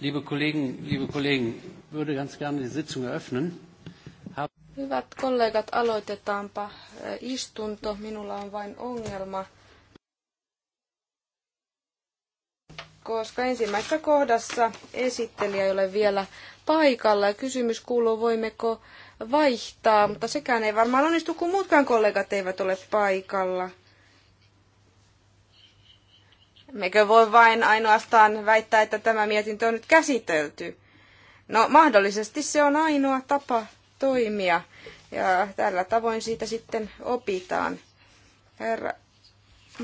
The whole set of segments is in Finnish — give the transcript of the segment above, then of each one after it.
Liebe Kollegen, liebe Kollegen, würde ganz gerne die Sitzung eröffnen. Hyvät kollegat, aloitetaanpa äh, istunto. Minulla on vain ongelma, koska ensimmäisessä kohdassa esittelijä ei ole vielä paikalla. Kysymys kuuluu, voimmeko vaihtaa, mutta sekään ei varmaan onnistu, kun muutkaan kollegat eivät ole paikalla. Mekö voi vain ainoastaan väittää, että tämä mietintö on nyt käsitelty? No mahdollisesti se on ainoa tapa toimia ja tällä tavoin siitä sitten opitaan. Herra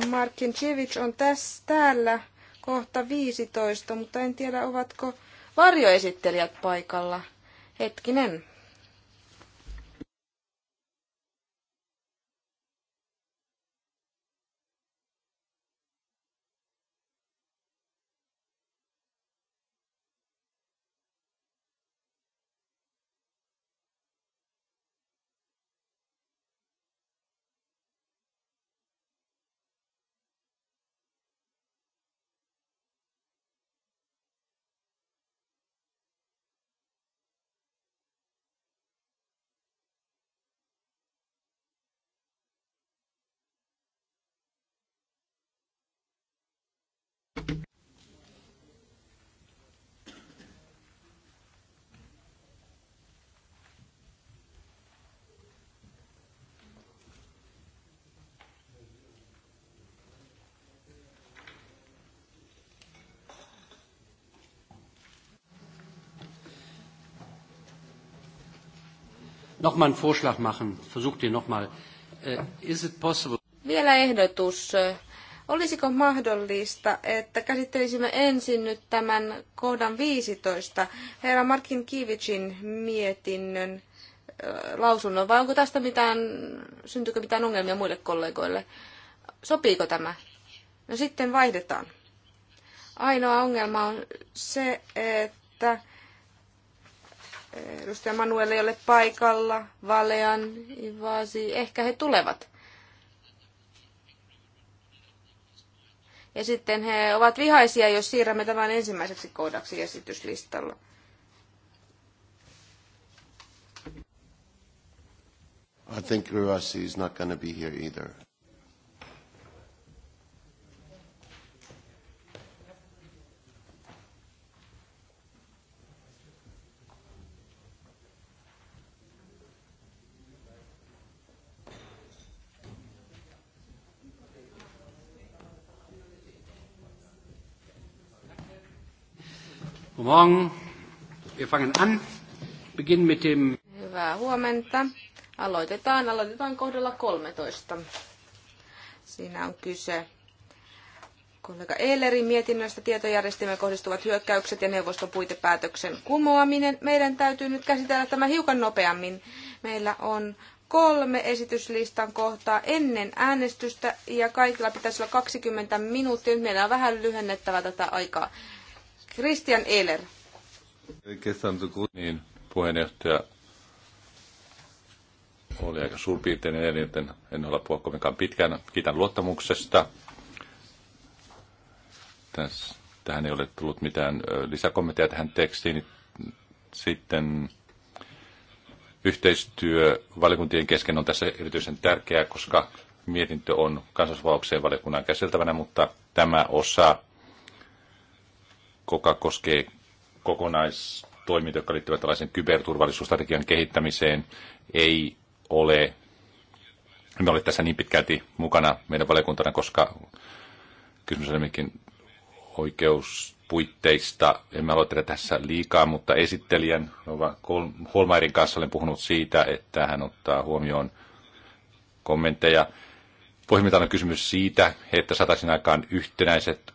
Markin on tässä, täällä kohta 15, mutta en tiedä ovatko varjoesittelijät paikalla. Hetkinen. mal einen Vorschlag machen. Versucht ihr Uh, äh, Is it possible? Vielä ehdotus. Olisiko mahdollista, että käsittelisimme ensin nyt tämän kohdan 15, herra Markin Kivicin mietinnön lausunnon, vai onko tästä mitään, syntyykö mitään ongelmia muille kollegoille? Sopiiko tämä? No sitten vaihdetaan. Ainoa ongelma on se, että edustaja Manuel ei ole paikalla, Valean, Ivasi, ehkä he tulevat. Ja sitten he ovat vihaisia, jos siirrämme tämän ensimmäiseksi kohdaksi esityslistalla. I think Ruasi is not going to be here either. Guten Morgen. Wir fangen an. Beginnen mit dem Hyvää huomenta. Aloitetaan. Aloitetaan kohdalla 13. Siinä on kyse kollega Eilerin mietinnöstä tietojärjestelmään kohdistuvat hyökkäykset ja neuvoston puitepäätöksen kumoaminen. Meidän täytyy nyt käsitellä tämä hiukan nopeammin. Meillä on kolme esityslistan kohtaa ennen äänestystä ja kaikilla pitäisi olla 20 minuuttia. Nyt meillä on vähän lyhennettävä tätä aikaa. Christian Ehler. Niin, puheenjohtaja oli aika suurpiirteinen eli joten en ole puhua kovinkaan pitkään. Kiitän luottamuksesta. tähän ei ole tullut mitään lisäkommentteja tähän tekstiin. Sitten yhteistyö valiokuntien kesken on tässä erityisen tärkeää, koska mietintö on kansallisvaukseen valiokunnan käsiteltävänä, mutta tämä osa joka koskee kokonaistoiminta, jotka liittyvät tällaisen kyberturvallisuusstrategian kehittämiseen, ei ole, me olemme tässä niin pitkälti mukana meidän valiokuntana, koska kysymys on enemmänkin oikeuspuitteista. Emme aloittele tässä liikaa, mutta esittelijän Holmairin kanssa olen puhunut siitä, että hän ottaa huomioon kommentteja. Pohjimmiltaan on kysymys siitä, että saataisiin aikaan yhtenäiset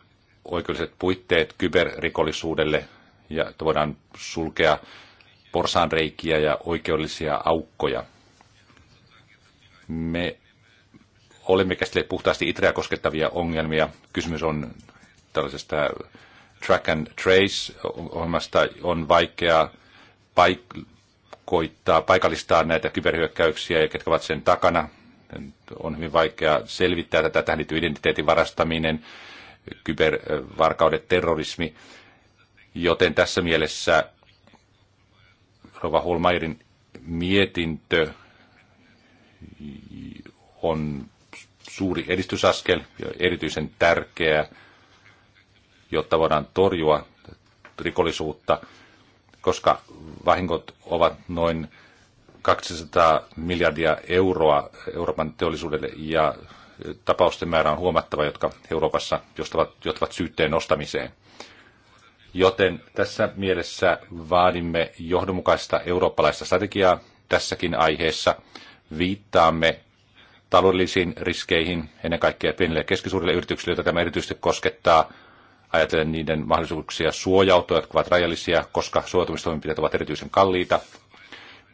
oikeudelliset puitteet kyberrikollisuudelle ja että voidaan sulkea porsaanreikiä ja oikeudellisia aukkoja. Me olemme käsitelleet puhtaasti itreä koskettavia ongelmia. Kysymys on tällaisesta track and trace ohjelmasta. On vaikea koittaa, paikallistaa näitä kyberhyökkäyksiä ja ketkä ovat sen takana. On hyvin vaikea selvittää tätä. Tähän liittyy identiteetin varastaminen, kybervarkaudet, terrorismi. Joten tässä mielessä Rova Holmairin mietintö on suuri edistysaskel ja erityisen tärkeä, jotta voidaan torjua rikollisuutta, koska vahingot ovat noin 200 miljardia euroa Euroopan teollisuudelle ja tapausten määrä on huomattava, jotka Euroopassa johtavat, johtavat syytteen nostamiseen. Joten tässä mielessä vaadimme johdonmukaista eurooppalaista strategiaa tässäkin aiheessa. Viittaamme taloudellisiin riskeihin, ennen kaikkea pienille ja keskisuurille yrityksille, joita tämä erityisesti koskettaa. Ajatellen niiden mahdollisuuksia suojautua, jotka ovat rajallisia, koska suojautumistoimenpiteet ovat erityisen kalliita.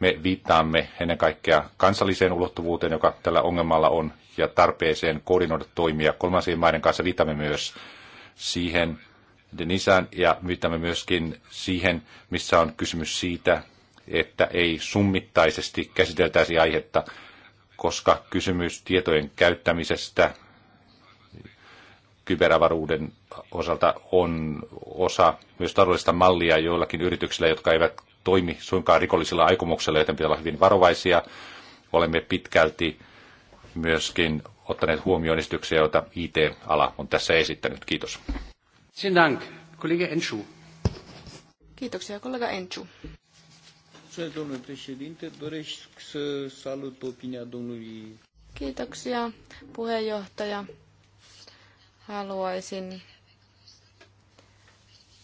Me viittaamme ennen kaikkea kansalliseen ulottuvuuteen, joka tällä ongelmalla on, ja tarpeeseen koordinoida toimia kolmansien maiden kanssa. Viitamme myös siihen Denisään ja viitamme myöskin siihen, missä on kysymys siitä, että ei summittaisesti käsiteltäisi aihetta, koska kysymys tietojen käyttämisestä kyberavaruuden osalta on osa myös taloudellista mallia joillakin yrityksillä, jotka eivät toimi suinkaan rikollisilla aikomuksella, joten pitää olla hyvin varovaisia. Olemme pitkälti myöskin ottaneet huomioon esityksiä, joita IT-ala on tässä esittänyt. Kiitos. Dank, kollega Enchu. Kiitoksia, kollega Enchu. Kiitoksia, puheenjohtaja. Haluaisin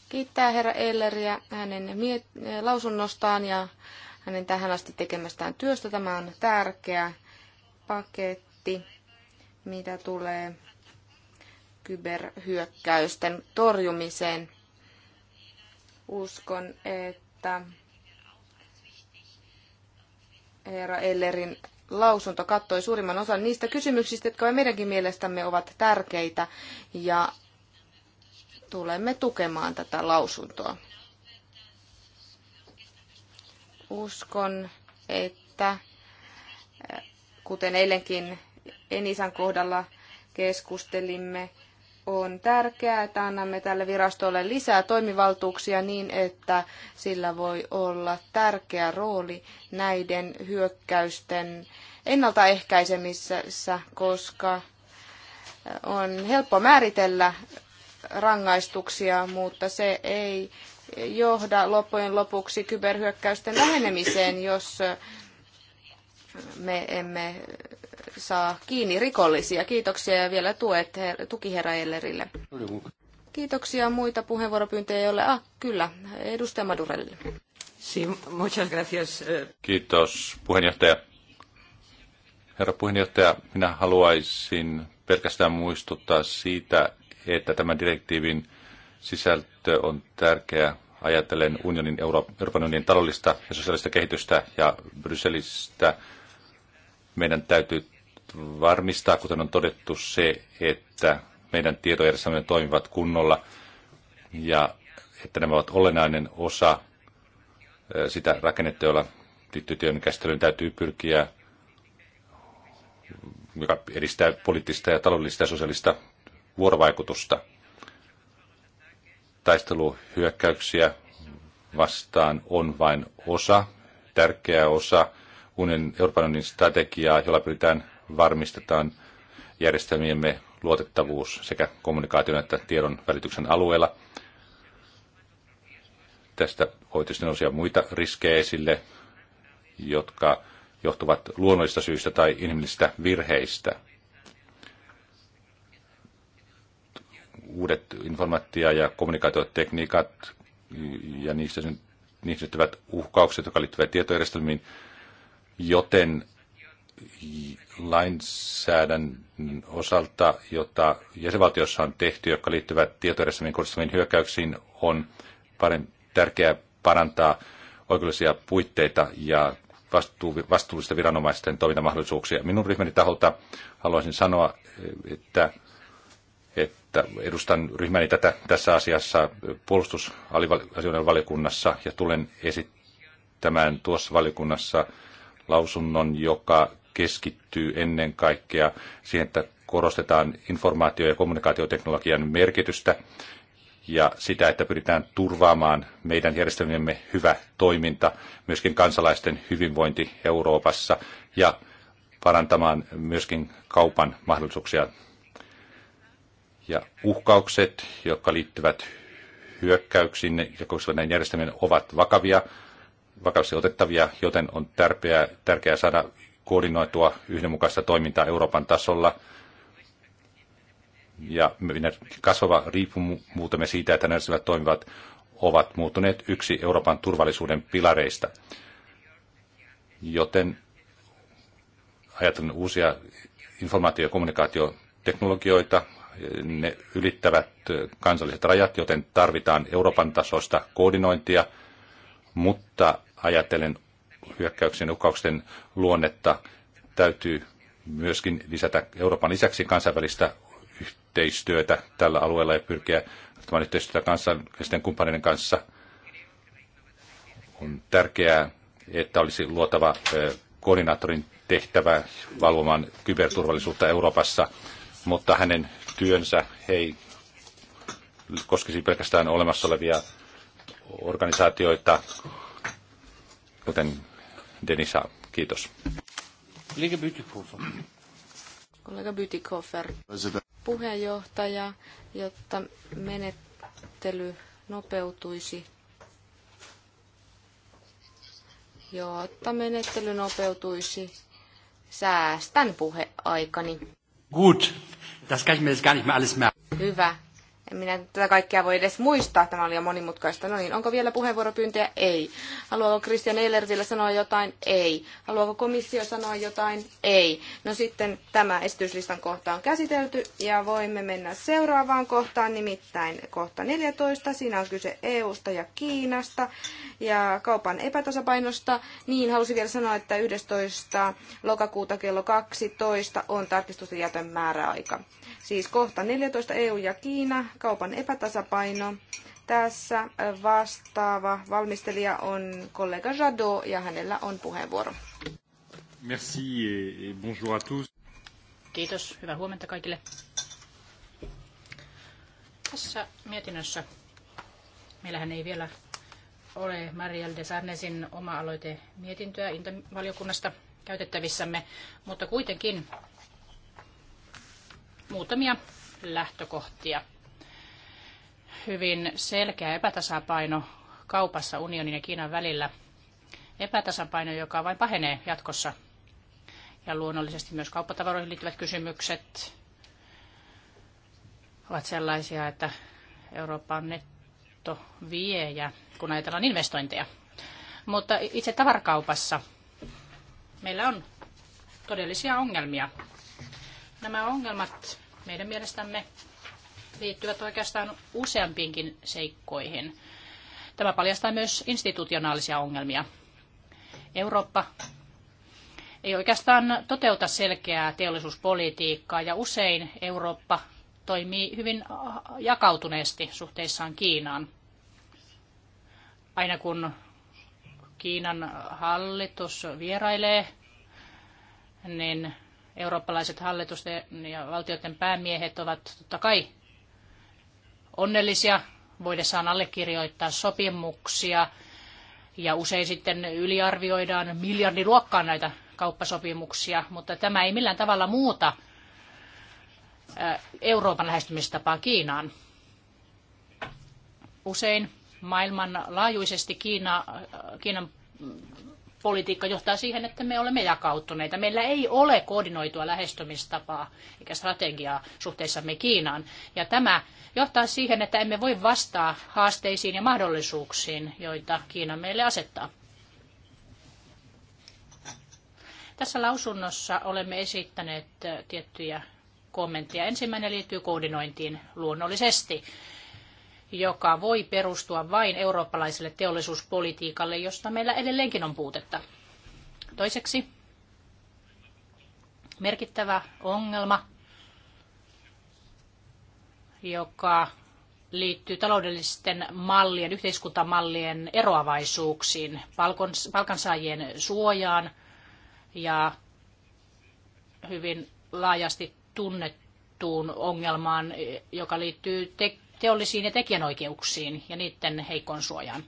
kiittää herra Elleriä hänen miet- lausunnostaan ja hänen tähän asti tekemästään työstä. Tämä on tärkeä paketti, mitä tulee kyberhyökkäysten torjumiseen. Uskon, että Eera Ellerin lausunto kattoi suurimman osan niistä kysymyksistä, jotka meidänkin mielestämme ovat tärkeitä, ja tulemme tukemaan tätä lausuntoa. Uskon, että kuten eilenkin Enisan kohdalla keskustelimme, on tärkeää, että annamme tälle virastolle lisää toimivaltuuksia niin, että sillä voi olla tärkeä rooli näiden hyökkäysten ennaltaehkäisemisessä, koska on helppo määritellä rangaistuksia, mutta se ei johda loppujen lopuksi kyberhyökkäysten vähenemiseen, jos me emme saa kiinni rikollisia. Kiitoksia ja vielä tuet herra Ellerille. Kiitoksia muita puheenvuoropyyntöjä, joille... Ah, kyllä, edustaja Madurelle. Kiitos puheenjohtaja. Herra puheenjohtaja, minä haluaisin pelkästään muistuttaa siitä, että tämän direktiivin sisältö on tärkeä ajatellen unionin, Euroopan unionin taloudellista ja sosiaalista kehitystä ja Brysselistä meidän täytyy varmistaa, kuten on todettu, se, että meidän tietojärjestelmämme toimivat kunnolla ja että nämä ovat olennainen osa sitä rakennetta, jolla tyttötyön käsittelyyn täytyy pyrkiä, joka edistää poliittista ja taloudellista ja sosiaalista vuorovaikutusta. Taisteluhyökkäyksiä vastaan on vain osa, tärkeä osa unen Euroopan unionin strategiaa, jolla pyritään varmistetaan järjestelmiemme luotettavuus sekä kommunikaation että tiedon välityksen alueella. Tästä voi tietysti nousia muita riskejä esille, jotka johtuvat luonnollisista syistä tai inhimillisistä virheistä. Uudet informaatio- ja kommunikaatiotekniikat ja niistä syntyvät uhkaukset, jotka liittyvät tietojärjestelmiin, joten lainsäädännön osalta, jota jäsenvaltiossa on tehty, jotka liittyvät tietojärjestelmiin kohdistuviin hyökkäyksiin, on parempi, tärkeää parantaa oikeudellisia puitteita ja vastuu, vastuullisten viranomaisten toimintamahdollisuuksia. Minun ryhmäni taholta haluaisin sanoa, että, että edustan ryhmäni tätä, tässä asiassa puolustusasioiden valiokunnassa ja tulen esittämään tuossa valiokunnassa – lausunnon, joka keskittyy ennen kaikkea siihen, että korostetaan informaatio- ja kommunikaatioteknologian merkitystä ja sitä, että pyritään turvaamaan meidän järjestelmiemme hyvä toiminta, myöskin kansalaisten hyvinvointi Euroopassa ja parantamaan myöskin kaupan mahdollisuuksia. Ja uhkaukset, jotka liittyvät hyökkäyksiin ja koskevat näin järjestelmien, ovat vakavia vakavasti otettavia, joten on tärkeää, tärkeää saada koordinoitua yhdenmukaista toimintaa Euroopan tasolla. Ja kasvava riippumuutemme siitä, että nämä toimivat, ovat muuttuneet yksi Euroopan turvallisuuden pilareista. Joten ajatellen uusia informaatio- ja kommunikaatioteknologioita, ne ylittävät kansalliset rajat, joten tarvitaan Euroopan tasoista koordinointia, mutta ajatellen hyökkäyksen uhkauksen luonnetta täytyy myöskin lisätä Euroopan lisäksi kansainvälistä yhteistyötä tällä alueella ja pyrkiä ottamaan yhteistyötä kansainvälisten kumppaneiden kanssa. On tärkeää, että olisi luotava koordinaattorin tehtävä valvomaan kyberturvallisuutta Euroopassa, mutta hänen työnsä ei koskisi pelkästään olemassa olevia organisaatioita, kuten Denisa. Kiitos. Kollega Bytikofer. Kollega Bytikofer. Puheenjohtaja, jotta menettely nopeutuisi jotta menettely nopeutuisi. Säästän puheaikani. Gut, das kann ich mir jetzt gar nicht mehr alles merken. Hyvä, en minä tätä kaikkea voi edes muistaa, tämä oli jo monimutkaista. No niin, onko vielä puheenvuoropyyntöjä? Ei. Haluaako Christian Eiler vielä sanoa jotain? Ei. Haluaako komissio sanoa jotain? Ei. No sitten tämä esityslistan kohta on käsitelty ja voimme mennä seuraavaan kohtaan, nimittäin kohta 14. Siinä on kyse EUsta ja Kiinasta ja kaupan epätasapainosta. Niin, halusin vielä sanoa, että 11. lokakuuta kello 12 on tarkistusten jätön määräaika. Siis kohta 14 EU ja Kiina, kaupan epätasapaino. Tässä äh, vastaava valmistelija on kollega Jadot ja hänellä on puheenvuoro. Merci et bonjour à tous. Kiitos, hyvää huomenta kaikille. Tässä mietinnössä meillähän ei vielä ole Marielle de Sarnesin oma-aloite mietintöä Intavaliokunnasta käytettävissämme, mutta kuitenkin muutamia lähtökohtia. Hyvin selkeä epätasapaino kaupassa unionin ja Kiinan välillä. Epätasapaino, joka vain pahenee jatkossa. Ja luonnollisesti myös kauppatavaroihin liittyvät kysymykset ovat sellaisia, että Eurooppa on viejä, kun ajatellaan investointeja. Mutta itse tavarakaupassa meillä on todellisia ongelmia Nämä ongelmat meidän mielestämme liittyvät oikeastaan useampiinkin seikkoihin. Tämä paljastaa myös institutionaalisia ongelmia. Eurooppa ei oikeastaan toteuta selkeää teollisuuspolitiikkaa ja usein Eurooppa toimii hyvin jakautuneesti suhteissaan Kiinaan. Aina kun Kiinan hallitus vierailee, niin eurooppalaiset hallitusten ja valtioiden päämiehet ovat totta kai onnellisia voidessaan allekirjoittaa sopimuksia ja usein sitten yliarvioidaan miljardiluokkaan näitä kauppasopimuksia, mutta tämä ei millään tavalla muuta Euroopan lähestymistapaa Kiinaan. Usein maailmanlaajuisesti Kiina, Kiinan politiikka johtaa siihen, että me olemme jakautuneita. Meillä ei ole koordinoitua lähestymistapaa eikä strategiaa me Kiinaan. Ja tämä johtaa siihen, että emme voi vastaa haasteisiin ja mahdollisuuksiin, joita Kiina meille asettaa. Tässä lausunnossa olemme esittäneet tiettyjä kommentteja. Ensimmäinen liittyy koordinointiin luonnollisesti joka voi perustua vain eurooppalaiselle teollisuuspolitiikalle, josta meillä edelleenkin on puutetta. Toiseksi merkittävä ongelma, joka liittyy taloudellisten mallien, yhteiskuntamallien eroavaisuuksiin, palkansaajien suojaan ja hyvin laajasti tunnettuun ongelmaan, joka liittyy tek- teollisiin ja tekijänoikeuksiin ja niiden heikon suojaan.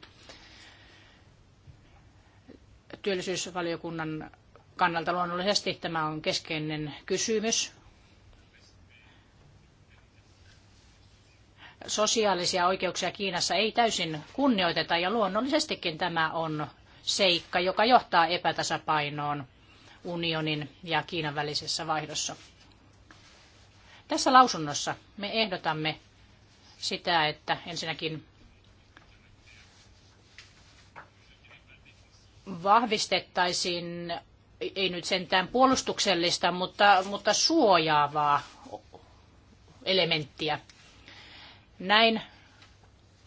Työllisyysvaliokunnan kannalta luonnollisesti tämä on keskeinen kysymys. Sosiaalisia oikeuksia Kiinassa ei täysin kunnioiteta ja luonnollisestikin tämä on seikka, joka johtaa epätasapainoon unionin ja Kiinan välisessä vaihdossa. Tässä lausunnossa me ehdotamme sitä, että ensinnäkin vahvistettaisiin, ei nyt sentään puolustuksellista, mutta, mutta suojaavaa elementtiä. Näin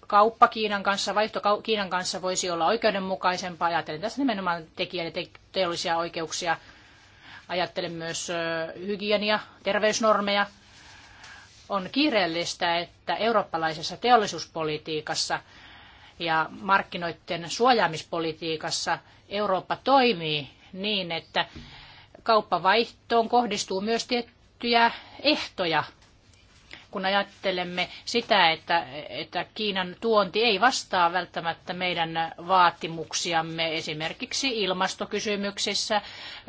kauppa Kiinan kanssa, vaihto Kiinan kanssa voisi olla oikeudenmukaisempaa. Ajattelen tässä nimenomaan tekijä- ja teollisia oikeuksia. Ajattelen myös hygienia, terveysnormeja – on kiireellistä, että eurooppalaisessa teollisuuspolitiikassa ja markkinoiden suojaamispolitiikassa Eurooppa toimii niin, että kauppavaihtoon kohdistuu myös tiettyjä ehtoja, kun ajattelemme sitä, että, että Kiinan tuonti ei vastaa välttämättä meidän vaatimuksiamme esimerkiksi ilmastokysymyksissä,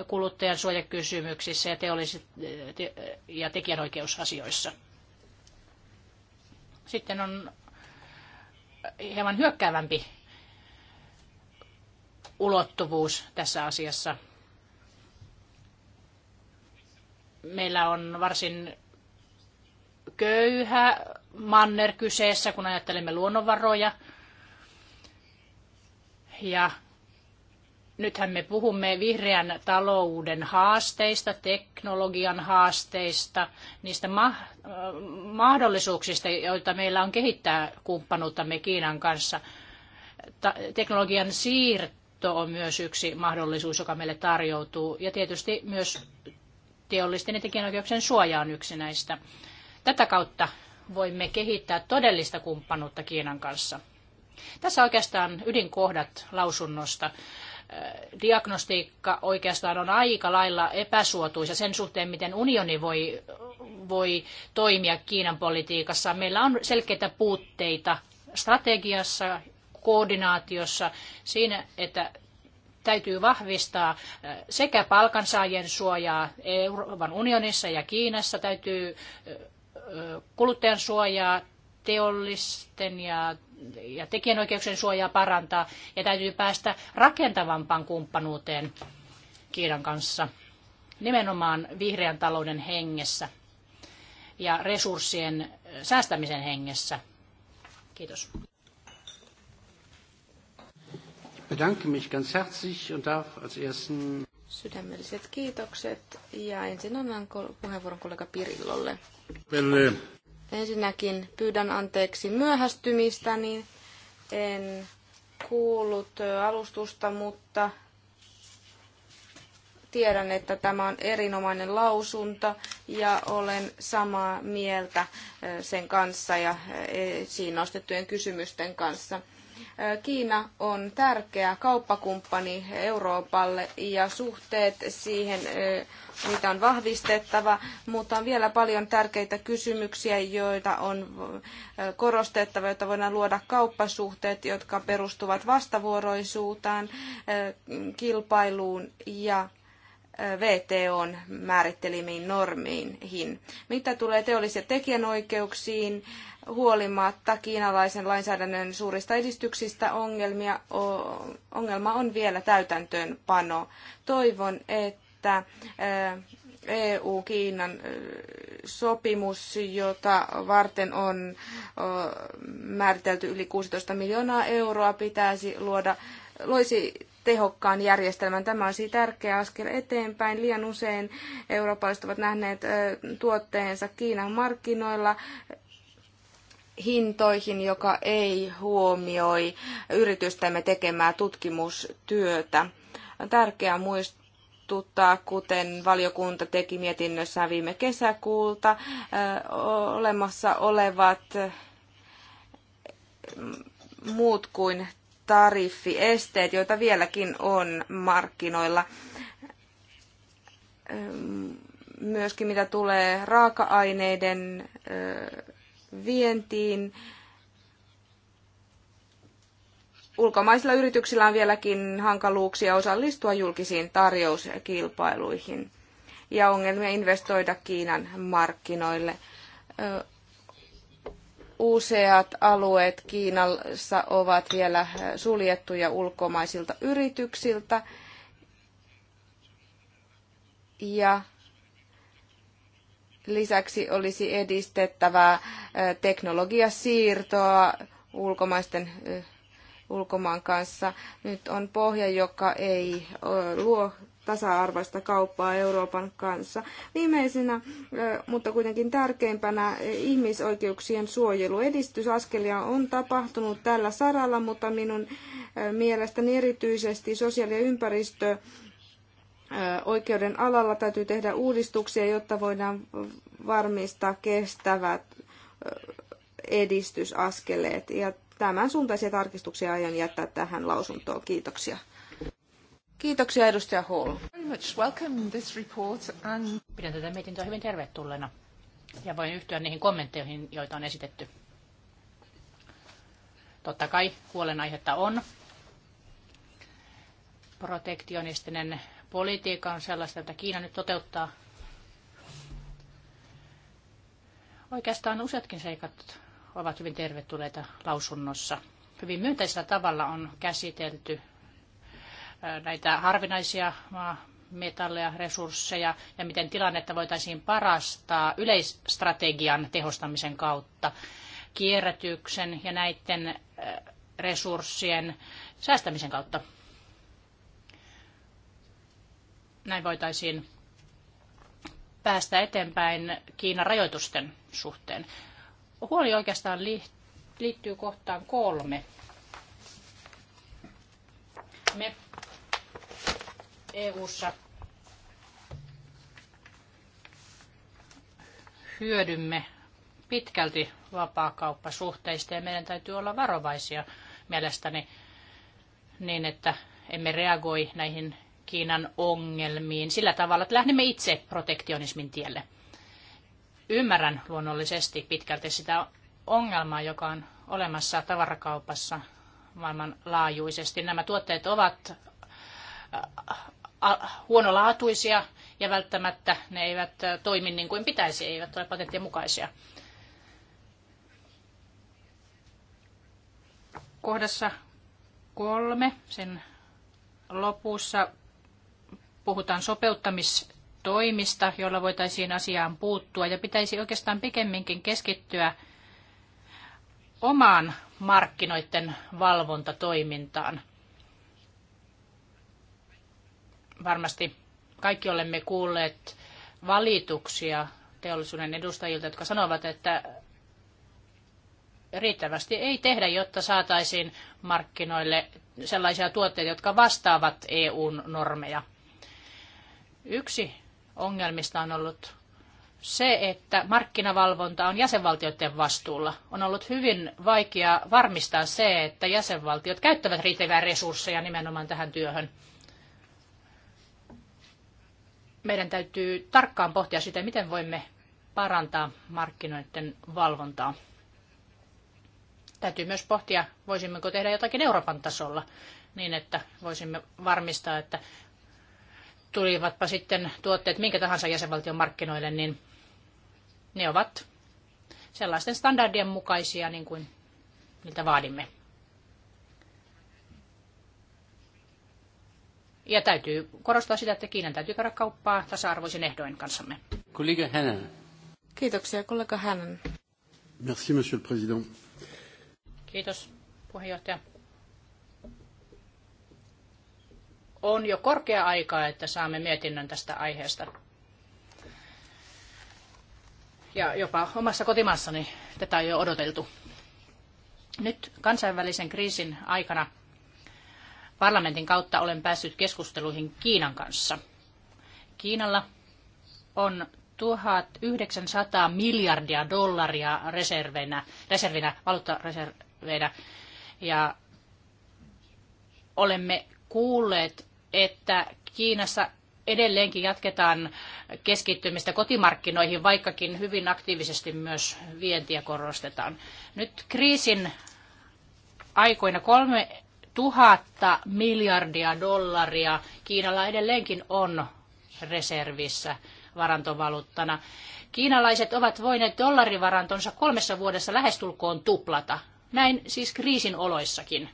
kuluttajansuojakysymyksissä ja, teollis- ja tekijänoikeusasioissa. Sitten on hieman hyökkäävämpi ulottuvuus tässä asiassa. Meillä on varsin köyhä manner kyseessä, kun ajattelemme luonnonvaroja. Ja Nythän me puhumme vihreän talouden haasteista, teknologian haasteista, niistä ma- mahdollisuuksista, joita meillä on kehittää kumppanuuttamme Kiinan kanssa. Ta- teknologian siirto on myös yksi mahdollisuus, joka meille tarjoutuu. Ja tietysti myös teollisten ja tekijänoikeuksien suoja on yksi näistä. Tätä kautta voimme kehittää todellista kumppanuutta Kiinan kanssa. Tässä oikeastaan ydinkohdat lausunnosta diagnostiikka oikeastaan on aika lailla epäsuotuisa sen suhteen, miten unioni voi, voi toimia Kiinan politiikassa. Meillä on selkeitä puutteita strategiassa, koordinaatiossa, siinä, että täytyy vahvistaa eh, sekä palkansaajien suojaa Euroopan unionissa ja Kiinassa, täytyy eh, eh, kuluttajan suojaa teollisten ja ja tekijänoikeuksien suojaa parantaa ja täytyy päästä rakentavampaan kumppanuuteen Kiinan kanssa nimenomaan vihreän talouden hengessä ja resurssien säästämisen hengessä. Kiitos. Bedanke mich ganz herzlich und darf als ersten Sydämelliset kiitokset ja ensin annan puheenvuoron kollega Pirillolle. Pelle. Ensinnäkin pyydän anteeksi myöhästymistäni. Niin en kuullut alustusta, mutta tiedän, että tämä on erinomainen lausunto ja olen samaa mieltä sen kanssa ja siinä nostettujen kysymysten kanssa. Kiina on tärkeä kauppakumppani Euroopalle ja suhteet siihen, mitä on vahvistettava, mutta on vielä paljon tärkeitä kysymyksiä, joita on korostettava, jotta voidaan luoda kauppasuhteet, jotka perustuvat vastavuoroisuuteen, kilpailuun ja VTOn määrittelemiin normiin. Mitä tulee teollisiin tekijänoikeuksiin, huolimatta kiinalaisen lainsäädännön suurista edistyksistä ongelmia, ongelma on vielä täytäntöönpano. Toivon, että EU-Kiinan sopimus, jota varten on määritelty yli 16 miljoonaa euroa, pitäisi luoda, loisi tehokkaan järjestelmän. Tämä on siis tärkeä askel eteenpäin. Liian usein eurooppalaiset ovat nähneet tuotteensa Kiinan markkinoilla hintoihin, joka ei huomioi yritystemme tekemää tutkimustyötä. On tärkeää muistuttaa, kuten valiokunta teki mietinnössään viime kesäkuulta, olemassa olevat muut kuin tariffiesteet, joita vieläkin on markkinoilla. Myöskin mitä tulee raaka-aineiden vientiin. Ulkomaisilla yrityksillä on vieläkin hankaluuksia osallistua julkisiin tarjouskilpailuihin ja ongelmia investoida Kiinan markkinoille. Useat alueet Kiinassa ovat vielä suljettuja ulkomaisilta yrityksiltä ja Lisäksi olisi edistettävää teknologiasiirtoa ulkomaisten ulkomaan kanssa. Nyt on pohja, joka ei luo tasa-arvoista kauppaa Euroopan kanssa. Viimeisenä, mutta kuitenkin tärkeimpänä, ihmisoikeuksien suojelu. Edistysaskelia on tapahtunut tällä saralla, mutta minun mielestäni erityisesti sosiaali- ja ympäristö oikeuden alalla täytyy tehdä uudistuksia, jotta voidaan varmistaa kestävät edistysaskeleet. Ja tämän suuntaisia tarkistuksia aion jättää tähän lausuntoon. Kiitoksia. Kiitoksia edustaja Hall. Pidän tätä mietintöä hyvin tervetulleena ja voin yhtyä niihin kommentteihin, joita on esitetty. Totta kai huolenaihetta on. Protektionistinen politiikka on sellaista, että Kiina nyt toteuttaa. Oikeastaan useatkin seikat ovat hyvin tervetulleita lausunnossa. Hyvin myönteisellä tavalla on käsitelty näitä harvinaisia metalleja, resursseja ja miten tilannetta voitaisiin parastaa yleistrategian tehostamisen kautta kierrätyksen ja näiden resurssien säästämisen kautta. Näin voitaisiin päästä eteenpäin Kiinan rajoitusten suhteen. Huoli oikeastaan liittyy kohtaan kolme. Me EU-ssa hyödymme pitkälti vapaakauppasuhteista ja meidän täytyy olla varovaisia mielestäni niin, että emme reagoi näihin Kiinan ongelmiin sillä tavalla, että lähdemme itse protektionismin tielle. Ymmärrän luonnollisesti pitkälti sitä ongelmaa, joka on olemassa tavarakaupassa maailmanlaajuisesti. Nämä tuotteet ovat äh, äh, huonolaatuisia ja välttämättä ne eivät äh, toimi niin kuin pitäisi, eivät ole patenttien mukaisia. Kohdassa kolme, sen lopussa puhutaan sopeuttamistoimista, joilla voitaisiin asiaan puuttua ja pitäisi oikeastaan pikemminkin keskittyä omaan markkinoiden valvontatoimintaan. Varmasti kaikki olemme kuulleet valituksia teollisuuden edustajilta, jotka sanovat, että riittävästi ei tehdä, jotta saataisiin markkinoille sellaisia tuotteita, jotka vastaavat EUn normeja. Yksi ongelmista on ollut se, että markkinavalvonta on jäsenvaltioiden vastuulla. On ollut hyvin vaikea varmistaa se, että jäsenvaltiot käyttävät riittäviä resursseja nimenomaan tähän työhön. Meidän täytyy tarkkaan pohtia sitä, miten voimme parantaa markkinoiden valvontaa. Täytyy myös pohtia, voisimmeko tehdä jotakin Euroopan tasolla niin, että voisimme varmistaa, että tulivatpa sitten tuotteet minkä tahansa jäsenvaltion markkinoille, niin ne ovat sellaisten standardien mukaisia, niin kuin niitä vaadimme. Ja täytyy korostaa sitä, että Kiinan täytyy käydä kauppaa tasa-arvoisin ehdoin kanssamme. Kollega Hänen. Kiitoksia, kollega Hänen. Merci, monsieur le président. Kiitos, puheenjohtaja. on jo korkea aika, että saamme mietinnön tästä aiheesta. Ja jopa omassa kotimaassani tätä ei jo odoteltu. Nyt kansainvälisen kriisin aikana parlamentin kautta olen päässyt keskusteluihin Kiinan kanssa. Kiinalla on 1900 miljardia dollaria reservinä, reservinä valuuttareserveinä ja olemme kuulleet että Kiinassa edelleenkin jatketaan keskittymistä kotimarkkinoihin, vaikkakin hyvin aktiivisesti myös vientiä korostetaan. Nyt kriisin aikoina kolme tuhatta miljardia dollaria Kiinalla edelleenkin on reservissä varantovaluuttana. Kiinalaiset ovat voineet dollarivarantonsa kolmessa vuodessa lähestulkoon tuplata. Näin siis kriisin oloissakin.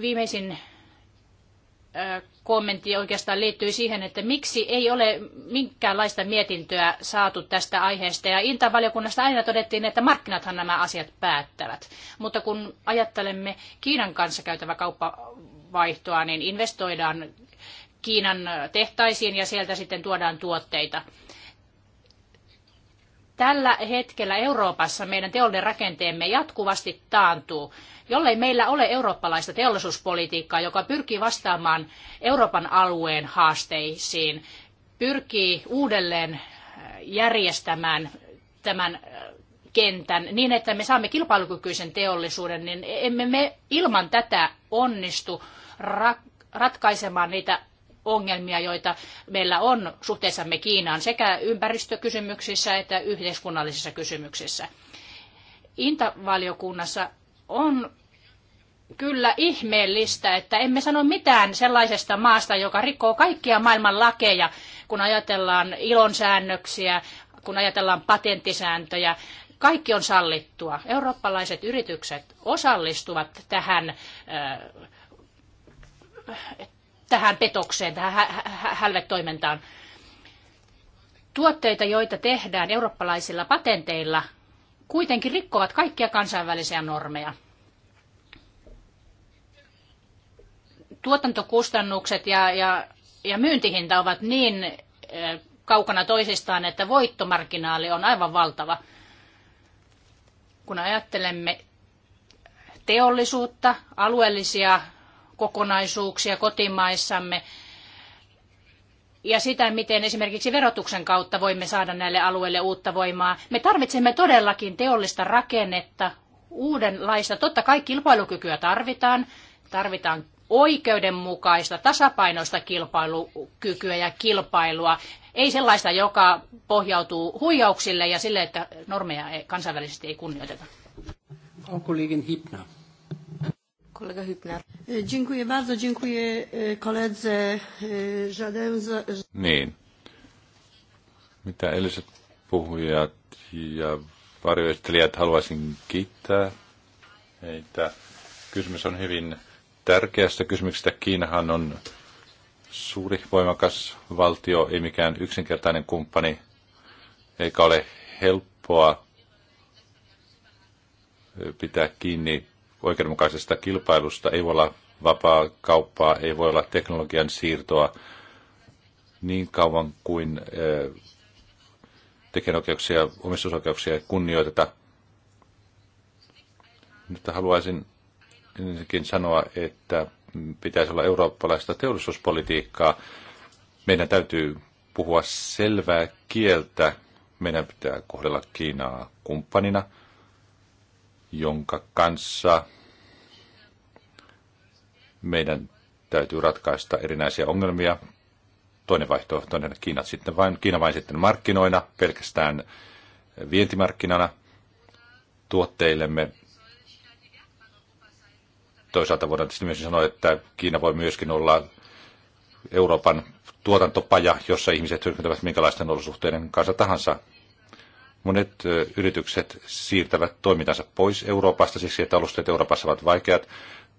viimeisin kommentti oikeastaan liittyy siihen, että miksi ei ole minkäänlaista mietintöä saatu tästä aiheesta. Ja Inta-valiokunnasta aina todettiin, että markkinathan nämä asiat päättävät. Mutta kun ajattelemme Kiinan kanssa käytävä kauppavaihtoa, niin investoidaan Kiinan tehtaisiin ja sieltä sitten tuodaan tuotteita. Tällä hetkellä Euroopassa meidän teollinen rakenteemme jatkuvasti taantuu. Jollei meillä ole eurooppalaista teollisuuspolitiikkaa, joka pyrkii vastaamaan Euroopan alueen haasteisiin, pyrkii uudelleen äh, järjestämään tämän äh, kentän niin, että me saamme kilpailukykyisen teollisuuden, niin emme me ilman tätä onnistu ratkaisemaan niitä ongelmia, joita meillä on suhteessamme Kiinaan sekä ympäristökysymyksissä että yhteiskunnallisissa kysymyksissä. Intavaliokunnassa on kyllä ihmeellistä, että emme sano mitään sellaisesta maasta, joka rikkoo kaikkia maailman lakeja, kun ajatellaan ilonsäännöksiä, kun ajatellaan patenttisääntöjä. Kaikki on sallittua. Eurooppalaiset yritykset osallistuvat tähän tähän petokseen, tähän hälvetoimintaan. Tuotteita, joita tehdään eurooppalaisilla patenteilla, kuitenkin rikkovat kaikkia kansainvälisiä normeja. Tuotantokustannukset ja, ja, ja myyntihinta ovat niin eh, kaukana toisistaan, että voittomarginaali on aivan valtava. Kun ajattelemme teollisuutta, alueellisia kokonaisuuksia kotimaissamme ja sitä, miten esimerkiksi verotuksen kautta voimme saada näille alueille uutta voimaa. Me tarvitsemme todellakin teollista rakennetta, uudenlaista. Totta kai kilpailukykyä tarvitaan, tarvitaan oikeudenmukaista, tasapainoista kilpailukykyä ja kilpailua. Ei sellaista, joka pohjautuu huijauksille ja sille, että normeja kansainvälisesti ei kunnioiteta. Onko liikin Kollega Hübner. Dziękuję bardzo, dziękuję e, koledze Żadenza. E, niin. Mitä eiliset puhujat ja varjoistelijat haluaisin kiittää heitä. Kysymys on hyvin tärkeästä kysymyksestä. Kiinahan on suuri, voimakas valtio, ei mikään yksinkertainen kumppani, eikä ole helppoa pitää kiinni oikeudenmukaisesta kilpailusta, ei voi olla vapaa kauppaa, ei voi olla teknologian siirtoa niin kauan kuin eh, tekijänoikeuksia, omistusoikeuksia ei kunnioiteta. Nyt haluaisin ensinnäkin sanoa, että pitäisi olla eurooppalaista teollisuuspolitiikkaa. Meidän täytyy puhua selvää kieltä. Meidän pitää kohdella Kiinaa kumppanina, jonka kanssa meidän täytyy ratkaista erinäisiä ongelmia. Toinen vaihtoehto on Kiina, sitten vain, Kiina vain sitten markkinoina, pelkästään vientimarkkinana tuotteillemme. Toisaalta voidaan tietysti myös sanoa, että Kiina voi myöskin olla Euroopan tuotantopaja, jossa ihmiset hyödyntävät minkälaisten olosuhteiden kanssa tahansa. Monet yritykset siirtävät toimintansa pois Euroopasta siksi, että alusteet Euroopassa ovat vaikeat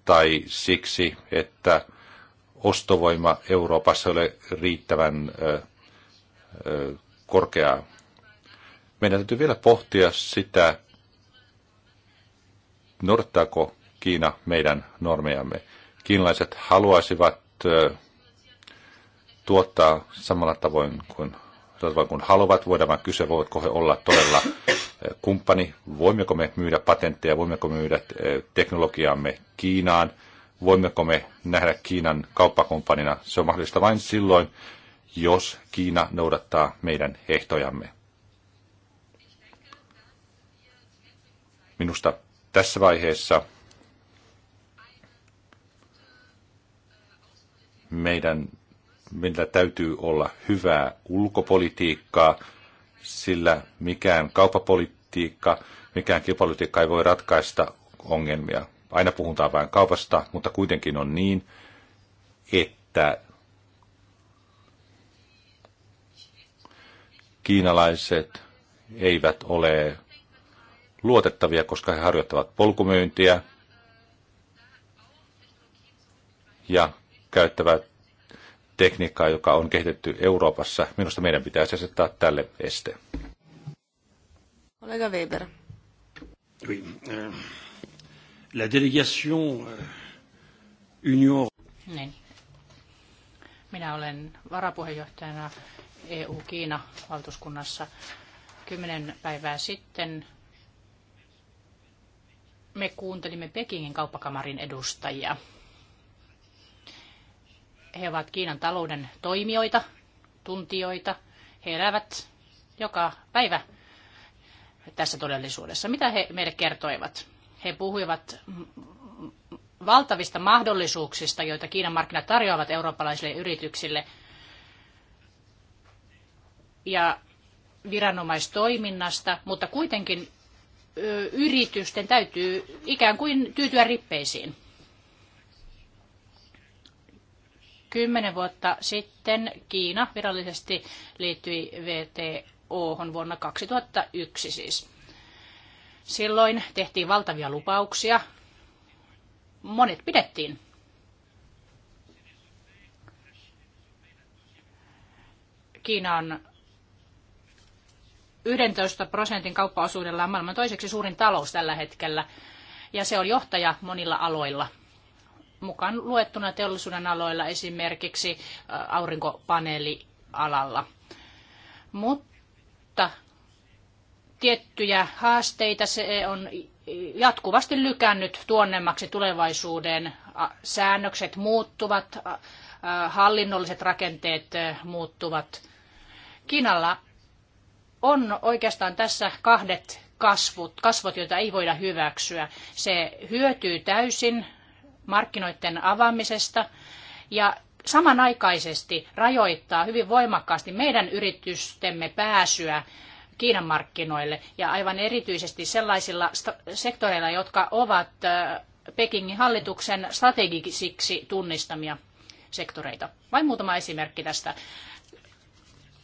tai siksi, että ostovoima Euroopassa ole riittävän korkeaa. Meidän täytyy vielä pohtia sitä, noudattaako Kiina meidän normejamme. Kiinalaiset haluaisivat tuottaa samalla tavoin kuin tavalla kun haluavat. Voidaan vain kysyä, voivatko he olla todella kumppani, voimmeko me myydä patentteja, voimmeko me myydä teknologiaamme Kiinaan, voimmeko me nähdä Kiinan kauppakumppanina. Se on mahdollista vain silloin, jos Kiina noudattaa meidän ehtojamme. Minusta tässä vaiheessa meidän meillä täytyy olla hyvää ulkopolitiikkaa, sillä mikään kauppapolitiikka, mikään kilpailutiikka ei voi ratkaista ongelmia. Aina puhutaan vain kaupasta, mutta kuitenkin on niin, että kiinalaiset eivät ole luotettavia, koska he harjoittavat polkumyyntiä ja käyttävät tekniikkaa, joka on kehitetty Euroopassa. Minusta meidän pitäisi asettaa tälle este. Kollega Weber. Oui. Euh, la délégation euh, Union... Niin. Minä olen varapuheenjohtajana EU-Kiina-valtuuskunnassa kymmenen päivää sitten. Me kuuntelimme Pekingin kauppakamarin edustajia he ovat Kiinan talouden toimijoita, tuntijoita. He elävät joka päivä tässä todellisuudessa. Mitä he meille kertoivat? He puhuivat valtavista mahdollisuuksista, joita Kiinan markkinat tarjoavat eurooppalaisille yrityksille. Ja viranomaistoiminnasta, mutta kuitenkin yritysten täytyy ikään kuin tyytyä rippeisiin. Kymmenen vuotta sitten Kiina virallisesti liittyi VTOhon vuonna 2001 siis. Silloin tehtiin valtavia lupauksia. Monet pidettiin. Kiina on 11 prosentin kauppaosuudellaan maailman toiseksi suurin talous tällä hetkellä, ja se on johtaja monilla aloilla – mukaan luettuna teollisuuden aloilla, esimerkiksi aurinkopaneelialalla. Mutta tiettyjä haasteita se on jatkuvasti lykännyt tuonnemmaksi tulevaisuuden. Säännökset muuttuvat, hallinnolliset rakenteet muuttuvat. Kiinalla on oikeastaan tässä kahdet kasvot, kasvot, joita ei voida hyväksyä. Se hyötyy täysin markkinoiden avaamisesta ja samanaikaisesti rajoittaa hyvin voimakkaasti meidän yritystemme pääsyä Kiinan markkinoille ja aivan erityisesti sellaisilla sektoreilla, jotka ovat Pekingin hallituksen strategisiksi tunnistamia sektoreita. Vain muutama esimerkki tästä.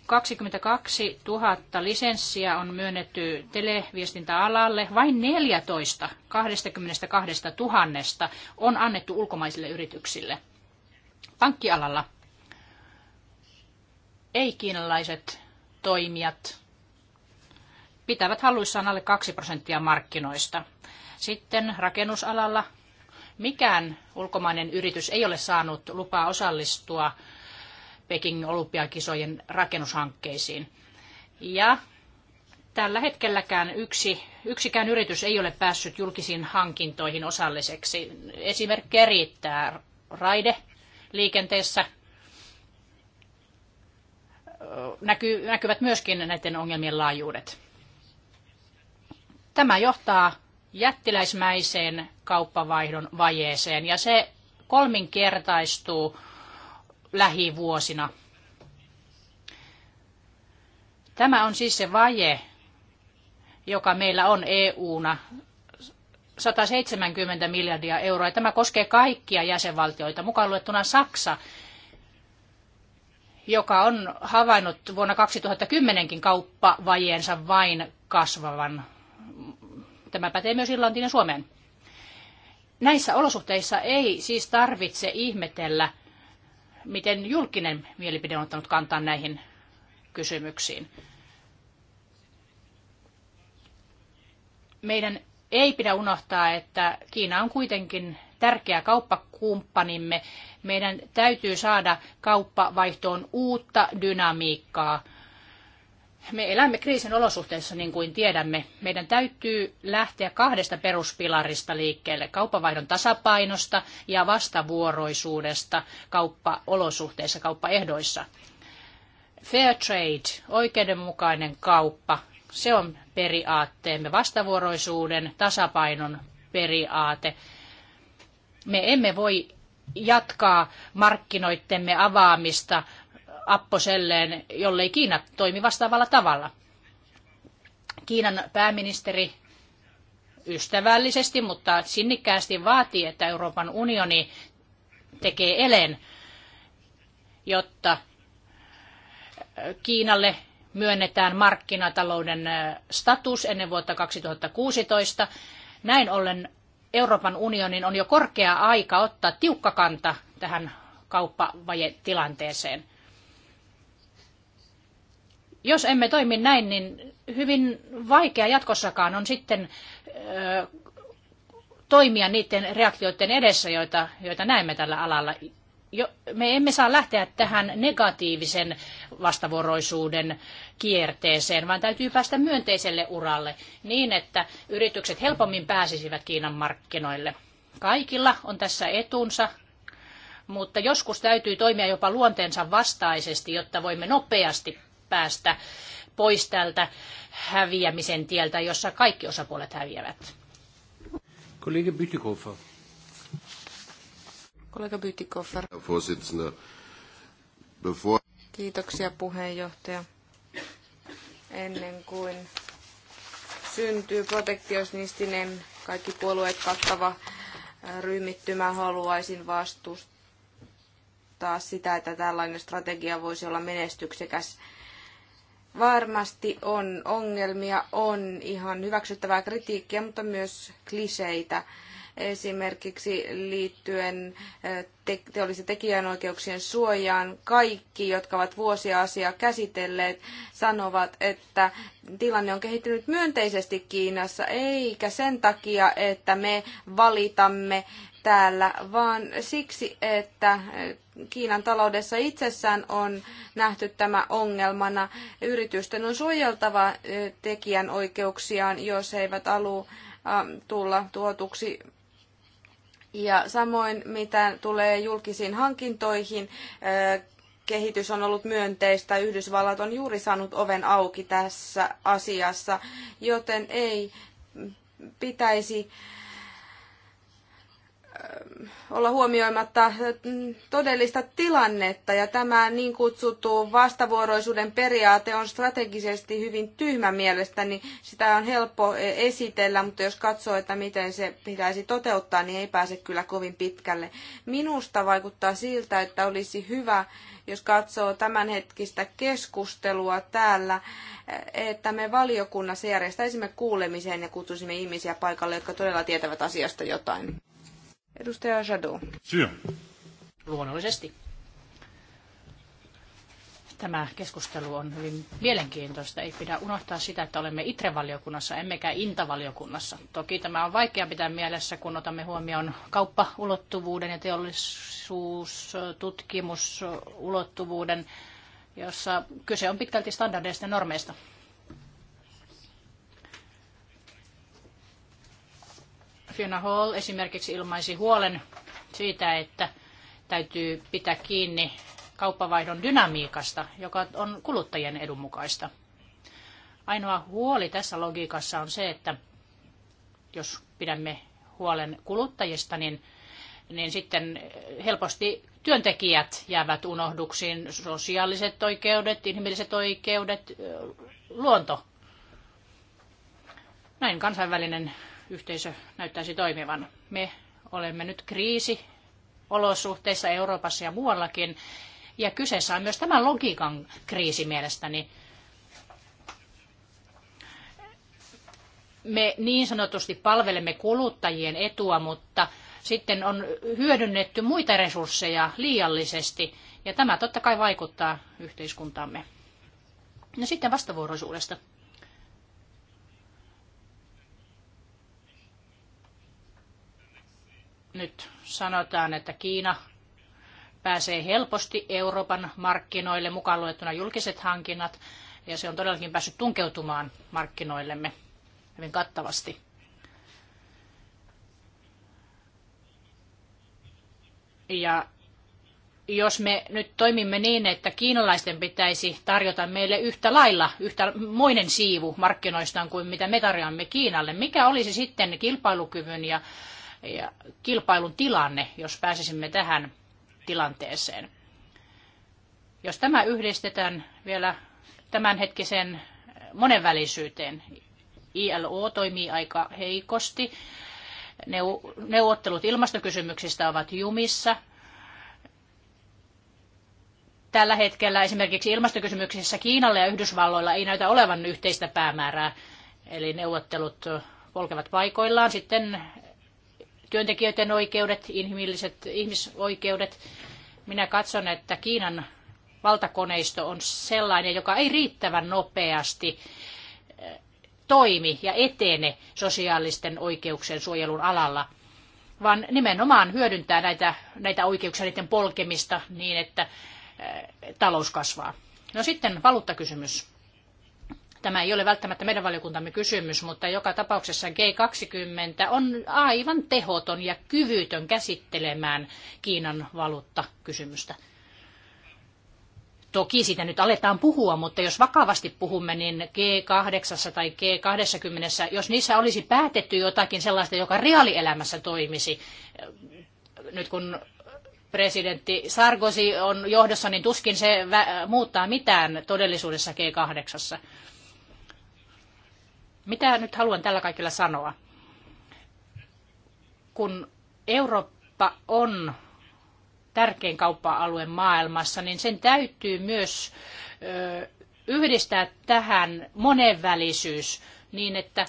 22 000 lisenssiä on myönnetty televiestintäalalle, vain 14 22 000 on annettu ulkomaisille yrityksille. Pankkialalla ei-kiinalaiset toimijat pitävät halluissaan alle 2 prosenttia markkinoista. Sitten rakennusalalla mikään ulkomainen yritys ei ole saanut lupaa osallistua Pekingin olympiakisojen rakennushankkeisiin. Ja tällä hetkelläkään yksi, yksikään yritys ei ole päässyt julkisiin hankintoihin osalliseksi. Esimerkkejä riittää raide liikenteessä. Näky, näkyvät myöskin näiden ongelmien laajuudet. Tämä johtaa jättiläismäiseen kauppavaihdon vajeeseen ja se kolminkertaistuu lähivuosina. Tämä on siis se vaje, joka meillä on EU-na 170 miljardia euroa. Ja tämä koskee kaikkia jäsenvaltioita, mukaan luettuna Saksa, joka on havainnut vuonna 2010kin kauppavajeensa vain kasvavan. Tämä pätee myös Irlantiin ja Suomeen. Näissä olosuhteissa ei siis tarvitse ihmetellä, miten julkinen mielipide on ottanut kantaa näihin kysymyksiin. Meidän ei pidä unohtaa, että Kiina on kuitenkin tärkeä kauppakumppanimme. Meidän täytyy saada kauppavaihtoon uutta dynamiikkaa – me elämme kriisin olosuhteissa, niin kuin tiedämme. Meidän täytyy lähteä kahdesta peruspilarista liikkeelle, kauppavaihdon tasapainosta ja vastavuoroisuudesta kauppaolosuhteissa, kauppaehdoissa. Fair trade, oikeudenmukainen kauppa, se on periaatteemme, vastavuoroisuuden, tasapainon periaate. Me emme voi jatkaa markkinoittemme avaamista apposelleen, jollei Kiina toimi vastaavalla tavalla. Kiinan pääministeri ystävällisesti, mutta sinnikkäästi vaatii, että Euroopan unioni tekee elen, jotta Kiinalle myönnetään markkinatalouden äh, status ennen vuotta 2016. Näin ollen Euroopan unionin on jo korkea aika ottaa tiukka kanta tähän kauppavajetilanteeseen jos emme toimi näin, niin hyvin vaikea jatkossakaan on sitten ö, toimia niiden reaktioiden edessä, joita, joita näemme tällä alalla. Jo, me emme saa lähteä tähän negatiivisen vastavuoroisuuden kierteeseen, vaan täytyy päästä myönteiselle uralle niin, että yritykset helpommin pääsisivät Kiinan markkinoille. Kaikilla on tässä etunsa, mutta joskus täytyy toimia jopa luonteensa vastaisesti, jotta voimme nopeasti päästä pois tältä häviämisen tieltä, jossa kaikki osapuolet häviävät. Kollega Bütikofer. Kollega Bütikofer. Kiitoksia puheenjohtaja. Ennen kuin syntyy protektionistinen kaikki puolueet kattava ryhmittymä, haluaisin vastustaa sitä, että tällainen strategia voisi olla menestyksekäs Varmasti on ongelmia, on ihan hyväksyttävää kritiikkiä, mutta myös kliseitä esimerkiksi liittyen eh, te- teollisen tekijänoikeuksien suojaan. Kaikki, jotka ovat vuosia asiaa käsitelleet, sanovat, että tilanne on kehittynyt myönteisesti Kiinassa, eikä sen takia, että me valitamme täällä, vaan siksi, että Kiinan taloudessa itsessään on nähty tämä ongelmana. Yritysten on suojeltava tekijän jos he eivät alu tulla tuotuksi ja samoin mitä tulee julkisiin hankintoihin, kehitys on ollut myönteistä. Yhdysvallat on juuri saanut oven auki tässä asiassa, joten ei pitäisi Äh, olla huomioimatta äh, todellista tilannetta ja tämä niin kutsuttu vastavuoroisuuden periaate on strategisesti hyvin tyhmä mielestäni. Sitä on helppo e, esitellä, mutta jos katsoo, että miten se pitäisi toteuttaa, niin ei pääse kyllä kovin pitkälle. Minusta vaikuttaa siltä, että olisi hyvä, jos katsoo tämänhetkistä keskustelua täällä, e, että me valiokunnassa järjestäisimme kuulemiseen ja kutsuisimme ihmisiä paikalle, jotka todella tietävät asiasta jotain. Edustaja Jadot. Syö. Luonnollisesti. Tämä keskustelu on hyvin mielenkiintoista. Ei pidä unohtaa sitä, että olemme ITRE-valiokunnassa, emmekä INTA-valiokunnassa. Toki tämä on vaikea pitää mielessä, kun otamme huomioon kauppaulottuvuuden ja teollisuustutkimusulottuvuuden, jossa kyse on pitkälti standardeista ja normeista. Fiona Hall esimerkiksi ilmaisi huolen siitä, että täytyy pitää kiinni kauppavaihdon dynamiikasta, joka on kuluttajien edun mukaista. Ainoa huoli tässä logiikassa on se, että jos pidämme huolen kuluttajista, niin, niin sitten helposti työntekijät jäävät unohduksiin, sosiaaliset oikeudet, inhimilliset oikeudet, luonto. Näin kansainvälinen yhteisö näyttäisi toimivan. Me olemme nyt kriisi olosuhteissa Euroopassa ja muuallakin. Ja kyseessä on myös tämä logiikan kriisi mielestäni. Me niin sanotusti palvelemme kuluttajien etua, mutta sitten on hyödynnetty muita resursseja liiallisesti. Ja tämä totta kai vaikuttaa yhteiskuntaamme. No sitten vastavuoroisuudesta. nyt sanotaan, että Kiina pääsee helposti Euroopan markkinoille mukaan luettuna julkiset hankinnat, ja se on todellakin päässyt tunkeutumaan markkinoillemme hyvin kattavasti. Ja jos me nyt toimimme niin, että kiinalaisten pitäisi tarjota meille yhtä lailla, yhtä moinen siivu markkinoistaan kuin mitä me tarjoamme Kiinalle, mikä olisi sitten kilpailukyvyn ja ja kilpailun tilanne, jos pääsisimme tähän tilanteeseen. Jos tämä yhdistetään vielä tämänhetkiseen monenvälisyyteen, ILO toimii aika heikosti, neuvottelut ilmastokysymyksistä ovat jumissa, tällä hetkellä esimerkiksi ilmastokysymyksissä Kiinalla ja Yhdysvalloilla ei näytä olevan yhteistä päämäärää, eli neuvottelut polkevat paikoillaan. Sitten työntekijöiden oikeudet, inhimilliset ihmisoikeudet. Minä katson, että Kiinan valtakoneisto on sellainen, joka ei riittävän nopeasti eh, toimi ja etene sosiaalisten oikeuksien suojelun alalla, vaan nimenomaan hyödyntää näitä, näitä oikeuksia, niiden polkemista niin, että eh, talous kasvaa. No sitten valuuttakysymys. Tämä ei ole välttämättä meidän valiokuntamme kysymys, mutta joka tapauksessa G20 on aivan tehoton ja kyvytön käsittelemään Kiinan kysymystä. Toki siitä nyt aletaan puhua, mutta jos vakavasti puhumme, niin G8 tai G20, jos niissä olisi päätetty jotakin sellaista, joka reaalielämässä toimisi, nyt kun presidentti Sarkozy on johdossa, niin tuskin se muuttaa mitään todellisuudessa G8. Mitä nyt haluan tällä kaikilla sanoa? Kun Eurooppa on tärkein kauppa-alue maailmassa, niin sen täytyy myös yhdistää tähän monenvälisyys niin, että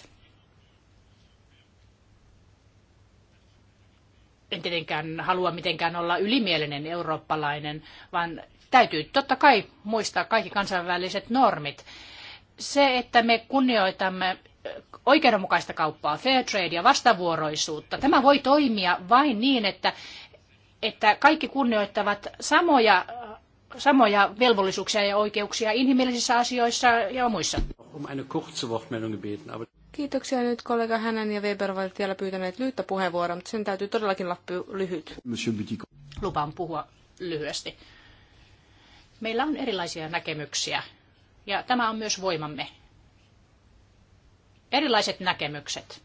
en tietenkään halua mitenkään olla ylimielinen eurooppalainen, vaan täytyy totta kai muistaa kaikki kansainväliset normit se, että me kunnioitamme oikeudenmukaista kauppaa, fair trade ja vastavuoroisuutta, tämä voi toimia vain niin, että, että kaikki kunnioittavat samoja, samoja velvollisuuksia ja oikeuksia inhimillisissä asioissa ja muissa. Um Kiitoksia nyt kollega Hänen ja Weber ovat vielä pyytäneet lyhyttä puheenvuoroa, mutta sen täytyy todellakin olla lyhyt. Lupaan puhua lyhyesti. Meillä on erilaisia näkemyksiä ja tämä on myös voimamme. Erilaiset näkemykset.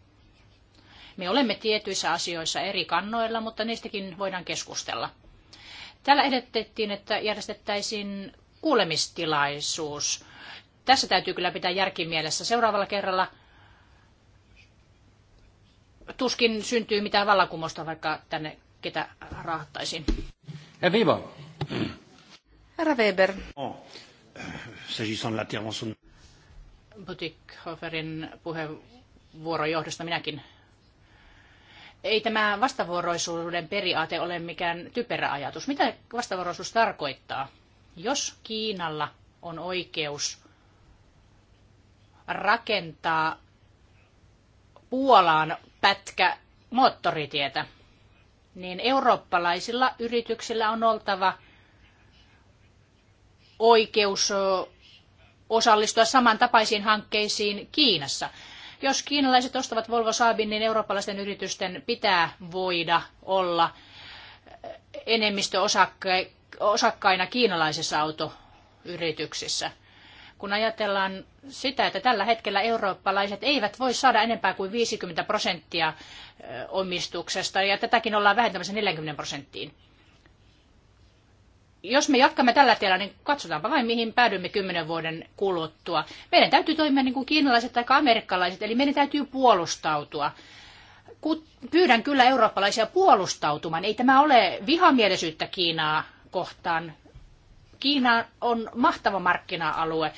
Me olemme tietyissä asioissa eri kannoilla, mutta niistäkin voidaan keskustella. Täällä edetettiin, että järjestettäisiin kuulemistilaisuus. Tässä täytyy kyllä pitää järki mielessä. Seuraavalla kerralla tuskin syntyy mitään vallankumousta, vaikka tänne ketä rahoittaisiin. Herra Weber. Herra Weber. Oh s'agissant de l'intervention. Butikhoferin puheenvuoron johdosta minäkin. Ei tämä vastavuoroisuuden periaate ole mikään typerä ajatus. Mitä vastavuoroisuus tarkoittaa? Jos Kiinalla on oikeus rakentaa Puolaan pätkä moottoritietä, niin eurooppalaisilla yrityksillä on oltava – oikeus osallistua samantapaisiin hankkeisiin Kiinassa. Jos kiinalaiset ostavat Volvo Saabin, niin eurooppalaisten yritysten pitää voida olla enemmistöosakkaina kiinalaisissa autoyrityksissä. Kun ajatellaan sitä, että tällä hetkellä eurooppalaiset eivät voi saada enempää kuin 50 prosenttia omistuksesta, ja tätäkin ollaan vähentämässä 40 prosenttiin jos me jatkamme tällä tiellä, niin katsotaanpa vain mihin päädymme kymmenen vuoden kuluttua. Meidän täytyy toimia niin kuin kiinalaiset tai amerikkalaiset, eli meidän täytyy puolustautua. Pyydän kyllä eurooppalaisia puolustautumaan. Ei tämä ole vihamielisyyttä Kiinaa kohtaan. Kiina on mahtava markkina-alue.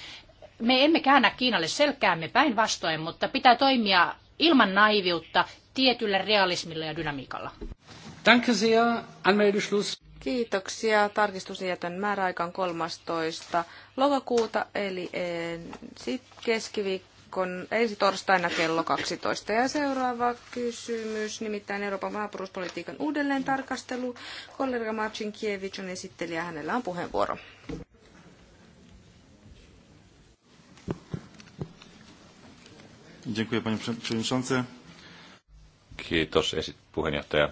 Me emme käännä Kiinalle selkäämme päinvastoin, mutta pitää toimia ilman naiviutta tietyllä realismilla ja dynamiikalla. Danke sehr. Anmeldeschluss. Kiitoksia. Tarkistusjätön määräaikaan 13. lokakuuta, eli keskiviikkon, ensi torstaina kello 12. Ja seuraava kysymys, nimittäin Euroopan maapuruspolitiikan uudelleen tarkastelu. Kollega Marcin Kievich on esittelijä, hänellä on puheenvuoro. Kiitos puheenjohtaja.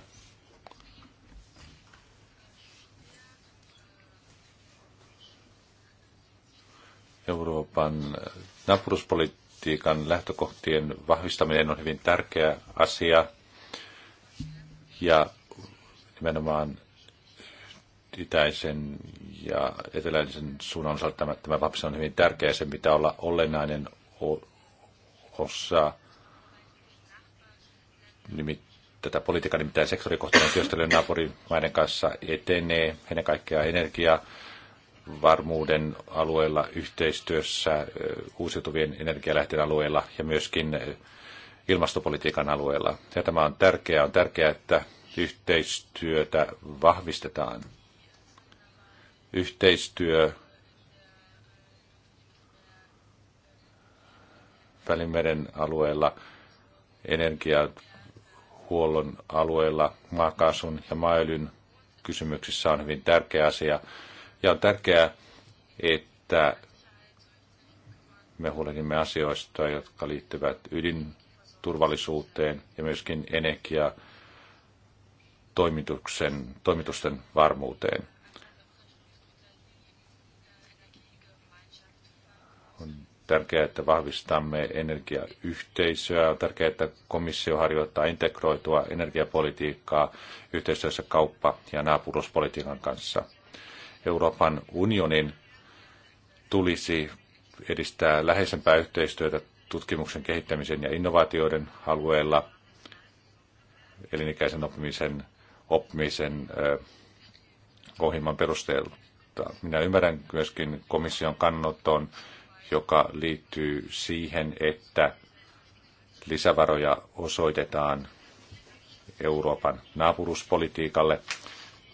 Euroopan eh, naapuruspolitiikan lähtökohtien vahvistaminen on hyvin tärkeä asia ja nimenomaan itäisen ja eteläisen suunnan osalta tämä, tämä vahvistaminen on hyvin tärkeä sen pitää olla olennainen osa nimittäin tätä politiikan nimittäin sektorikohtainen työskentely naapurimaiden kanssa etenee, ennen kaikkea energia, varmuuden alueella, yhteistyössä, uusiutuvien energialähteiden alueella ja myöskin ilmastopolitiikan alueella. Ja tämä on tärkeää. On tärkeää, että yhteistyötä vahvistetaan. Yhteistyö Välimeren alueella, energiahuollon alueella, maakaasun ja maailyn kysymyksissä on hyvin tärkeä asia. Ja on tärkeää, että me huolehdimme asioista, jotka liittyvät ydinturvallisuuteen ja myöskin energia toimituksen, toimitusten varmuuteen. On tärkeää, että vahvistamme energiayhteisöä. On tärkeää, että komissio harjoittaa integroitua energiapolitiikkaa yhteistyössä kauppa- ja naapuruspolitiikan kanssa – Euroopan unionin tulisi edistää läheisempää yhteistyötä tutkimuksen kehittämisen ja innovaatioiden alueella, elinikäisen oppimisen, oppimisen ohjelman perusteella. Minä ymmärrän myöskin komission kannanoton, joka liittyy siihen, että lisävaroja osoitetaan Euroopan naapuruspolitiikalle.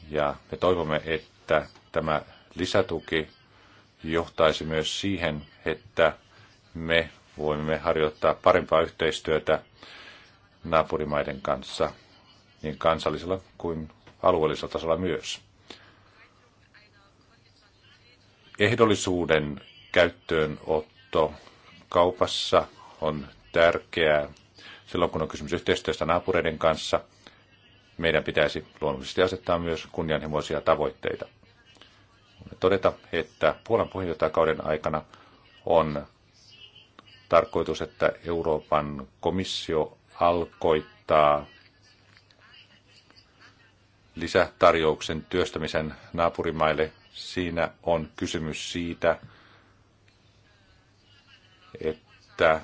Ja me toivomme, että tämä lisätuki johtaisi myös siihen, että me voimme harjoittaa parempaa yhteistyötä naapurimaiden kanssa niin kansallisella kuin alueellisella tasolla myös. Ehdollisuuden käyttöönotto kaupassa on tärkeää silloin, kun on kysymys yhteistyöstä naapureiden kanssa. Meidän pitäisi luonnollisesti asettaa myös kunnianhimoisia tavoitteita todeta, että Puolan puheenjohtajakauden aikana on tarkoitus, että Euroopan komissio alkoittaa lisätarjouksen työstämisen naapurimaille. Siinä on kysymys siitä, että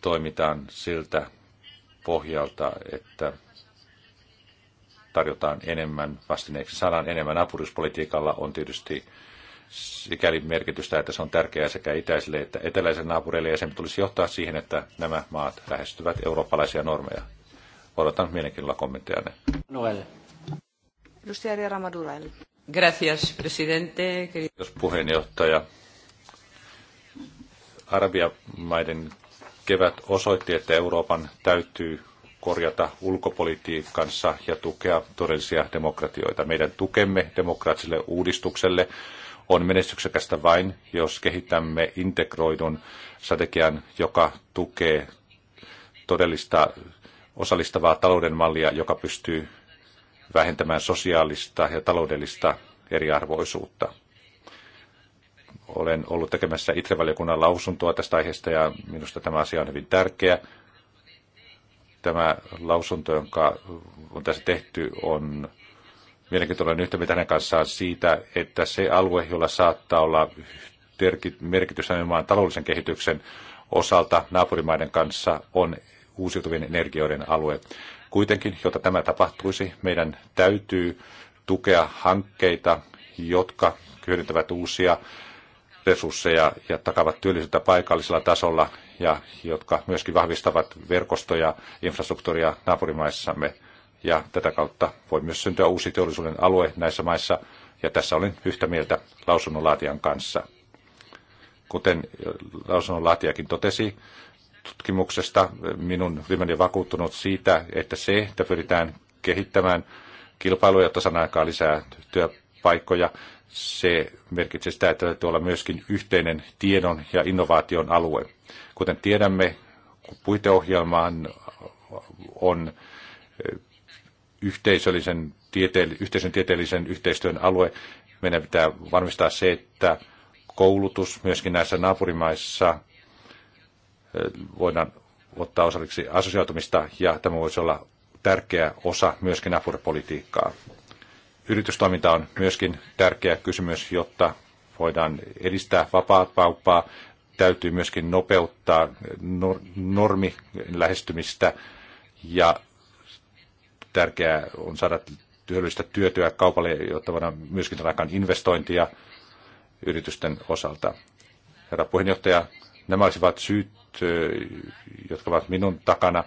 toimitaan siltä pohjalta, että tarjotaan enemmän vastineeksi, sanan, enemmän apuruspolitiikalla on tietysti sikäli merkitystä, että se on tärkeää sekä itäisille että eteläisille naapureille, ja sen tulisi johtaa siihen, että nämä maat lähestyvät eurooppalaisia normeja. Odotan mielenkiinnolla kommenttejanne. Noel. Edustaja Ramadurail. Gracias, presidente. Kiitos puheenjohtaja. Arabiamaiden kevät osoitti, että Euroopan täytyy korjata ulkopolitiikkansa ja tukea todellisia demokratioita. Meidän tukemme demokraattiselle uudistukselle on menestyksekästä vain, jos kehitämme integroidun strategian, joka tukee todellista osallistavaa talouden mallia, joka pystyy vähentämään sosiaalista ja taloudellista eriarvoisuutta. Olen ollut tekemässä itsevaliokunnan lausuntoa tästä aiheesta ja minusta tämä asia on hyvin tärkeä. Tämä lausunto, jonka on tässä tehty, on mielenkiintoinen yhtä mitä hänen kanssaan siitä, että se alue, jolla saattaa olla merkitys nimenomaan taloudellisen kehityksen osalta naapurimaiden kanssa, on uusiutuvien energioiden alue. Kuitenkin, jotta tämä tapahtuisi, meidän täytyy tukea hankkeita, jotka hyödyntävät uusia resursseja ja takavat työllisyyttä paikallisella tasolla ja jotka myöskin vahvistavat verkostoja, infrastruktuuria naapurimaissamme. Ja tätä kautta voi myös syntyä uusi teollisuuden alue näissä maissa, ja tässä olen yhtä mieltä lausunnonlaatijan kanssa. Kuten lausunnonlaatijakin totesi, tutkimuksesta minun ryhmäni vakuuttunut siitä, että se, että pyritään kehittämään kilpailuja, jotta saadaan aikaa lisää työpaikkoja, se merkitsee sitä, että täytyy olla myöskin yhteinen tiedon ja innovaation alue. Kuten tiedämme, puiteohjelmaan on eh, yhteisöllisen tieteell- yhteisön tieteellisen yhteistyön alue. Meidän pitää varmistaa se, että koulutus myöskin näissä naapurimaissa eh, voidaan ottaa osalliksi asosioitumista ja tämä voisi olla tärkeä osa myöskin naapuripolitiikkaa. Yritystoiminta on myöskin tärkeä kysymys, jotta voidaan edistää vapaa kauppaa täytyy myöskin nopeuttaa normi lähestymistä ja tärkeää on saada työllistä työtyä kaupalle, jotta voidaan myöskin saada investointia yritysten osalta. Herra puheenjohtaja, nämä olisivat syyt, eh, jotka ovat minun takana,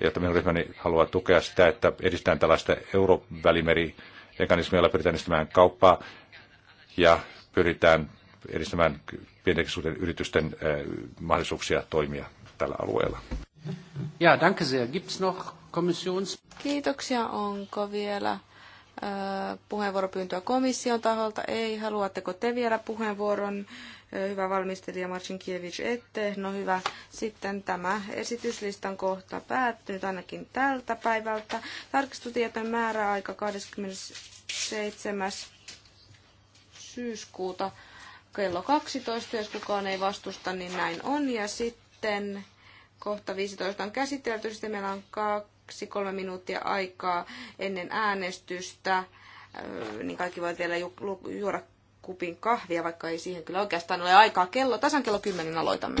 jotta minun ryhmäni haluaa tukea sitä, että edistetään tällaista eurovälimeri mekanismia, jolla pyritään edistämään kauppaa ja pyritään edistämään pienten yritysten mahdollisuuksia toimia tällä alueella. Ja, danke sehr. Gibt's noch Kommissions... Kiitoksia. Onko vielä puheenvuoropyyntöä komission taholta? Ei. Haluatteko te vielä puheenvuoron? Hyvä valmistelija Marcin Kievich ette. No hyvä. Sitten tämä esityslistan kohta päättynyt ainakin tältä päivältä. Tarkistutietojen määräaika 27. syyskuuta kello 12, jos kukaan ei vastusta, niin näin on. Ja sitten kohta 15 on käsitelty, sitten meillä on kaksi, kolme minuuttia aikaa ennen äänestystä, niin kaikki voivat vielä ju- juoda kupin kahvia, vaikka ei siihen kyllä oikeastaan ole aikaa. Kello, tasan kello 10 aloitamme.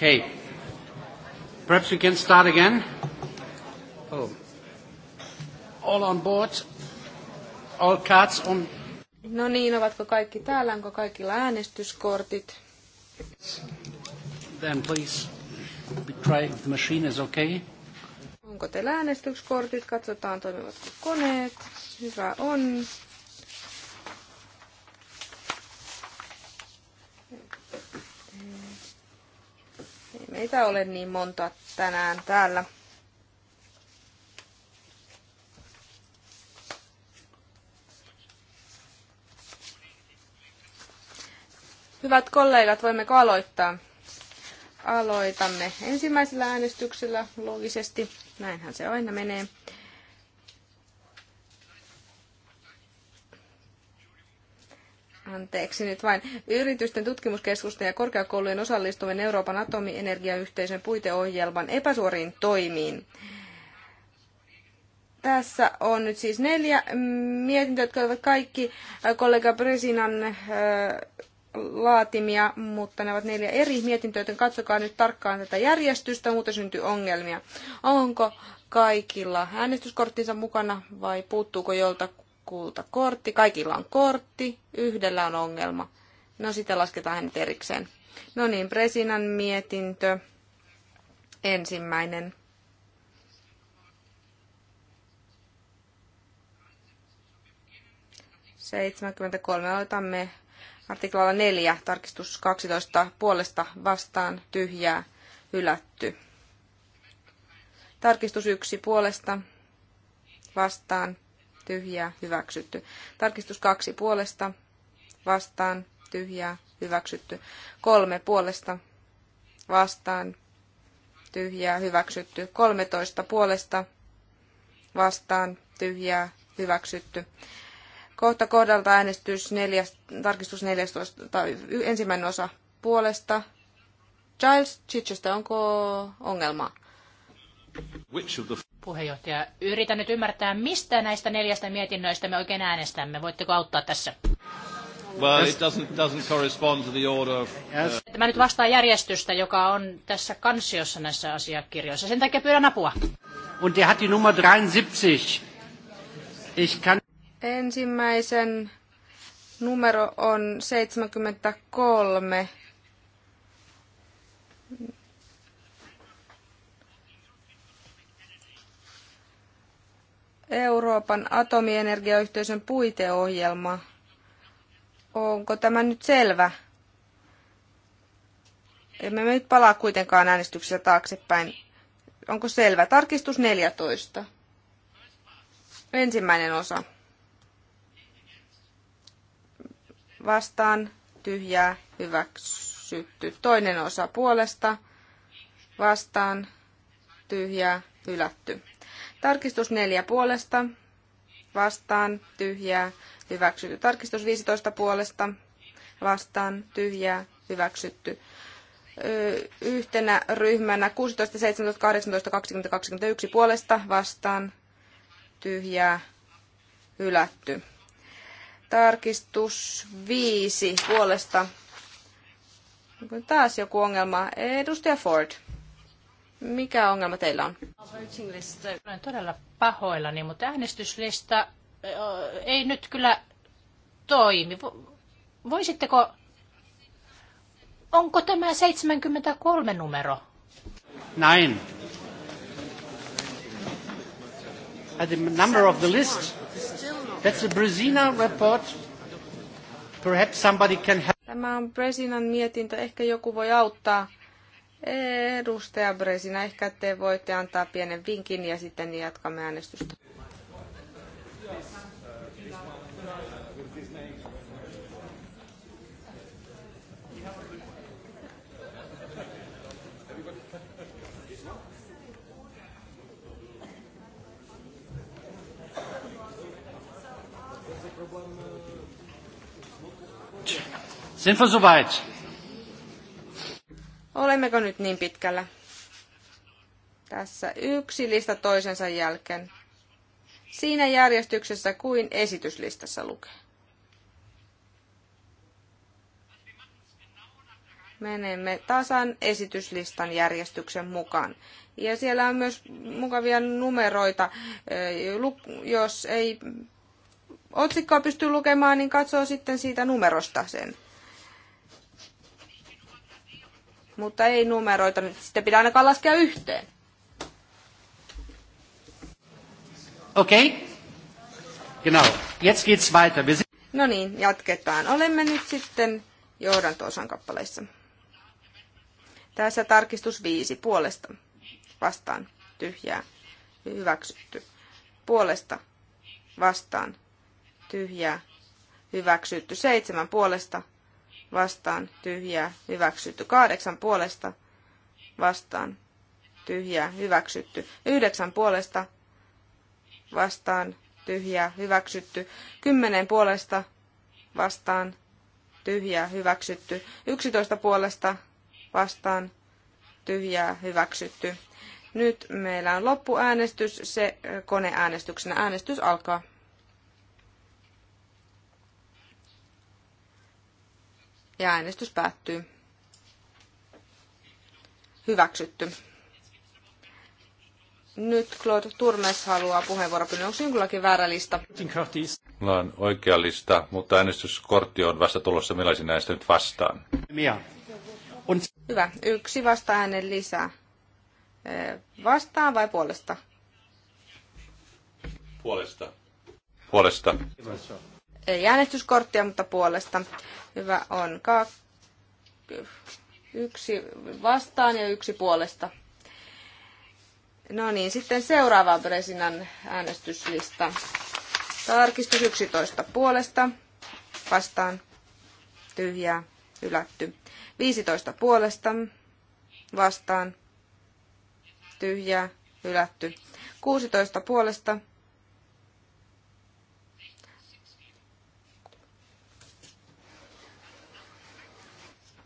Okay. Perhaps we can start again. Oh. All on board. All cards on. No niin, ovatko kaikki täällä? Onko kaikilla äänestyskortit? Then please try if the machine is okay. Onko teillä äänestyskortit? Katsotaan toimivatko koneet. Hyvä on. Meitä ole niin monta tänään täällä. Hyvät kollegat, voimmeko aloittaa? Aloitamme ensimmäisellä äänestyksellä, logisesti. Näinhän se aina menee. anteeksi nyt vain, yritysten tutkimuskeskusten ja korkeakoulujen osallistuminen Euroopan atomienergiayhteisön puiteohjelman epäsuoriin toimiin. Tässä on nyt siis neljä mietintöä, jotka ovat kaikki äh, kollega Brysinan äh, laatimia, mutta ne ovat neljä eri mietintöä, joten katsokaa nyt tarkkaan tätä järjestystä, muuten syntyy ongelmia. Onko kaikilla äänestyskorttinsa mukana vai puuttuuko jolta kulta kortti. Kaikilla on kortti, yhdellä on ongelma. No sitten lasketaan hänet erikseen. No niin, Presinan mietintö. Ensimmäinen. Seitsemänkymmentäkolme. Aloitamme artiklalla 4, tarkistus 12, puolesta vastaan, tyhjää, hylätty. Tarkistus 1, puolesta vastaan, tyhjää, hyväksytty. Tarkistus kaksi puolesta, vastaan, tyhjää, hyväksytty. Kolme puolesta, vastaan, tyhjää, hyväksytty. Kolmetoista puolesta, vastaan, tyhjää, hyväksytty. Kohta kohdalta äänestys neljäs, tarkistus 14, tai ensimmäinen osa puolesta. Giles Chichester, onko ongelmaa? Puheenjohtaja, yritän nyt ymmärtää, mistä näistä neljästä mietinnöistä me oikein äänestämme. Voitteko auttaa tässä? Well, it doesn't, doesn't correspond to the order of, uh... Tämä nyt vastaa järjestystä, joka on tässä kansiossa näissä asiakirjoissa. Sen takia pyydän apua. Und der hat die Nummer 73. Ich kann... Ensimmäisen numero on 73. Euroopan atomienergiayhteisön puiteohjelma. Onko tämä nyt selvä? Emme me nyt palaa kuitenkaan äänestyksiä taaksepäin. Onko selvä? Tarkistus 14. Ensimmäinen osa. Vastaan tyhjää hyväksytty. Toinen osa puolesta. Vastaan tyhjää hylätty. Tarkistus 4 puolesta, vastaan, tyhjää, hyväksytty. Tarkistus 15 puolesta, vastaan, tyhjää, hyväksytty. Yhtenä ryhmänä 16, 17, 18, 20, 21 puolesta, vastaan, tyhjää, hylätty. Tarkistus 5 puolesta. taas joku ongelma? Edustaja Ford. Mikä ongelma teillä on? Olen todella pahoillani, mutta äänestyslista ei nyt kyllä toimi. Voisitteko, onko tämä 73 numero? Näin. the number of the list. That's the Brezina report. Perhaps somebody can help. Tämä on Brezinan mietintö. Ehkä joku voi auttaa Edustaja Bresina, ehkä te voitte antaa pienen vinkin ja sitten jatkamme äänestystä. Sind wir soweit? Olemmeko nyt niin pitkällä? Tässä yksi lista toisensa jälkeen. Siinä järjestyksessä kuin esityslistassa lukee. menemme tasan esityslistan järjestyksen mukaan. Ja siellä on myös mukavia numeroita. Jos ei otsikkoa pysty lukemaan, niin katsoo sitten siitä numerosta sen. mutta ei numeroita, niin sitten pitää ainakaan laskea yhteen. Okei. Okay. Genau. Jetzt geht's weiter. Wir No niin, jatketaan. Olemme nyt sitten johdanto-osan kappaleissa. Tässä tarkistus viisi puolesta. Vastaan. Tyhjää. Hyväksytty. Puolesta. Vastaan. Tyhjää. Hyväksytty. Seitsemän puolesta vastaan tyhjää hyväksytty. Kahdeksan puolesta vastaan tyhjää hyväksytty. Yhdeksän puolesta vastaan tyhjää hyväksytty. Kymmenen puolesta vastaan tyhjää hyväksytty. Yksitoista puolesta vastaan tyhjää hyväksytty. Nyt meillä on loppuäänestys, se koneäänestyksenä äänestys alkaa. Ja äänestys päättyy. Hyväksytty. Nyt Claude Turmes haluaa puheenvuoropyynnön. Onko jonkinlainen väärä lista? Mulla on oikea lista, mutta äänestyskortti on vasta tulossa. Millaisin näistä nyt vastaan? Hyvä. Yksi vasta äänen lisää. Vastaan vai puolesta? Puolesta. Puolesta. Ei äänestyskorttia, mutta puolesta. Hyvä on. Ka- yksi vastaan ja yksi puolesta. No niin, sitten seuraava Bresinan äänestyslista. Tarkistus 11 puolesta, vastaan, tyhjää, hylätty. 15 puolesta, vastaan, tyhjää, hylätty. 16 puolesta,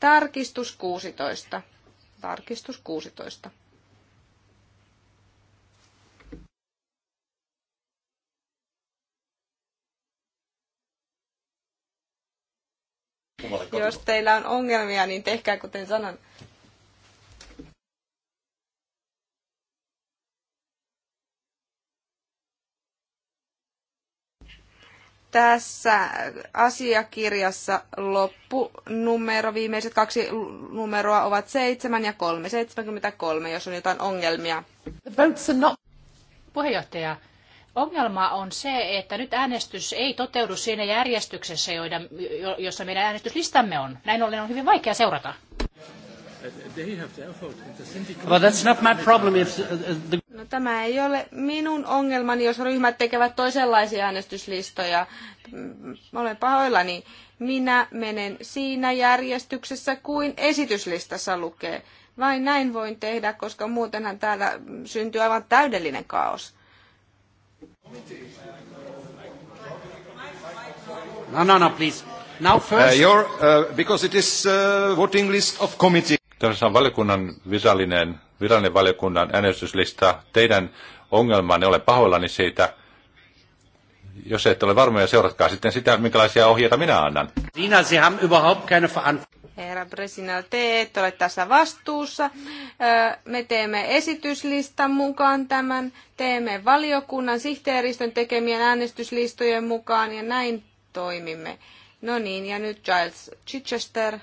Tarkistus 16. Tarkistus 16. Jos teillä on ongelmia, niin tehkää kuten sanon. tässä asiakirjassa loppunumero, viimeiset kaksi numeroa ovat 7 ja 3, 73, jos on jotain ongelmia. Puheenjohtaja, ongelma on se, että nyt äänestys ei toteudu siinä järjestyksessä, jossa meidän äänestyslistamme on. Näin ollen on hyvin vaikea seurata. Uh, uh, no, tämä ei ole minun ongelmani, jos ryhmät tekevät toisenlaisia äänestyslistoja. Olen pahoillani. Minä menen siinä järjestyksessä kuin esityslistassa lukee. Vain näin voin tehdä, koska muutenhan täällä syntyy aivan täydellinen kaos. No, no, no, please. Now uh, first. Uh, your, uh, because it is uh, voting list of committee tässä on valiokunnan virallinen, virallinen valiokunnan äänestyslista. Teidän ongelmanne, olen pahoillani siitä. Jos ette ole varmoja, seuratkaa sitten sitä, minkälaisia ohjeita minä annan. Siinä Sie haben überhaupt keine Herra Bresinal, te ette ole tässä vastuussa. Me teemme esityslistan mukaan tämän, teemme valiokunnan sihteeristön tekemien äänestyslistojen mukaan ja näin toimimme. No niin, ja nyt Giles Chichester.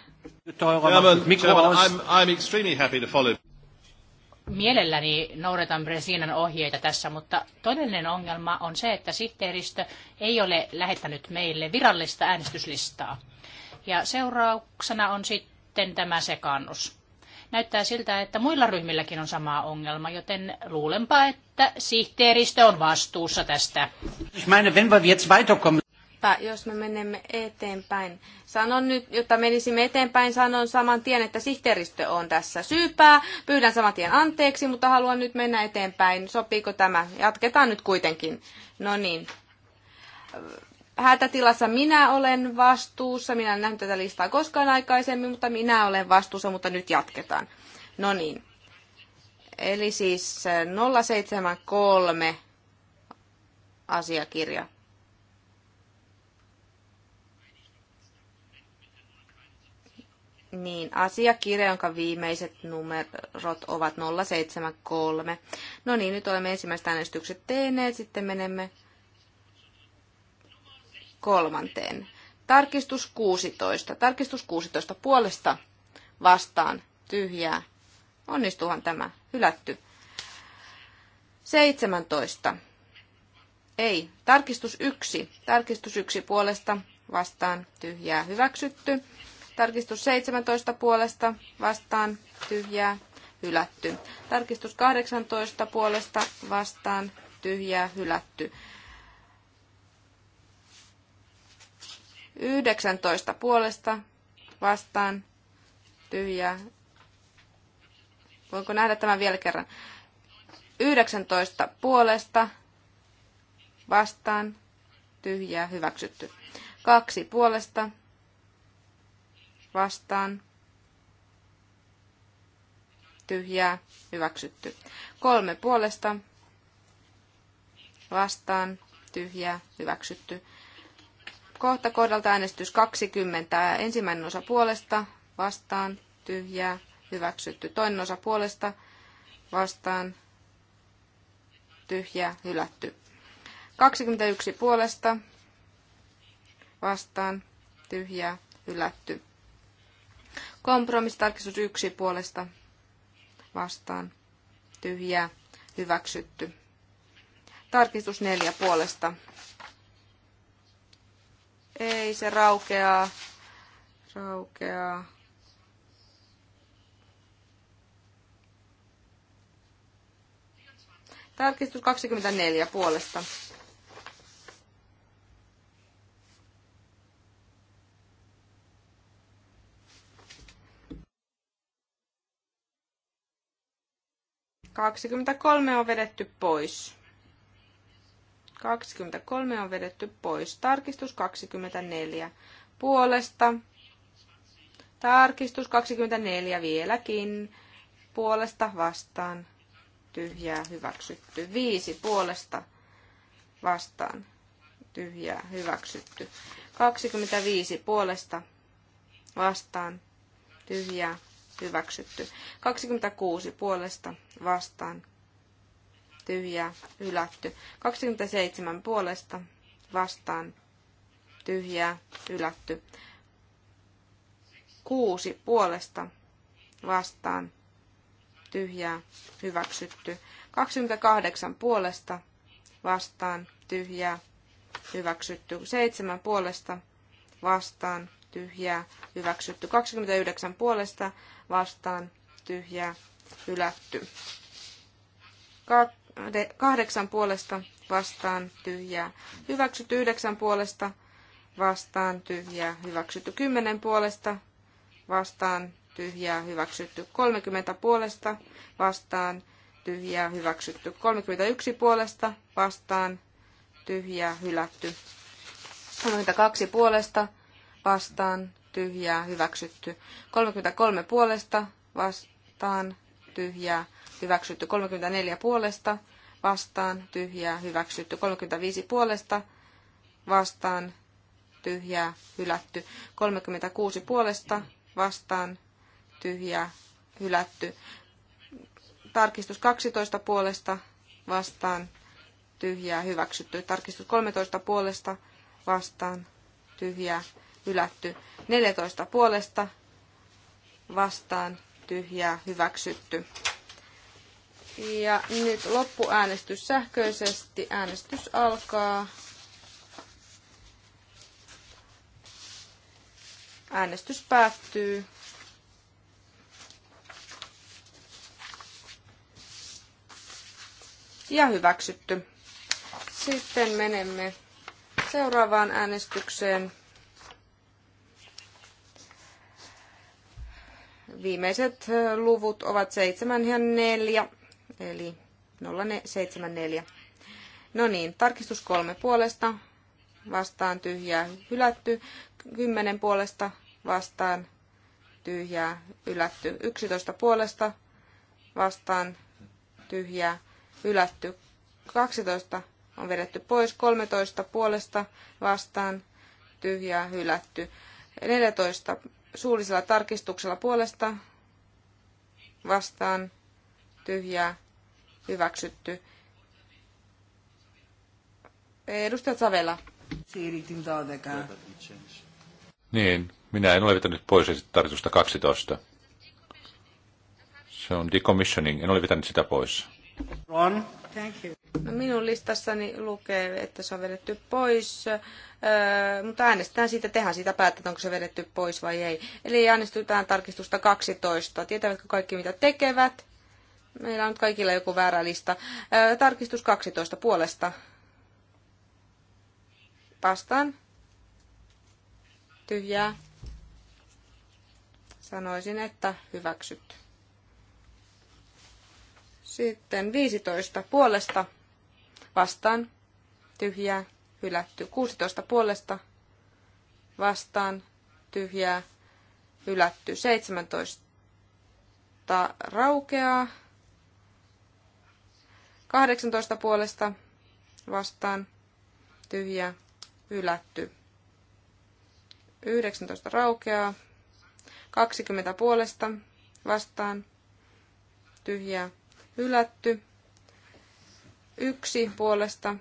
Mielelläni noudatan Bresinan ohjeita tässä, mutta todellinen ongelma on se, että sihteeristö ei ole lähettänyt meille virallista äänestyslistaa. Ja seurauksena on sitten tämä sekaannus. Näyttää siltä, että muilla ryhmilläkin on sama ongelma, joten luulenpa, että sihteeristö on vastuussa tästä. Ich meine, wenn wir jetzt weiterkommen että jos me menemme eteenpäin, sanon nyt, jotta menisimme eteenpäin, sanon saman tien, että sihteeristö on tässä syypää. Pyydän saman tien anteeksi, mutta haluan nyt mennä eteenpäin. Sopiiko tämä? Jatketaan nyt kuitenkin. No niin. Hätätilassa minä olen vastuussa. Minä en nähnyt tätä listaa koskaan aikaisemmin, mutta minä olen vastuussa, mutta nyt jatketaan. No niin. Eli siis 073 eh, asiakirja Niin, asiakirja, jonka viimeiset numerot ovat 073. No niin, nyt olemme ensimmäiset äänestykset tehneet, sitten menemme kolmanteen. Tarkistus 16. Tarkistus 16 puolesta vastaan tyhjää. Onnistuhan tämä. Hylätty. 17. Ei. Tarkistus 1. Tarkistus 1 puolesta vastaan tyhjää hyväksytty. Tarkistus 17 puolesta vastaan tyhjää hylätty. Tarkistus 18 puolesta vastaan tyhjää hylätty. 19 puolesta vastaan tyhjää. Voinko nähdä tämän vielä kerran? 19 puolesta vastaan tyhjää hyväksytty. Kaksi puolesta vastaan, tyhjää, hyväksytty. Kolme puolesta, vastaan, tyhjää, hyväksytty. Kohta kohdalta äänestys 20. Ensimmäinen osa puolesta, vastaan, tyhjää, hyväksytty. Toinen osa puolesta, vastaan, tyhjää, hylätty. 21 puolesta, vastaan, tyhjää, hylätty. Kompromissitarkistus yksi puolesta vastaan tyhjää hyväksytty. Tarkistus neljä puolesta. Ei, se raukeaa. Raukeaa. Tarkistus 24 puolesta 23 on vedetty pois. 23 on vedetty pois. Tarkistus 24 puolesta. Tarkistus 24 vieläkin. Puolesta vastaan. Tyhjää hyväksytty. 5 puolesta vastaan. Tyhjää hyväksytty. 25 puolesta vastaan. Tyhjää hyväksytty. 26 puolesta vastaan tyhjää hylätty. 27 puolesta vastaan tyhjää hylätty. 6 puolesta vastaan tyhjää hyväksytty. 28 puolesta vastaan tyhjää hyväksytty. 7 puolesta vastaan tyhjää, hyväksytty. 29 puolesta vastaan, tyhjää, hylätty. Kahdeksan puolesta vastaan, tyhjää, hyväksytty. Yhdeksän puolesta vastaan, tyhjää, hyväksytty. Kymmenen puolesta vastaan, tyhjää, hyväksytty. 30 puolesta vastaan, tyhjää, hyväksytty. 31 puolesta vastaan, tyhjää, hylätty. 32 puolesta vastaan, vastaan tyhjää hyväksytty. 33 puolesta vastaan tyhjää hyväksytty. 34 puolesta vastaan tyhjää hyväksytty. 35 puolesta vastaan tyhjää hylätty. 36 puolesta vastaan tyhjää hylätty. Tarkistus 12 puolesta vastaan tyhjää hyväksytty. Tarkistus 13 puolesta vastaan tyhjää hylätty. 14 puolesta vastaan tyhjää hyväksytty. Ja nyt loppuäänestys sähköisesti. Äänestys alkaa. Äänestys päättyy. Ja hyväksytty. Sitten menemme seuraavaan äänestykseen. viimeiset luvut ovat 7 ja 4, eli 074. No niin, tarkistus kolme puolesta, vastaan tyhjää hylätty, 10 puolesta vastaan tyhjää hylätty, 11 puolesta vastaan tyhjää hylätty, 12 on vedetty pois, 13 puolesta vastaan tyhjää hylätty, 14 suullisella tarkistuksella puolesta vastaan tyhjää hyväksytty. Edustaja Savela. Niin, minä en ole vetänyt pois tarkistusta 12. Se on decommissioning, en ole vetänyt sitä pois. Ron. Thank you. No, minun listassani lukee, että se on vedetty pois, mutta äänestetään siitä, tehdään siitä päättää, onko se vedetty pois vai ei. Eli äänestetään tarkistusta 12. Tietävätkö kaikki, mitä tekevät? Meillä on nyt kaikilla joku väärä lista. tarkistus 12 puolesta. Vastaan. Tyhjää. Sanoisin, että hyväksytty. Sitten 15 puolesta vastaan tyhjää hylätty. 16 puolesta vastaan tyhjää hylätty. 17 raukeaa. 18 puolesta vastaan tyhjää hylätty. 19 raukeaa. 20 puolesta vastaan tyhjää hylätty. Yksi puolesta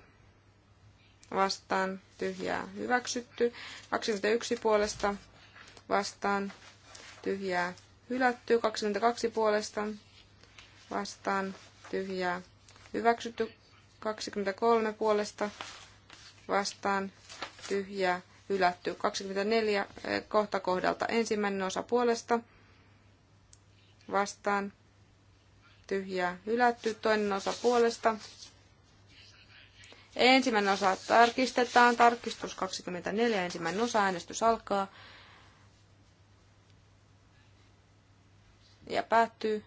vastaan tyhjää hyväksytty. 21 puolesta vastaan tyhjää hylätty. 22 puolesta vastaan tyhjää hyväksytty. 23 puolesta vastaan tyhjää hylätty. 24 eh, kohta kohdalta ensimmäinen osa puolesta vastaan tyhjää hylätty. Toinen osa puolesta. Ensimmäinen osa tarkistetaan. Tarkistus 24. Ensimmäinen osa. Äänestys alkaa. Ja päättyy.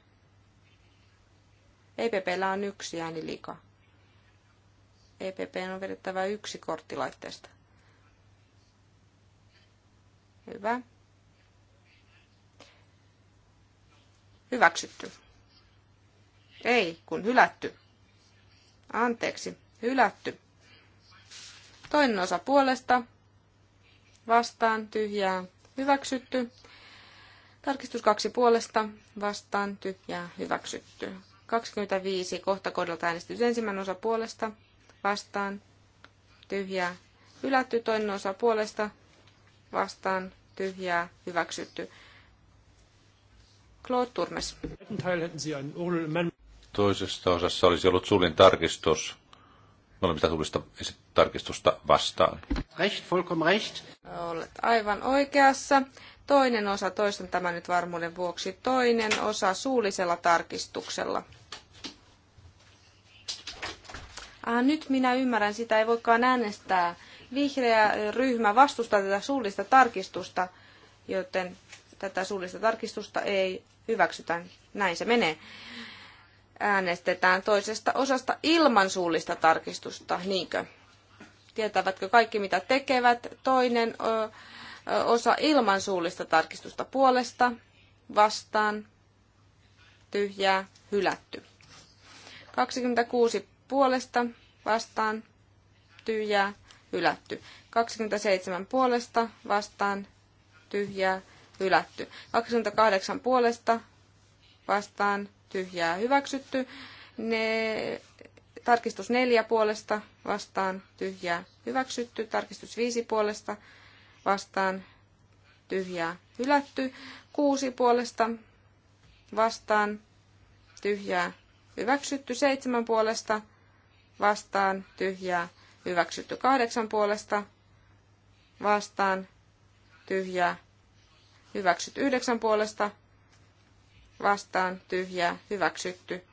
EPPllä on yksi ääni liikaa. EPP on vedettävä yksi korttilaitteesta. Hyvä. Hyväksytty. Ei, kun hylätty. Anteeksi, hylätty. Toinen osa puolesta. Vastaan tyhjää. Hyväksytty. Tarkistus kaksi puolesta. Vastaan tyhjää. Hyväksytty. 25 kohta kohdalta äänestys ensimmäinen osa puolesta. Vastaan tyhjää. Hylätty toinen osa puolesta. Vastaan tyhjää. Hyväksytty. Claude Turmes toisessa osassa olisi ollut suullinen tarkistus molemmista tulista tarkistusta vastaan. Recht, vollkommen recht. Olet aivan oikeassa. Toinen osa, toistan tämä nyt varmuuden vuoksi, toinen osa suullisella tarkistuksella. Ah, nyt minä ymmärrän, sitä ei voikaan äänestää. Vihreä ryhmä vastustaa tätä suullista tarkistusta, joten tätä suullista tarkistusta ei hyväksytä. Näin se menee äänestetään toisesta osasta ilman suullista tarkistusta, niinkö? Tietävätkö kaikki, mitä tekevät? Toinen ö, ö, osa ilman suullista tarkistusta puolesta, vastaan, tyhjää, hylätty. 26 puolesta, vastaan, tyhjää, hylätty. 27 puolesta, vastaan, tyhjää, hylätty. 28 puolesta, vastaan, tyhjää hyväksytty. Ne, tarkistus neljä puolesta vastaan tyhjää hyväksytty. Tarkistus viisi puolesta vastaan tyhjää hylätty. Kuusi puolesta vastaan tyhjää hyväksytty. Seitsemän puolesta vastaan tyhjää hyväksytty. Kahdeksan puolesta vastaan tyhjää hyväksytty. Yhdeksän puolesta vastaan tyhjää hyväksytty.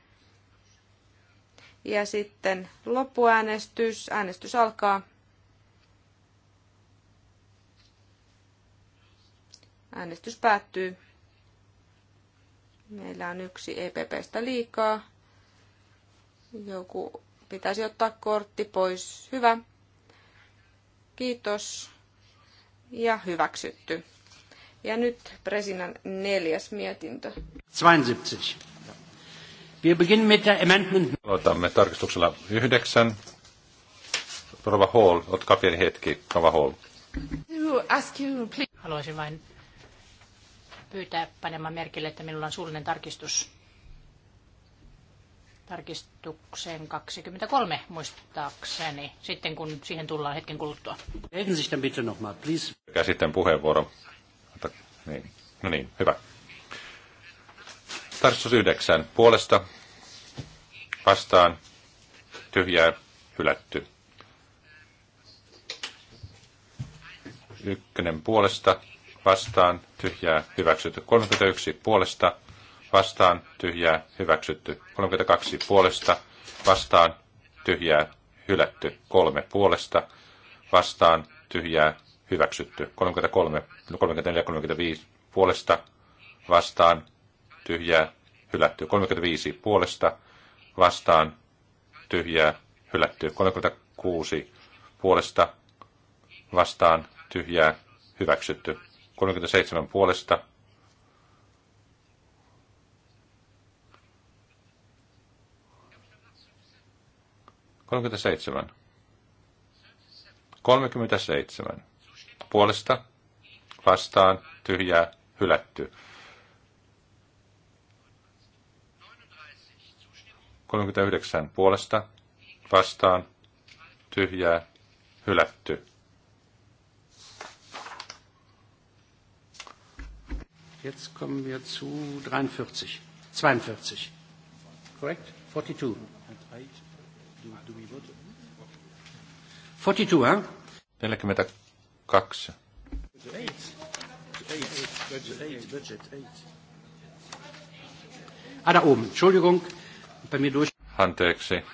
Ja sitten loppuäänestys. Äänestys alkaa. Äänestys päättyy. Meillä on yksi EPPstä liikaa. Joku pitäisi ottaa kortti pois. Hyvä. Kiitos. Ja hyväksytty. Ja nyt Presinan neljäs mietintö. 72. Wir beginnen mit der Aloitamme tarkistuksella yhdeksän. Rova Hall, ottakaa pieni hetki, Rova Hall. Haluaisin vain pyytää panemaan merkille, että minulla on suullinen tarkistus tarkistukseen 23 muistaakseni, sitten kun siihen tullaan hetken kuluttua. Käsitän puheenvuoro. Niin. No niin, hyvä. Tarsus yhdeksän. Puolesta vastaan tyhjää hylätty. Ykkönen puolesta vastaan tyhjää hyväksytty. 31 puolesta vastaan tyhjää hyväksytty. 32 puolesta vastaan tyhjää hylätty. 3 puolesta vastaan tyhjää hyväksytty. 33, 34, 35 puolesta vastaan tyhjää hylätty. 35 puolesta vastaan tyhjää hylätty. 36 puolesta vastaan tyhjää hyväksytty. 37 puolesta Kolmekymmentä seitsemän. Kolmekymmentä seitsemän puolesta vastaan tyhjää hylätty. 39 puolesta vastaan tyhjää hylätty. Jetzt kommen wir zu 43. 42. Correct? 42. 42, huh? kaksi. Anteeksi.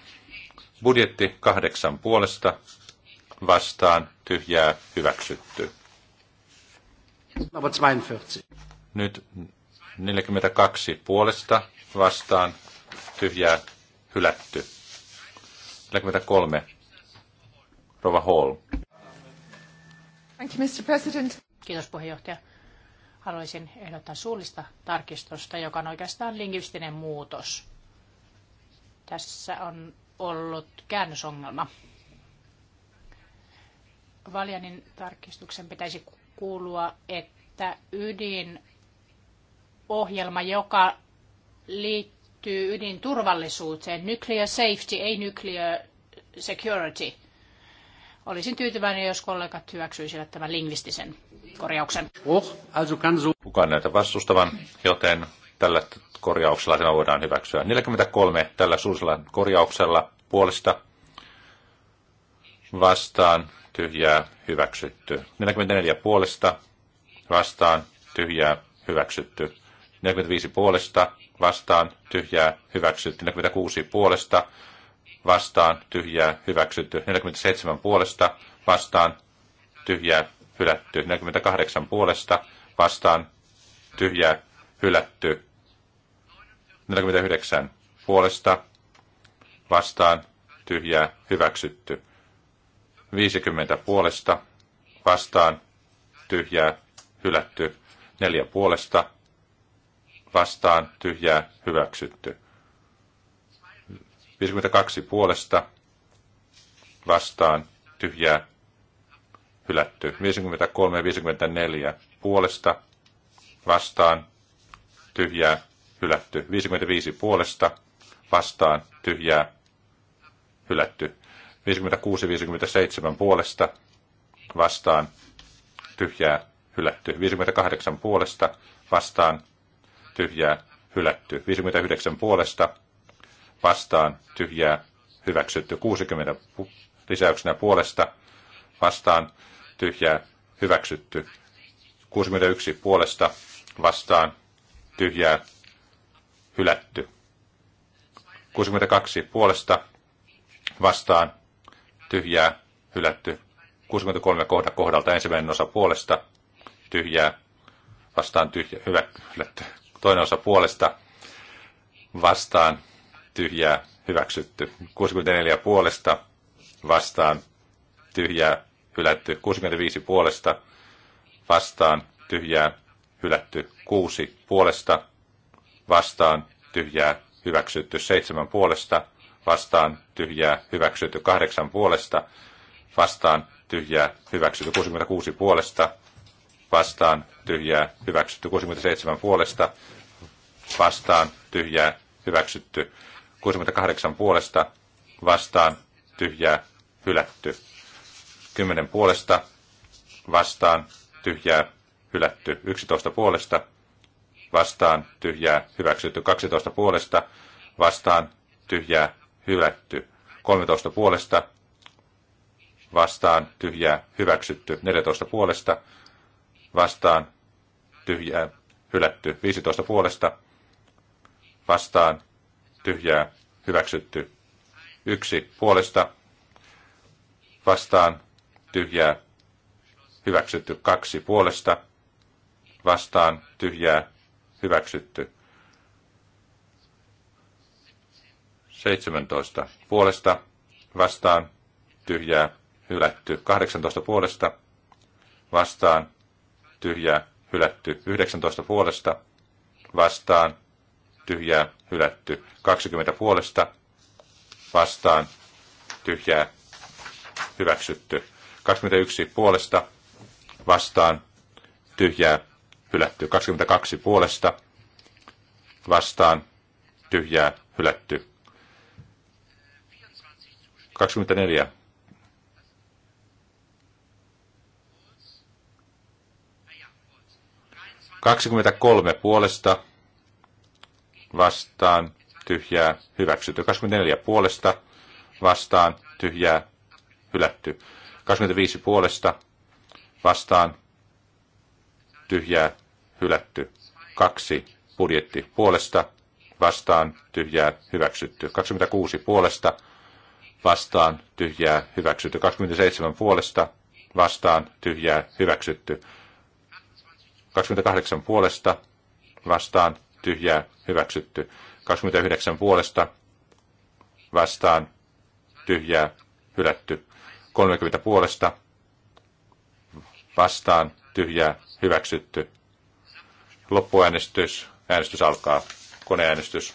Budjetti kahdeksan puolesta vastaan tyhjää hyväksytty. Nyt 42 puolesta vastaan tyhjää hylätty. 43. Rova Hall. Thank you, Mr. President. Kiitos puheenjohtaja. Haluaisin ehdottaa suullista tarkistusta, joka on oikeastaan lingvistinen muutos. Tässä on ollut käännösongelma. Valjanin tarkistuksen pitäisi kuulua, että ydinohjelma, joka liittyy ydinturvallisuuteen, nuclear safety, ei nuclear security – Olisin tyytyväinen, jos kollegat hyväksyisivät tämän lingvistisen korjauksen. Oh, also kann so. Kukaan näitä vastustavan, joten tällä korjauksella tämä voidaan hyväksyä. 43 tällä suusella korjauksella puolesta vastaan tyhjää hyväksytty. 44 puolesta vastaan tyhjää hyväksytty. 45 puolesta vastaan tyhjää hyväksytty. 46 puolesta vastaan, tyhjää, hyväksytty. 47 puolesta, vastaan, tyhjää, hylätty. 48 puolesta, vastaan, tyhjää, hylätty. 49 puolesta, vastaan, tyhjää, hyväksytty. 50 puolesta, vastaan, tyhjää, hylätty. 4 puolesta, vastaan, tyhjää, hyväksytty. 52 puolesta vastaan tyhjää hylätty. 53 ja 54 puolesta vastaan tyhjää hylätty. 55 puolesta vastaan tyhjää hylätty. 56 57 puolesta vastaan tyhjää hylätty. 58 puolesta vastaan tyhjää hylätty. 59 puolesta vastaan, vastaan tyhjää hyväksytty 60 lisäyksenä puolesta vastaan tyhjää hyväksytty 61 puolesta vastaan tyhjää hylätty 62 puolesta vastaan tyhjää hylätty 63 kohda kohdalta ensimmäinen osa puolesta tyhjää vastaan tyhjä, hyvä, hylätty toinen osa puolesta vastaan tyhjää hyväksytty. 64 puolesta vastaan tyhjää hylätty. 65 puolesta vastaan tyhjää hylätty. 6 puolesta vastaan tyhjää hyväksytty. 7 puolesta vastaan tyhjää hyväksytty. 8 puolesta vastaan tyhjää hyväksytty. 66 puolesta vastaan tyhjää hyväksytty. 67 puolesta vastaan tyhjää hyväksytty. 68 puolesta vastaan tyhjää hylätty. 10 puolesta vastaan tyhjää hylätty. 11 puolesta vastaan tyhjää hyväksytty. 12 puolesta vastaan tyhjää hylätty. 13 puolesta vastaan tyhjää hyväksytty. 14 puolesta vastaan tyhjää hylätty. 15 puolesta vastaan tyhjää hyväksytty. Yksi puolesta vastaan tyhjää hyväksytty. Kaksi puolesta vastaan tyhjää hyväksytty. 17 puolesta vastaan tyhjää hylätty. 18 puolesta vastaan tyhjää hylätty. 19 puolesta vastaan tyhjää, hylätty. 20 puolesta vastaan, tyhjää, hyväksytty. 21 puolesta vastaan, tyhjää, hylätty. 22 puolesta vastaan, tyhjää, hylätty. 24 23 puolesta vastaan, tyhjää, hyväksytty. 24 puolesta vastaan, tyhjää, hylätty. 25 puolesta vastaan, tyhjää, hylätty. 2 budjetti puolesta vastaan, tyhjää, hyväksytty. 26 puolesta vastaan, tyhjää, hyväksytty. 27 puolesta vastaan, tyhjää, hyväksytty. 28 puolesta vastaan, tyhjää hyväksytty. 29 puolesta vastaan tyhjää hylätty. 30 puolesta vastaan tyhjää hyväksytty. Loppuäänestys. Äänestys alkaa. Koneäänestys.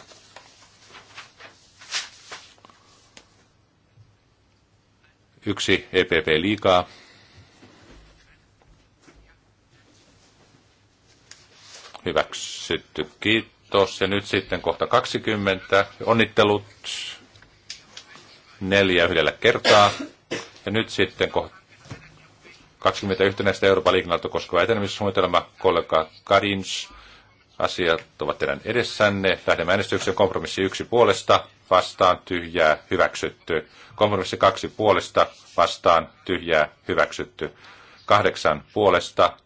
Yksi EPP liikaa. Hyväksytty. Kiitos. Ja nyt sitten kohta 20. Onnittelut. Neljä yhdellä kertaa. Ja nyt sitten kohta 21 näistä Euroopan liikennalta koskeva etenemissuunnitelma, kollega Karins. Asiat ovat teidän edessänne. Lähdemme äänestykseen kompromissi yksi puolesta, vastaan tyhjää, hyväksytty. Kompromissi kaksi puolesta, vastaan tyhjää, hyväksytty. Kahdeksan puolesta,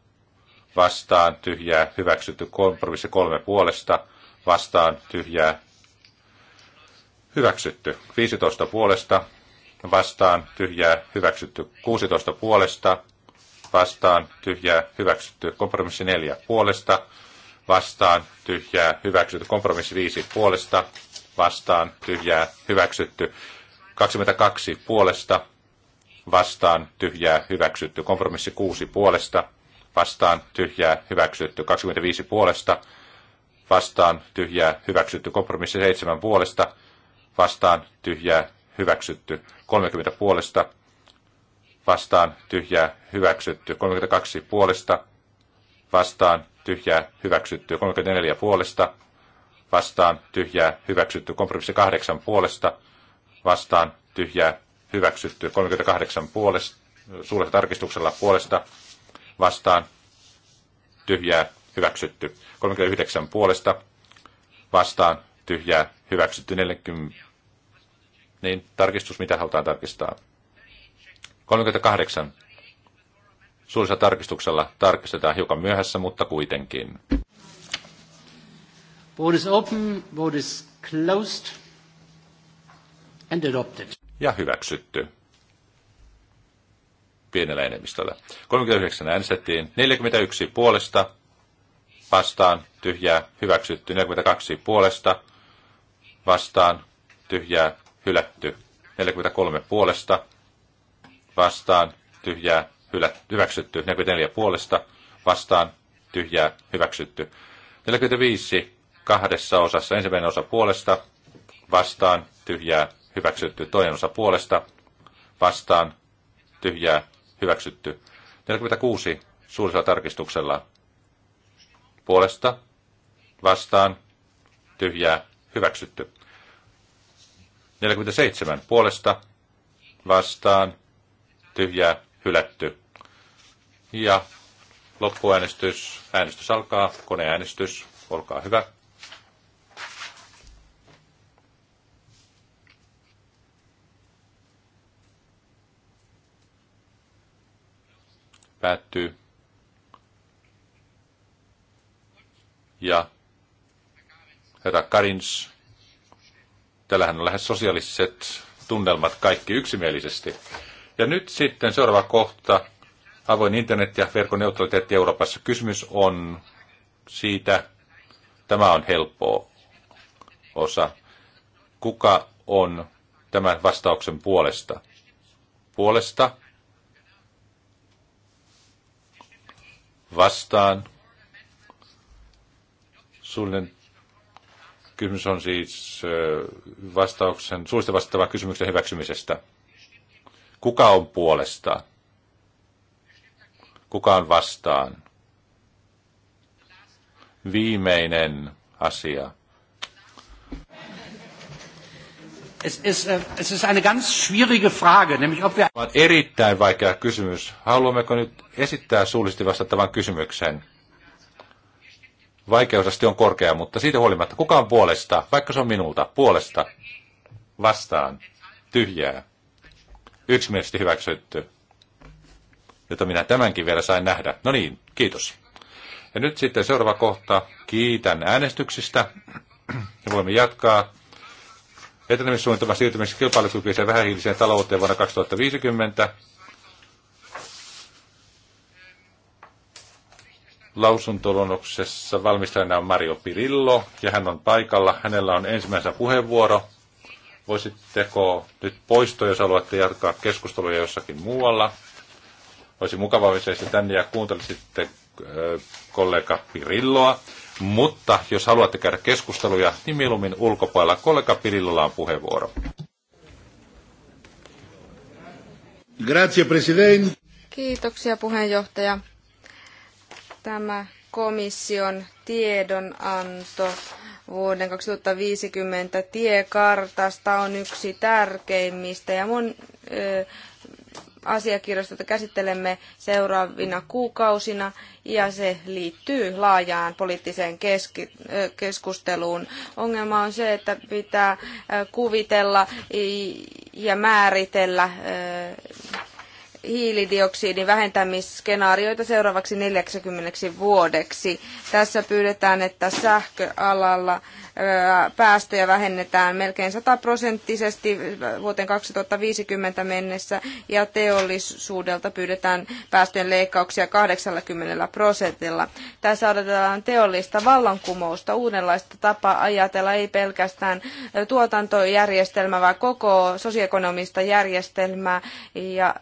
vastaan tyhjää hyväksytty. Kompromissi kolme puolesta vastaan tyhjää hyväksytty. 15 puolesta vastaan tyhjää hyväksytty. 16 puolesta vastaan tyhjää hyväksytty. Kompromissi neljä puolesta vastaan tyhjää hyväksytty. Kompromissi viisi puolesta vastaan tyhjää hyväksytty. 22 puolesta vastaan tyhjää hyväksytty. Kompromissi kuusi puolesta vastaan tyhjää hyväksytty 25 puolesta, vastaan tyhjää hyväksytty kompromissi 7 puolesta, vastaan tyhjää hyväksytty 30 puolesta, vastaan tyhjää hyväksytty 32 puolesta, vastaan tyhjää hyväksytty 34 puolesta, vastaan tyhjää hyväksytty kompromissi 8 puolesta, vastaan tyhjää hyväksytty 38 puolesta, suurella tarkistuksella puolesta, vastaan tyhjää hyväksytty. 39 puolesta vastaan tyhjää hyväksytty. 40, niin tarkistus, mitä halutaan tarkistaa? 38. Suullisella tarkistuksella tarkistetaan hiukan myöhässä, mutta kuitenkin. Vote is open, vote is closed and adopted. Ja hyväksytty pienellä enemmistöllä. 39 äänestettiin, 41 puolesta, vastaan, tyhjää, hyväksytty, 42 puolesta, vastaan, tyhjää, hylätty, 43 puolesta, vastaan, tyhjää, hylätty hyväksytty, 44 puolesta, vastaan, tyhjää, hyväksytty. 45 kahdessa osassa, ensimmäinen osa puolesta, vastaan, tyhjää, hyväksytty, toinen osa puolesta, vastaan, tyhjää, hyväksytty. 46 suullisella tarkistuksella puolesta, vastaan, tyhjää, hyväksytty. 47 puolesta, vastaan, tyhjää, hylätty. Ja loppuäänestys, äänestys alkaa, koneäänestys, olkaa hyvä. päättyy. Ja herra Karins, tällähän on lähes sosiaaliset tunnelmat kaikki yksimielisesti. Ja nyt sitten seuraava kohta, avoin internet ja verkon neutraliteetti Euroopassa. Kysymys on siitä, tämä on helppo osa. Kuka on tämän vastauksen puolesta? Puolesta vastaan. Suullinen kysymys on siis vastauksen, suullista vastaavan kysymyksen hyväksymisestä. Kuka on puolesta? Kuka on vastaan? Viimeinen asia. Es ist, äh, es ist eine ganz schwierige Frage, nämlich ob wir... On erittäin vaikea kysymys. Haluammeko nyt esittää suullisesti vastattavan kysymyksen? Vaikeusaste on korkea, mutta siitä huolimatta, kuka on puolesta, vaikka se on minulta, puolesta, vastaan, tyhjää, yksimielisesti hyväksytty, jota minä tämänkin vielä sain nähdä. No niin, kiitos. Ja nyt sitten seuraava kohta. Kiitän äänestyksistä. Ja voimme jatkaa etenemissuunnitelma siirtymiseksi kilpailukykyiseen vähähiiliseen talouteen vuonna 2050. Lausuntolonoksessa valmistajana on Mario Pirillo ja hän on paikalla. Hänellä on ensimmäisenä puheenvuoro. Voisitteko nyt poistoa, jos haluatte jatkaa keskusteluja jossakin muualla? Olisi mukavaa, jos tänne ja kuuntelisitte äh, kollega Pirilloa. Mutta jos haluatte käydä keskusteluja, niin mieluummin ulkopuolella. Kollega Pirillolla on puheenvuoro. Grazie, Kiitoksia puheenjohtaja. Tämä komission tiedonanto vuoden 2050 tiekartasta on yksi tärkeimmistä ja mon, asiakirjasta, jota käsittelemme seuraavina kuukausina, ja se liittyy laajaan poliittiseen keskusteluun. Ongelma on se, että pitää kuvitella ja määritellä hiilidioksidin vähentämisskenaarioita seuraavaksi 40 vuodeksi. Tässä pyydetään, että sähköalalla päästöjä vähennetään melkein 100 prosenttisesti vuoteen 2050 mennessä ja teollisuudelta pyydetään päästöjen leikkauksia 80 prosentilla. Tässä odotetaan teollista vallankumousta, uudenlaista tapaa ajatella ei pelkästään tuotantojärjestelmää, vaan koko sosioekonomista järjestelmää ja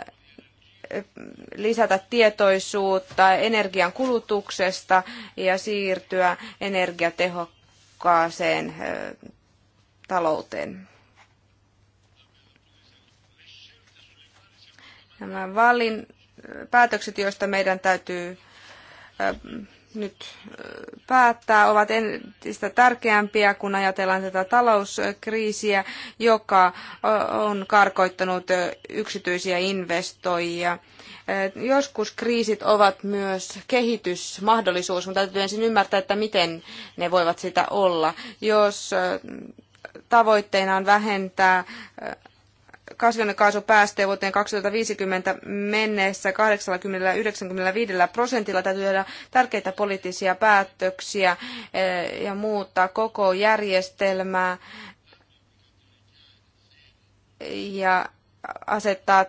lisätä tietoisuutta energian kulutuksesta ja siirtyä energiatehokkaaseen talouteen. Nämä valin, päätökset, joista meidän täytyy nyt päättää, ovat entistä tärkeämpiä, kun ajatellaan tätä talouskriisiä, joka on karkoittanut yksityisiä investoijia. Joskus kriisit ovat myös kehitysmahdollisuus, mutta täytyy ensin ymmärtää, että miten ne voivat sitä olla. Jos tavoitteena on vähentää kasvihuonekaasupäästöjä vuoteen 2050 mennessä 80-95 prosentilla. Täytyy tehdä tärkeitä poliittisia päätöksiä eh, ja muuttaa koko järjestelmää ja asettaa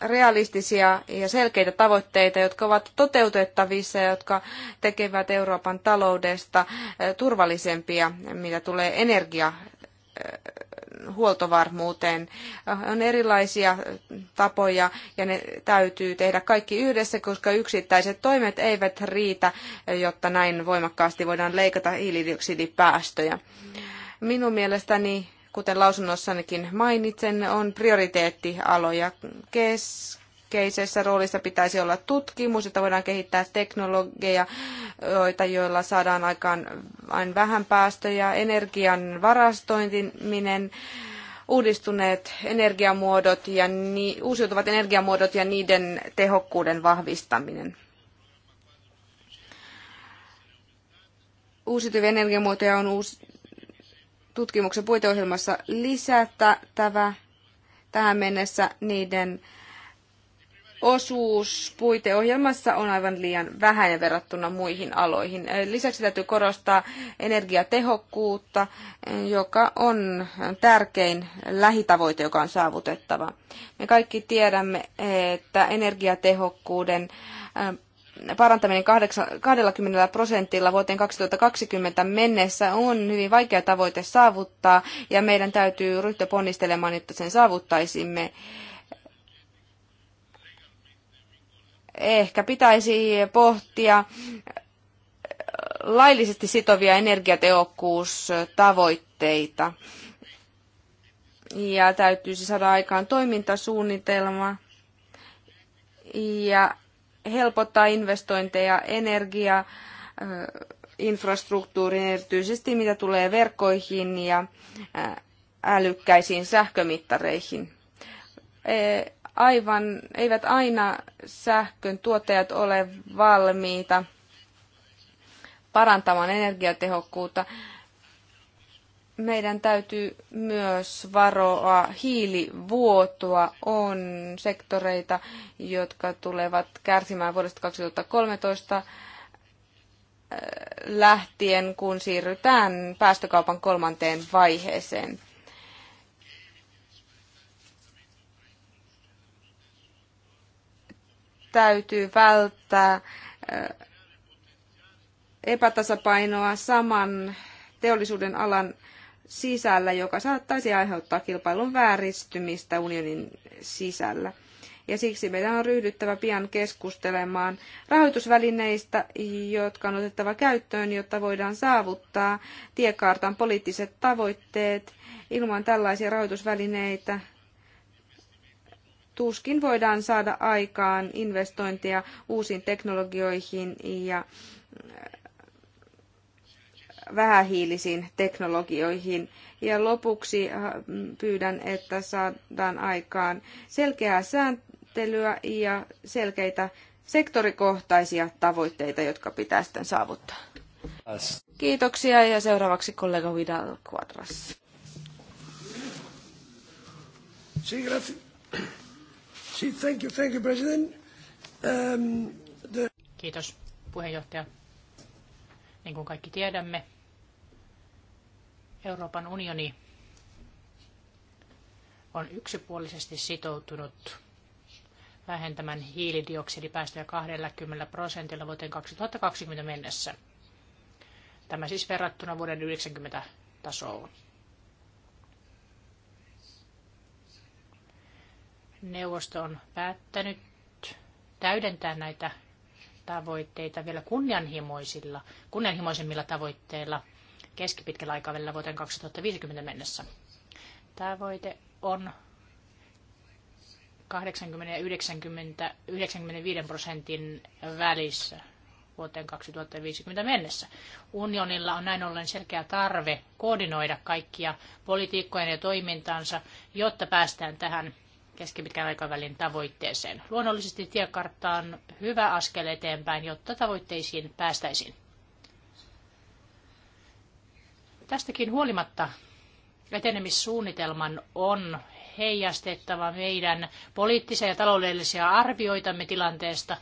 realistisia ja selkeitä tavoitteita, jotka ovat toteutettavissa ja jotka tekevät Euroopan taloudesta eh, turvallisempia, mitä tulee energia huoltovarmuuteen. On erilaisia tapoja ja ne täytyy tehdä kaikki yhdessä, koska yksittäiset toimet eivät riitä, jotta näin voimakkaasti voidaan leikata hiilidioksidipäästöjä. Minun mielestäni kuten lausunnossanikin mainitsen, on prioriteettialoja. Kes, keskeisessä roolissa pitäisi olla tutkimus, jota voidaan kehittää teknologeja, joilla saadaan aikaan vain vähän päästöjä, energian varastointiminen, uudistuneet energiamuodot ja ni, uusiutuvat energiamuodot ja niiden tehokkuuden vahvistaminen. Uusiutuvia energiamuotoja on uusi, tutkimuksen puiteohjelmassa lisättävä tähän mennessä niiden osuus puiteohjelmassa on aivan liian vähäinen verrattuna muihin aloihin. Lisäksi täytyy korostaa energiatehokkuutta, joka on tärkein lähitavoite, joka on saavutettava. Me kaikki tiedämme, että energiatehokkuuden äh, parantaminen 20 prosentilla vuoteen 2020 mennessä on hyvin vaikea tavoite saavuttaa ja meidän täytyy ryhtyä ponnistelemaan, että sen saavuttaisimme. ehkä pitäisi pohtia laillisesti sitovia energiatehokkuustavoitteita. Ja täytyisi saada aikaan toimintasuunnitelma ja helpottaa investointeja energia infrastruktuuriin, erityisesti mitä tulee verkkoihin ja älykkäisiin sähkömittareihin. E, aivan, eivät aina sähkön tuottajat ole valmiita parantamaan energiatehokkuutta. Meidän täytyy myös varoa hiilivuotoa. On sektoreita, jotka tulevat kärsimään vuodesta 2013 äh, lähtien, kun siirrytään päästökaupan kolmanteen vaiheeseen. täytyy välttää epätasapainoa saman teollisuuden alan sisällä, joka saattaisi aiheuttaa kilpailun vääristymistä unionin sisällä. Ja siksi meidän on ryhdyttävä pian keskustelemaan rahoitusvälineistä, jotka on otettava käyttöön, jotta voidaan saavuttaa tiekartan poliittiset tavoitteet. Ilman tällaisia rahoitusvälineitä tuskin voidaan saada aikaan investointeja uusiin teknologioihin ja äh, vähähiilisiin teknologioihin. Ja lopuksi äh, pyydän, että saadaan aikaan selkeää sääntelyä ja selkeitä sektorikohtaisia tavoitteita, jotka pitää sitten saavuttaa. Kiitoksia ja seuraavaksi kollega Vidal Quadras. Sí, gracias. Um, Kiitos puheenjohtaja. Niin kuin kaikki tiedämme, Euroopan unioni on yksipuolisesti sitoutunut vähentämään hiilidioksidipäästöjä 20 prosentilla vuoteen 2020 mennessä. Tämä siis verrattuna vuoden 90 tasoon. Neuvosto on päättänyt täydentää näitä tavoitteita vielä kunnianhimoisilla, kunnianhimoisemmilla tavoitteilla keskipitkällä aikavälillä vuoteen 2050 mennessä. Tavoite on 80 ja 90, 95 prosentin välissä vuoteen 2050 mennessä. Unionilla on näin ollen selkeä tarve koordinoida kaikkia politiikkojen ja toimintaansa, jotta päästään tähän keskipitkän aikavälin tavoitteeseen. Luonnollisesti tiekartta on hyvä askel eteenpäin, jotta tavoitteisiin päästäisiin. Tästäkin huolimatta etenemissuunnitelman on heijastettava meidän poliittisia ja taloudellisia arvioitamme tilanteesta,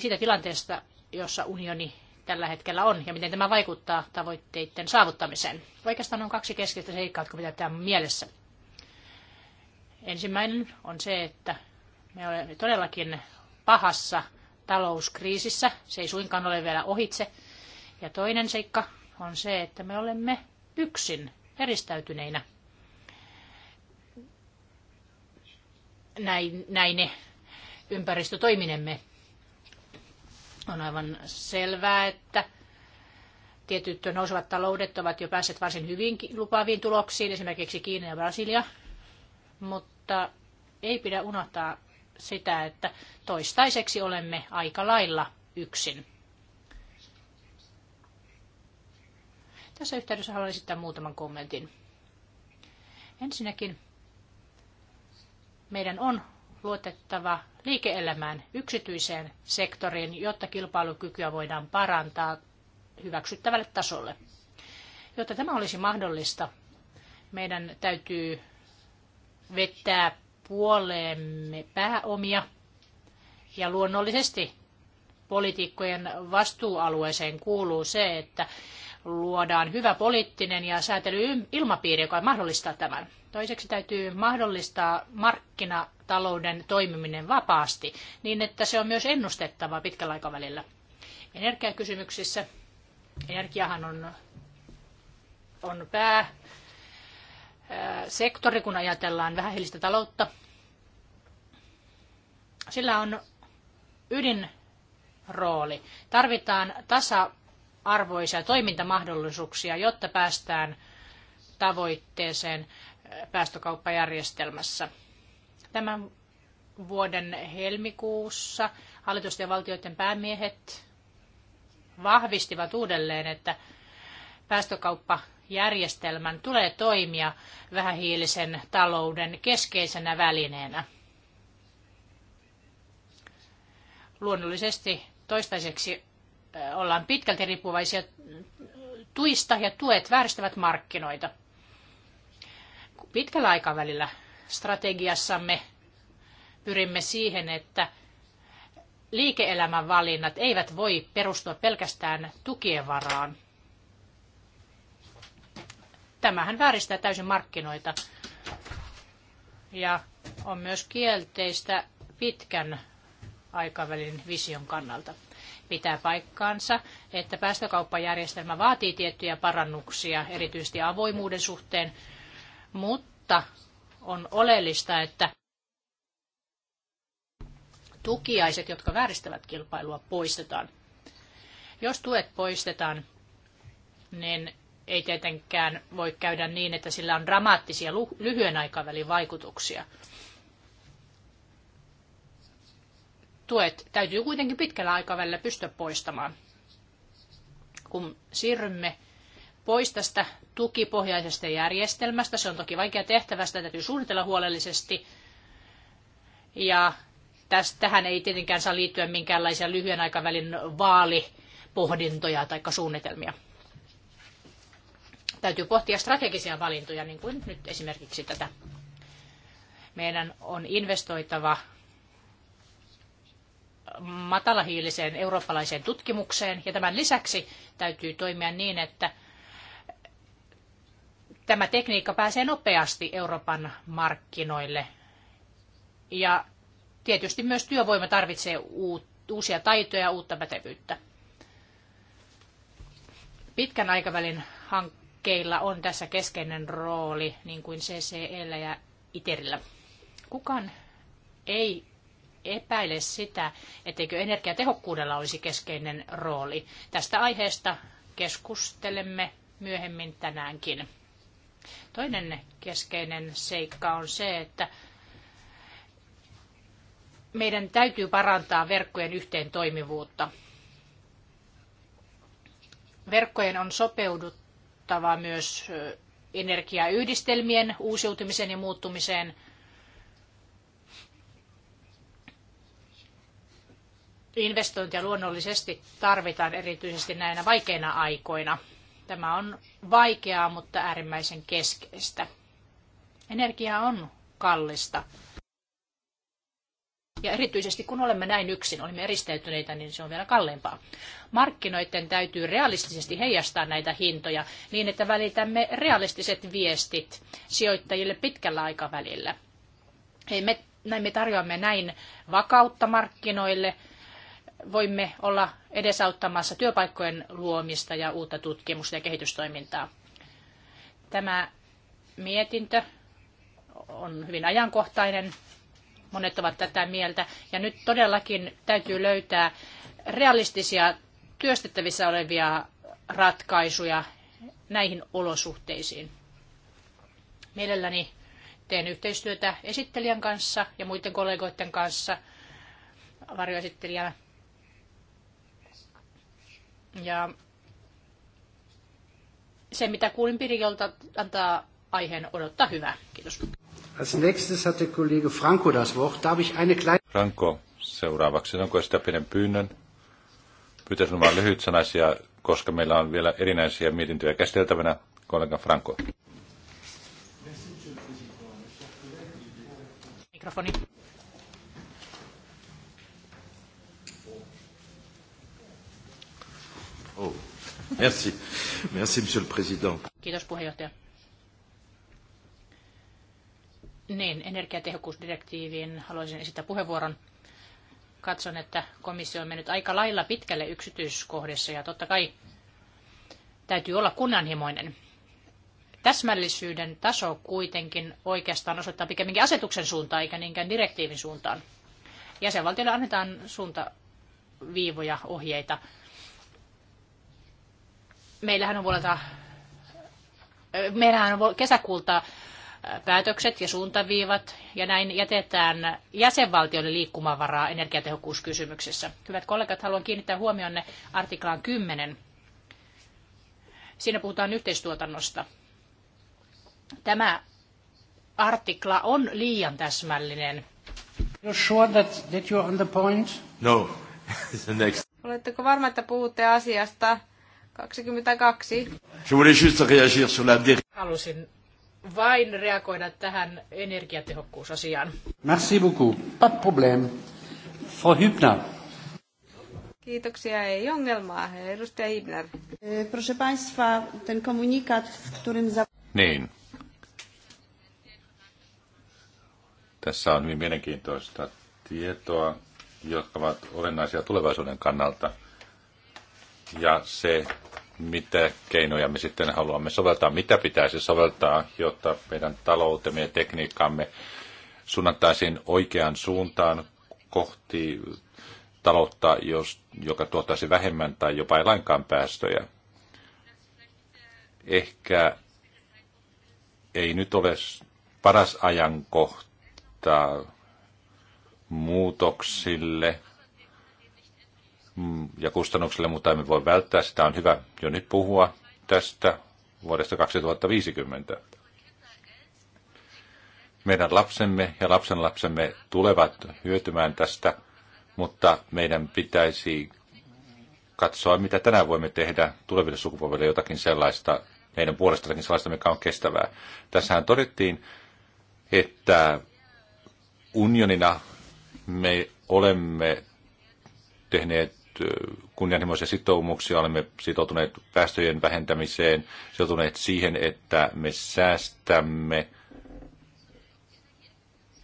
siitä tilanteesta, jossa unioni tällä hetkellä on ja miten tämä vaikuttaa tavoitteiden saavuttamiseen. Oikeastaan on kaksi keskeistä seikkaa, jotka pitää pitää mielessä. Ensimmäinen on se, että me olemme todellakin pahassa talouskriisissä. Se ei suinkaan ole vielä ohitse. Ja toinen seikka on se, että me olemme yksin eristäytyneinä. Näin, näin ympäristötoiminemme. On aivan selvää, että tietyt nousevat taloudet ovat jo päässeet varsin hyvin lupaaviin tuloksiin, esimerkiksi Kiina ja Brasilia, mutta ei pidä unohtaa sitä, että toistaiseksi olemme aika lailla yksin. Tässä yhteydessä haluan esittää muutaman kommentin. Ensinnäkin meidän on luotettava liike-elämään yksityiseen sektoriin, jotta kilpailukykyä voidaan parantaa hyväksyttävälle tasolle. Jotta tämä olisi mahdollista, meidän täytyy vetää puoleemme pääomia ja luonnollisesti poliitikkojen vastuualueeseen kuuluu se, että luodaan hyvä poliittinen ja säätelyilmapiiri, joka mahdollistaa tämän. Toiseksi täytyy mahdollistaa markkinatalouden toimiminen vapaasti niin, että se on myös ennustettava pitkällä aikavälillä. Energiakysymyksissä energiahan on, on pää sektori, kun ajatellaan vähähiilistä taloutta. Sillä on ydinrooli. Tarvitaan tasa-arvoisia toimintamahdollisuuksia, jotta päästään tavoitteeseen päästökauppajärjestelmässä. Tämän vuoden helmikuussa hallitusten ja valtioiden päämiehet vahvistivat uudelleen, että päästökauppa järjestelmän tulee toimia vähähiilisen talouden keskeisenä välineenä. Luonnollisesti toistaiseksi äh, ollaan pitkälti riippuvaisia tuista ja tuet vääristävät markkinoita. Pitkällä aikavälillä strategiassamme pyrimme siihen, että liike-elämän valinnat eivät voi perustua pelkästään tukien varaan. Tämähän vääristää täysin markkinoita. Ja on myös kielteistä pitkän aikavälin vision kannalta. Pitää paikkaansa, että päästökauppajärjestelmä vaatii tiettyjä parannuksia, erityisesti avoimuuden suhteen, mutta on oleellista, että tukiaiset, jotka vääristävät kilpailua, poistetaan. Jos tuet poistetaan, niin ei tietenkään voi käydä niin, että sillä on dramaattisia lyhyen aikavälin vaikutuksia. Tuet täytyy kuitenkin pitkällä aikavälillä pystyä poistamaan. Kun siirrymme pois tästä tukipohjaisesta järjestelmästä, se on toki vaikea tehtävä, sitä täytyy suunnitella huolellisesti. Ja tähän ei tietenkään saa liittyä minkäänlaisia lyhyen aikavälin vaalipohdintoja tai suunnitelmia. Täytyy pohtia strategisia valintoja, niin kuin nyt esimerkiksi tätä. Meidän on investoitava matalahiiliseen eurooppalaiseen tutkimukseen. Ja tämän lisäksi täytyy toimia niin, että tämä tekniikka pääsee nopeasti Euroopan markkinoille. Ja tietysti myös työvoima tarvitsee uusia taitoja ja uutta pätevyyttä. Pitkän aikavälin hank- pankeilla on tässä keskeinen rooli, niin kuin CCL ja ITERillä. Kukaan ei epäile sitä, etteikö energiatehokkuudella olisi keskeinen rooli. Tästä aiheesta keskustelemme myöhemmin tänäänkin. Toinen keskeinen seikka on se, että meidän täytyy parantaa verkkojen yhteen toimivuutta. Verkkojen on sopeuduttava vaikuttavaa myös energiayhdistelmien uusiutumiseen ja muuttumiseen. Investointia luonnollisesti tarvitaan erityisesti näinä vaikeina aikoina. Tämä on vaikeaa, mutta äärimmäisen keskeistä. Energia on kallista. Ja erityisesti kun olemme näin yksin, olemme eristäytyneitä, niin se on vielä kalleimpaa. Markkinoiden täytyy realistisesti heijastaa näitä hintoja niin, että välitämme realistiset viestit sijoittajille pitkällä aikavälillä. Ei me, näin me tarjoamme näin vakautta markkinoille, voimme olla edesauttamassa työpaikkojen luomista ja uutta tutkimusta ja kehitystoimintaa. Tämä mietintö on hyvin ajankohtainen Monet ovat tätä mieltä. Ja nyt todellakin täytyy löytää realistisia työstettävissä olevia ratkaisuja näihin olosuhteisiin. Mielelläni teen yhteistyötä esittelijän kanssa ja muiden kollegoiden kanssa varjoesittelijänä. Ja se, mitä kuulin Pirjolta, antaa aiheen odottaa hyvää. Kiitos. Als nächstes hat der Kollege Franco das Wort. Darf ich eine kleine... Franco, seuraavaksi. Onko sitä pienen pyynnön? Pyytäisin vain lyhyt sanaisia, koska meillä on vielä erinäisiä mietintöjä käsiteltävänä. Kollega Franco. Mikrofoni. Oh. Merci. Merci, monsieur le président. Kiitos puheenjohtaja. Niin, energiatehokkuusdirektiiviin haluaisin esittää puheenvuoron. Katson, että komissio on mennyt aika lailla pitkälle yksityiskohdissa ja totta kai täytyy olla kunnanhimoinen. Täsmällisyyden taso kuitenkin oikeastaan osoittaa pikemminkin asetuksen suuntaan eikä niinkään direktiivin suuntaan. Jäsenvaltioille annetaan suuntaviivoja, ohjeita. Meillähän on vuodelta, meillähän on kesäkuulta päätökset ja suuntaviivat, ja näin jätetään jäsenvaltioille liikkumavaraa energiatehokkuuskysymyksissä. Hyvät kollegat, haluan kiinnittää huomionne artiklaan 10. Siinä puhutaan yhteistuotannosta. Tämä artikla on liian täsmällinen. You're sure that, that you're on the point? No. the next. Oletteko varma, että puhutte asiasta? 22. Je voulais juste réagir sur la Halusin vain reagoida tähän energiatehokkuusasiaan. Merci beaucoup. Pas problème. Frau Hübner. Kiitoksia, ei ongelmaa. Edustaja Hübner. E, proszę Państwa, ten komunikat, w którym... Niin. Tässä on hyvin mielenkiintoista tietoa, jotka ovat olennaisia tulevaisuuden kannalta. Ja se mitä keinoja me sitten haluamme soveltaa, mitä pitäisi soveltaa, jotta meidän taloutemme ja tekniikkaamme suunnattaisiin oikeaan suuntaan kohti taloutta, jos, joka tuottaisi vähemmän tai jopa ei lainkaan päästöjä. Ehkä ei nyt ole paras ajankohta muutoksille – Mm, ja kustannuksille, mutta emme voi välttää. Sitä on hyvä jo nyt puhua tästä vuodesta 2050. Meidän lapsemme ja lapsenlapsemme tulevat hyötymään tästä, mutta meidän pitäisi katsoa, mitä tänään voimme tehdä tuleville sukupolville jotakin sellaista, meidän puolesta sellaista, mikä on kestävää. Tässähän todettiin, että unionina me olemme tehneet kunnianhimoisia sitoumuksia, olemme sitoutuneet päästöjen vähentämiseen, sitoutuneet siihen, että me säästämme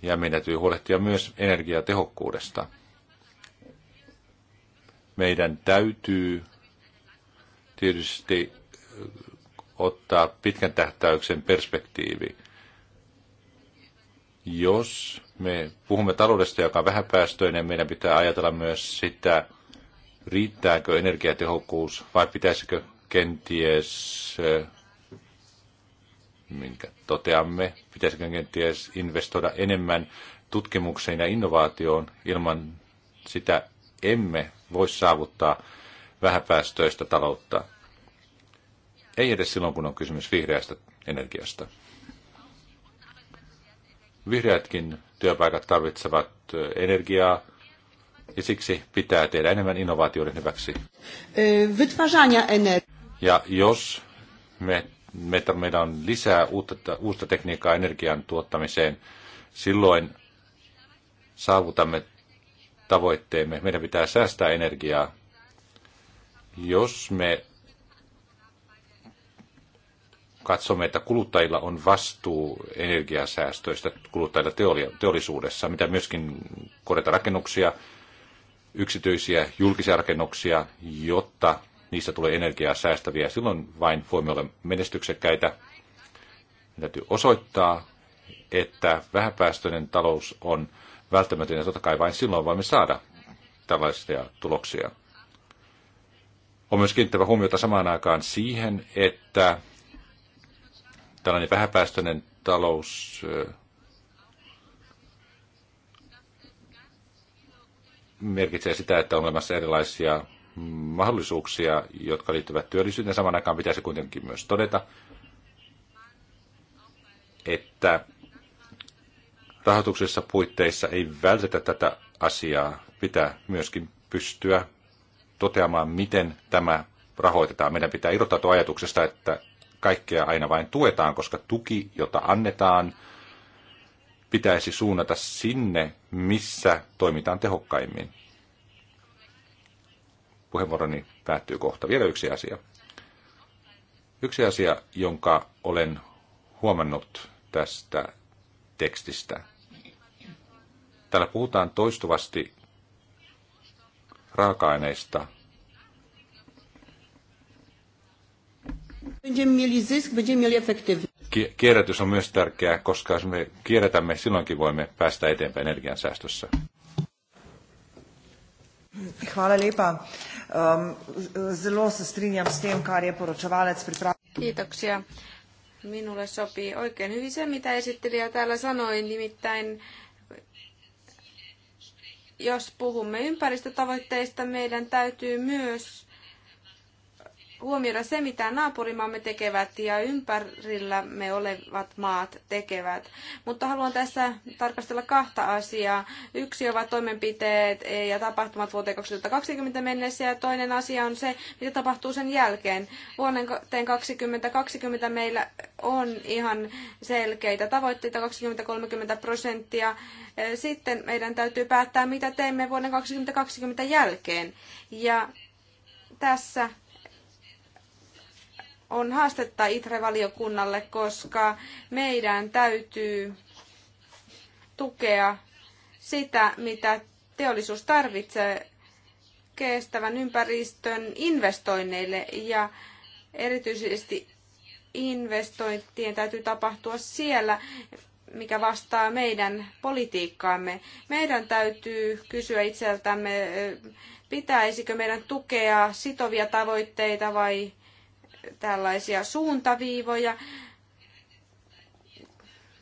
ja meidän täytyy huolehtia myös energiatehokkuudesta. Meidän täytyy tietysti ottaa pitkän tähtäyksen perspektiivi. Jos me puhumme taloudesta, joka on vähäpäästöinen, meidän pitää ajatella myös sitä, riittääkö energiatehokkuus vai pitäisikö kenties, eh, minkä toteamme, pitäisikö kenties investoida enemmän tutkimukseen ja innovaatioon ilman sitä emme voi saavuttaa vähäpäästöistä taloutta. Ei edes silloin, kun on kysymys vihreästä energiasta. Vihreätkin työpaikat tarvitsevat eh, energiaa, ja siksi pitää tehdä enemmän innovaatioiden hyväksi. E, ja jos me, me, meillä on lisää uutta, uutta tekniikkaa energian tuottamiseen, silloin saavutamme tavoitteemme. Meidän pitää säästää energiaa. Jos me katsomme, että kuluttajilla on vastuu energiasäästöistä kuluttajilla teollisuudessa, mitä myöskin korjata rakennuksia, yksityisiä julkisia rakennuksia, jotta niistä tulee energiaa säästäviä. Silloin vain voimme olla menestyksekkäitä. Me täytyy osoittaa, että vähäpäästöinen talous on välttämätön ja totta kai vain silloin voimme saada tällaisia tuloksia. On myös kiinnittävä huomiota samaan aikaan siihen, että tällainen vähäpäästöinen talous merkitsee sitä, että on olemassa erilaisia mahdollisuuksia, jotka liittyvät työllisyyteen. Saman aikaan pitäisi kuitenkin myös todeta, että rahoituksessa puitteissa ei vältetä tätä asiaa. Pitää myöskin pystyä toteamaan, miten tämä rahoitetaan. Meidän pitää irrottautua ajatuksesta, että kaikkea aina vain tuetaan, koska tuki, jota annetaan, pitäisi suunnata sinne, missä toimitaan tehokkaimmin. Puheenvuoroni päättyy kohta. Vielä yksi asia. Yksi asia, jonka olen huomannut tästä tekstistä. Täällä puhutaan toistuvasti raaka-aineista. Będziemy mieli zysk, będziemy mieli efektywność kierrätys on myös tärkeää, koska jos me kierrätämme, silloinkin voimme päästä eteenpäin energiansäästössä. Hvala lepa. Um, s tem, kar je Kiitoksia. Minulle sopii oikein hyvin se, mitä esittelijä täällä sanoi, nimittäin jos puhumme ympäristötavoitteista, meidän täytyy myös huomioida se, mitä naapurimaamme tekevät ja ympärillämme olevat maat tekevät. Mutta haluan tässä tarkastella kahta asiaa. Yksi ovat toimenpiteet ja tapahtumat vuoteen 2020 mennessä ja toinen asia on se, mitä tapahtuu sen jälkeen. Vuoteen 2020 meillä on ihan selkeitä tavoitteita, 20-30 prosenttia. Sitten meidän täytyy päättää, mitä teemme vuoden 2020 jälkeen. Ja tässä on haastetta ITRE-valiokunnalle, koska meidän täytyy tukea sitä, mitä teollisuus tarvitsee kestävän ympäristön investoinneille ja erityisesti investointien täytyy tapahtua siellä, mikä vastaa meidän politiikkaamme. Meidän täytyy kysyä itseltämme, pitäisikö meidän tukea sitovia tavoitteita vai tällaisia suuntaviivoja.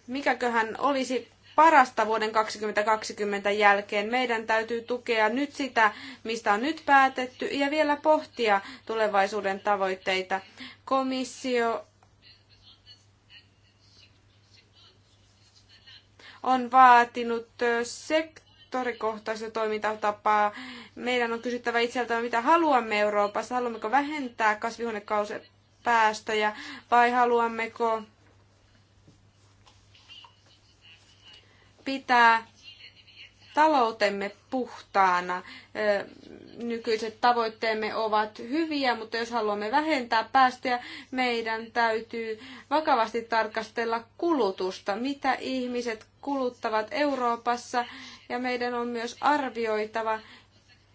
Mikäköhän olisi parasta vuoden 2020 jälkeen. Meidän täytyy tukea nyt sitä, mistä on nyt päätetty, ja vielä pohtia tulevaisuuden tavoitteita. Komissio on vaatinut sektorikohtaista toimintatapaa. Meidän on kysyttävä itseltämme, mitä haluamme Euroopassa. Haluammeko vähentää kasvihuonekaasuja päästöjä vai haluammeko pitää taloutemme puhtaana. Nykyiset tavoitteemme ovat hyviä, mutta jos haluamme vähentää päästöjä, meidän täytyy vakavasti tarkastella kulutusta, mitä ihmiset kuluttavat Euroopassa, ja meidän on myös arvioitava,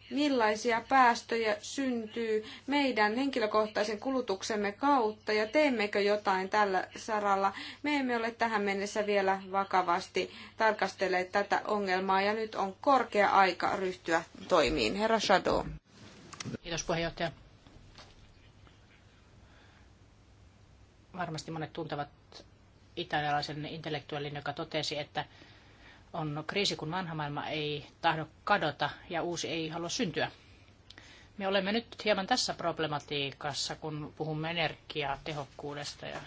millaisia päästöjä syntyy meidän henkilökohtaisen kulutuksemme kautta ja teemmekö jotain tällä saralla. Me emme ole tähän mennessä vielä vakavasti tarkastelleet tätä ongelmaa ja nyt on korkea aika ryhtyä toimiin. Herra Shadow. Kiitos puheenjohtaja. Varmasti monet tuntevat italialaisen intellektuellin, joka totesi, että on kriisi, kun vanha maailma ei tahdo kadota ja uusi ei halua syntyä. Me olemme nyt hieman tässä problematiikassa, kun puhumme energiatehokkuudesta ja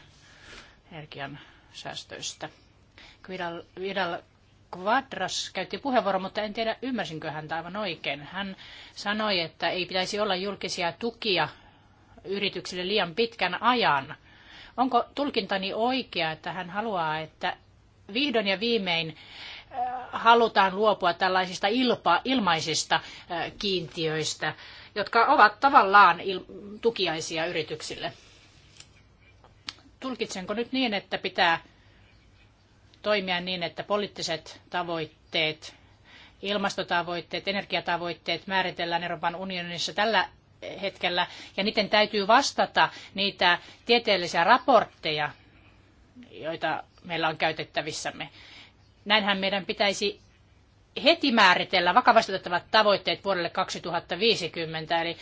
energian säästöistä. Vidal, Vidal Quadras käytti puheenvuoron, mutta en tiedä ymmärsinkö häntä aivan oikein. Hän sanoi, että ei pitäisi olla julkisia tukia yrityksille liian pitkän ajan. Onko tulkintani oikea, että hän haluaa, että vihdoin ja viimein halutaan luopua tällaisista ilpa, ilmaisista kiintiöistä, jotka ovat tavallaan tukiaisia yrityksille. Tulkitsenko nyt niin, että pitää toimia niin, että poliittiset tavoitteet, ilmastotavoitteet, energiatavoitteet määritellään Euroopan unionissa tällä hetkellä, ja niiden täytyy vastata niitä tieteellisiä raportteja, joita meillä on käytettävissämme. Näinhän meidän pitäisi heti määritellä vakavasti otettavat tavoitteet vuodelle 2050, eli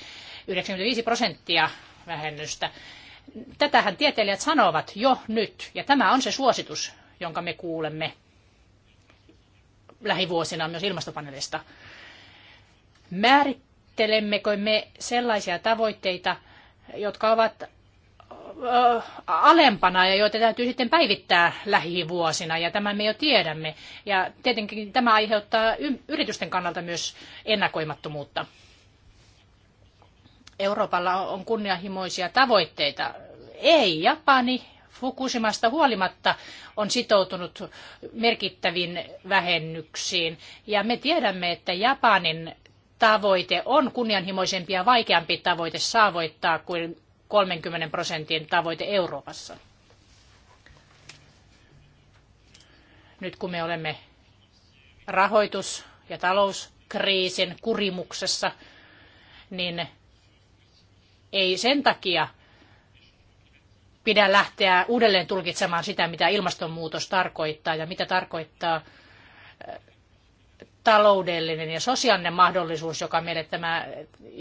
95 prosenttia vähennystä. Tätähän tieteilijät sanovat jo nyt, ja tämä on se suositus, jonka me kuulemme lähivuosina myös ilmastopaneelista. Määrittelemmekö me sellaisia tavoitteita, jotka ovat alempana ja joita täytyy sitten päivittää lähivuosina ja tämän me jo tiedämme. Ja tietenkin tämä aiheuttaa yritysten kannalta myös ennakoimattomuutta. Euroopalla on kunnianhimoisia tavoitteita. Ei, Japani Fukushimasta huolimatta on sitoutunut merkittäviin vähennyksiin. Ja me tiedämme, että Japanin tavoite on kunnianhimoisempi ja vaikeampi tavoite saavuttaa kuin 30 prosentin tavoite Euroopassa. Nyt kun me olemme rahoitus- ja talouskriisin kurimuksessa, niin ei sen takia pidä lähteä uudelleen tulkitsemaan sitä, mitä ilmastonmuutos tarkoittaa ja mitä tarkoittaa taloudellinen ja sosiaalinen mahdollisuus, joka meille tämä,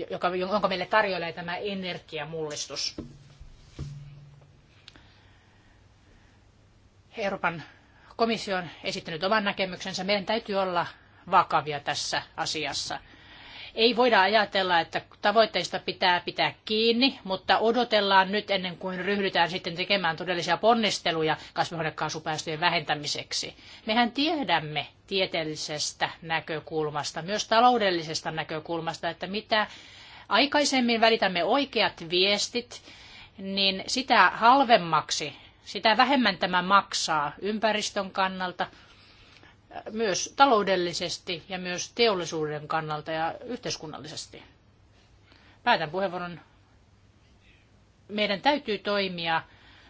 joka, jonka meille tarjoilee tämä energiamullistus. Euroopan komissio on esittänyt oman näkemyksensä. Meidän täytyy olla vakavia tässä asiassa. Ei voida ajatella, että tavoitteista pitää pitää kiinni, mutta odotellaan nyt ennen kuin ryhdytään sitten tekemään todellisia ponnisteluja kasvihuonekaasupäästöjen vähentämiseksi. Mehän tiedämme tieteellisestä näkökulmasta, myös taloudellisesta näkökulmasta, että mitä aikaisemmin välitämme oikeat viestit, niin sitä halvemmaksi, sitä vähemmän tämä maksaa ympäristön kannalta – myös taloudellisesti ja myös teollisuuden kannalta ja yhteiskunnallisesti. Päätän puheenvuoron. Meidän täytyy toimia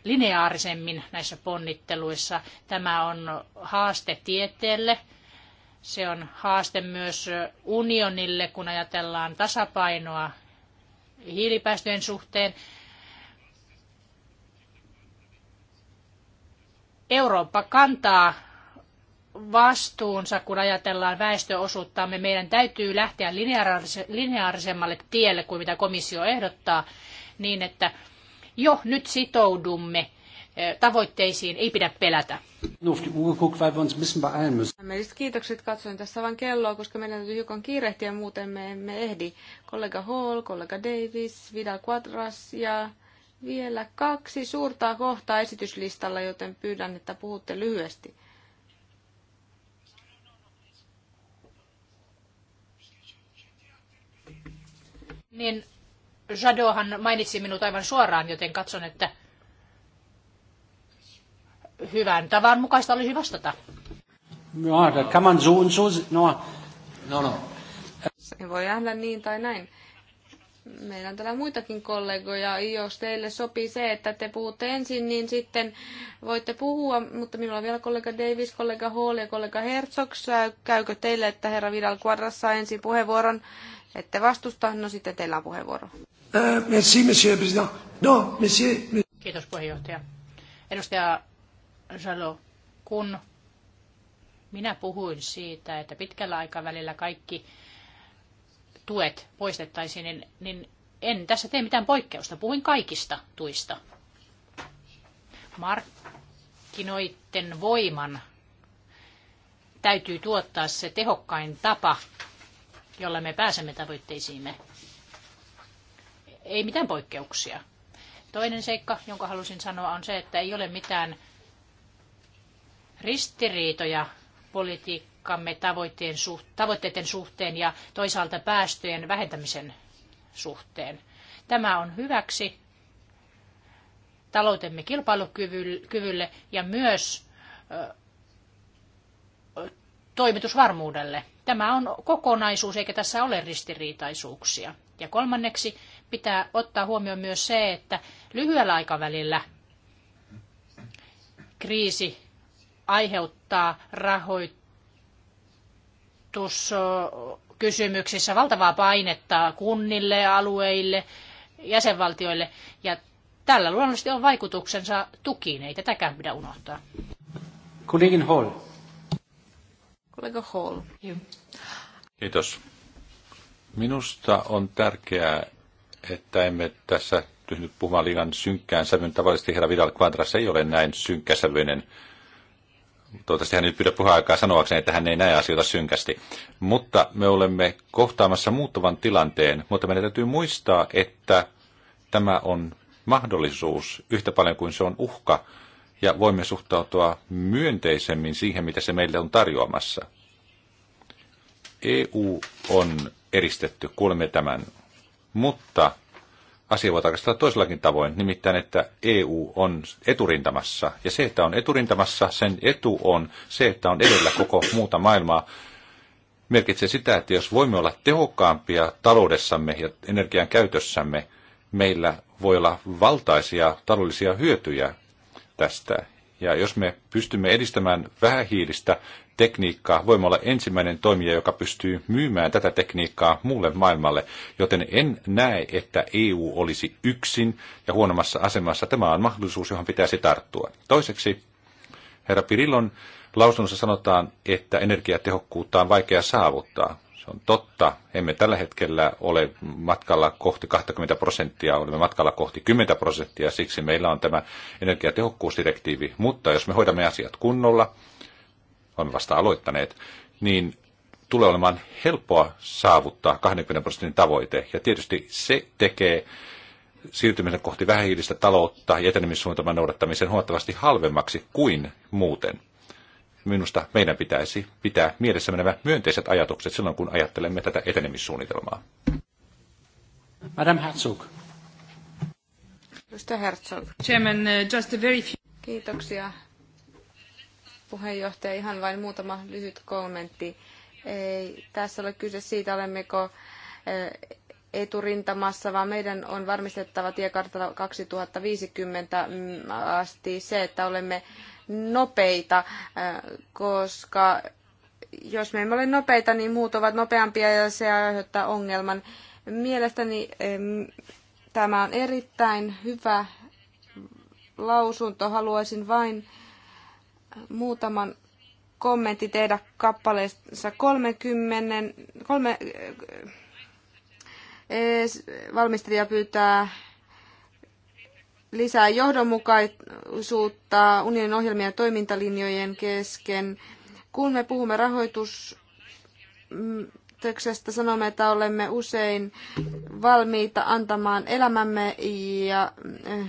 lineaarisemmin näissä ponnitteluissa. Tämä on haaste tieteelle, se on haaste myös unionille, kun ajatellaan tasapainoa hiilipäästöjen suhteen. Eurooppa kantaa vastuunsa, kun ajatellaan väestöosuuttamme. Meidän täytyy lähteä lineaarisemmalle tielle kuin mitä komissio ehdottaa, niin että jo nyt sitoudumme tavoitteisiin, ei pidä pelätä. Meistä kiitokset, katsoin tässä vain kelloa, koska meidän täytyy hiukan kiirehtiä, muuten me emme ehdi. Kollega Hall, kollega Davis, Vidal Quadras ja vielä kaksi suurta kohtaa esityslistalla, joten pyydän, että puhutte lyhyesti. Niin Jadohan mainitsi minut aivan suoraan, joten katson, että hyvän tavan mukaista olisi vastata. No, da kann so und so, no, no, no. Se voi nähdä niin tai näin. Meillä on täällä muitakin kollegoja. Jos teille sopii se, että te puhutte ensin, niin sitten voitte puhua. Mutta minulla on vielä kollega Davis, kollega Hall ja kollega Herzog. Käykö teille, että herra Vidal Quadras saa ensin puheenvuoron? Ette vastusta, no sitten teillä on puheenvuoro. Merci, monsieur président. No, monsieur... Kiitos puheenjohtaja. Edustaja salo kun minä puhuin siitä, että pitkällä aikavälillä kaikki tuet poistettaisiin, niin, niin en tässä tee mitään poikkeusta. Puhuin kaikista tuista. Markkinoiden voiman täytyy tuottaa se tehokkain tapa jolla me pääsemme tavoitteisiimme. Ei mitään poikkeuksia. Toinen seikka, jonka halusin sanoa, on se, että ei ole mitään ristiriitoja politiikkamme tavoitteiden suhteen ja toisaalta päästöjen vähentämisen suhteen. Tämä on hyväksi taloutemme kilpailukyvylle ja myös toimitusvarmuudelle. Tämä on kokonaisuus, eikä tässä ole ristiriitaisuuksia. Ja kolmanneksi pitää ottaa huomioon myös se, että lyhyellä aikavälillä kriisi aiheuttaa rahoituskysymyksissä valtavaa painetta kunnille, alueille, jäsenvaltioille. Ja tällä luonnollisesti on vaikutuksensa tukiin, ei tätäkään pidä unohtaa. Kollegin Hall. Kollega Hall. Kiitos. Minusta on tärkeää, että emme tässä nyt puhumaan liian synkkään sävyyn. Tavallisesti herra Vidal Quadras ei ole näin synkkäsävyinen. Toivottavasti hän ei pyydä aikaa sanoakseen, että hän ei näe asioita synkästi. Mutta me olemme kohtaamassa muuttuvan tilanteen, mutta meidän täytyy muistaa, että tämä on mahdollisuus yhtä paljon kuin se on uhka ja voimme suhtautua myönteisemmin siihen, mitä se meille on tarjoamassa. EU on eristetty, kuulemme tämän, mutta asia voi tarkastella toisellakin tavoin, nimittäin että EU on eturintamassa. Ja se, että on eturintamassa, sen etu on se, että on edellä koko muuta maailmaa, merkitsee sitä, että jos voimme olla tehokkaampia taloudessamme ja energian käytössämme, meillä voi olla valtaisia taloudellisia hyötyjä tästä. Ja jos me pystymme edistämään vähähiilistä tekniikkaa, voimme olla ensimmäinen toimija, joka pystyy myymään tätä tekniikkaa muulle maailmalle, joten en näe, että EU olisi yksin ja huonommassa asemassa. Tämä on mahdollisuus, johon pitäisi tarttua. Toiseksi, herra Pirillon lausunnossa sanotaan, että energiatehokkuutta on vaikea saavuttaa on totta. Emme tällä hetkellä ole matkalla kohti 20 prosenttia, olemme matkalla kohti 10 prosenttia, siksi meillä on tämä energiatehokkuusdirektiivi. Mutta jos me hoidamme asiat kunnolla, olemme vasta aloittaneet, niin tulee olemaan helppoa saavuttaa 20 prosentin tavoite. Ja tietysti se tekee siirtymisen kohti vähähiilistä taloutta ja etenemissuuntaman noudattamisen huomattavasti halvemmaksi kuin muuten minusta meidän pitäisi pitää mielessä nämä myönteiset ajatukset silloin, kun ajattelemme tätä etenemissuunnitelmaa. Madame Herzog. Mr. Herzog. Chairman, uh, just a very few... Kiitoksia puheenjohtaja. Ihan vain muutama lyhyt kommentti. Ei, tässä ole kyse siitä, olemmeko eh, eturintamassa, vaan meidän on varmistettava tiekartalla 2050 asti se, että olemme nopeita, äh, koska jos me emme ole nopeita, niin muut ovat nopeampia ja se aiheuttaa ongelman. Mielestäni tämä on erittäin hyvä lausunto. Haluaisin vain muutaman kommentti tehdä kappaleessa 30. Kolme, äh, valmistelija pyytää lisää johdonmukaisuutta unionin ohjelmien ja toimintalinjojen kesken. Kun me puhumme rahoitustöksestä, sanomme, että olemme usein valmiita antamaan elämämme ja eh,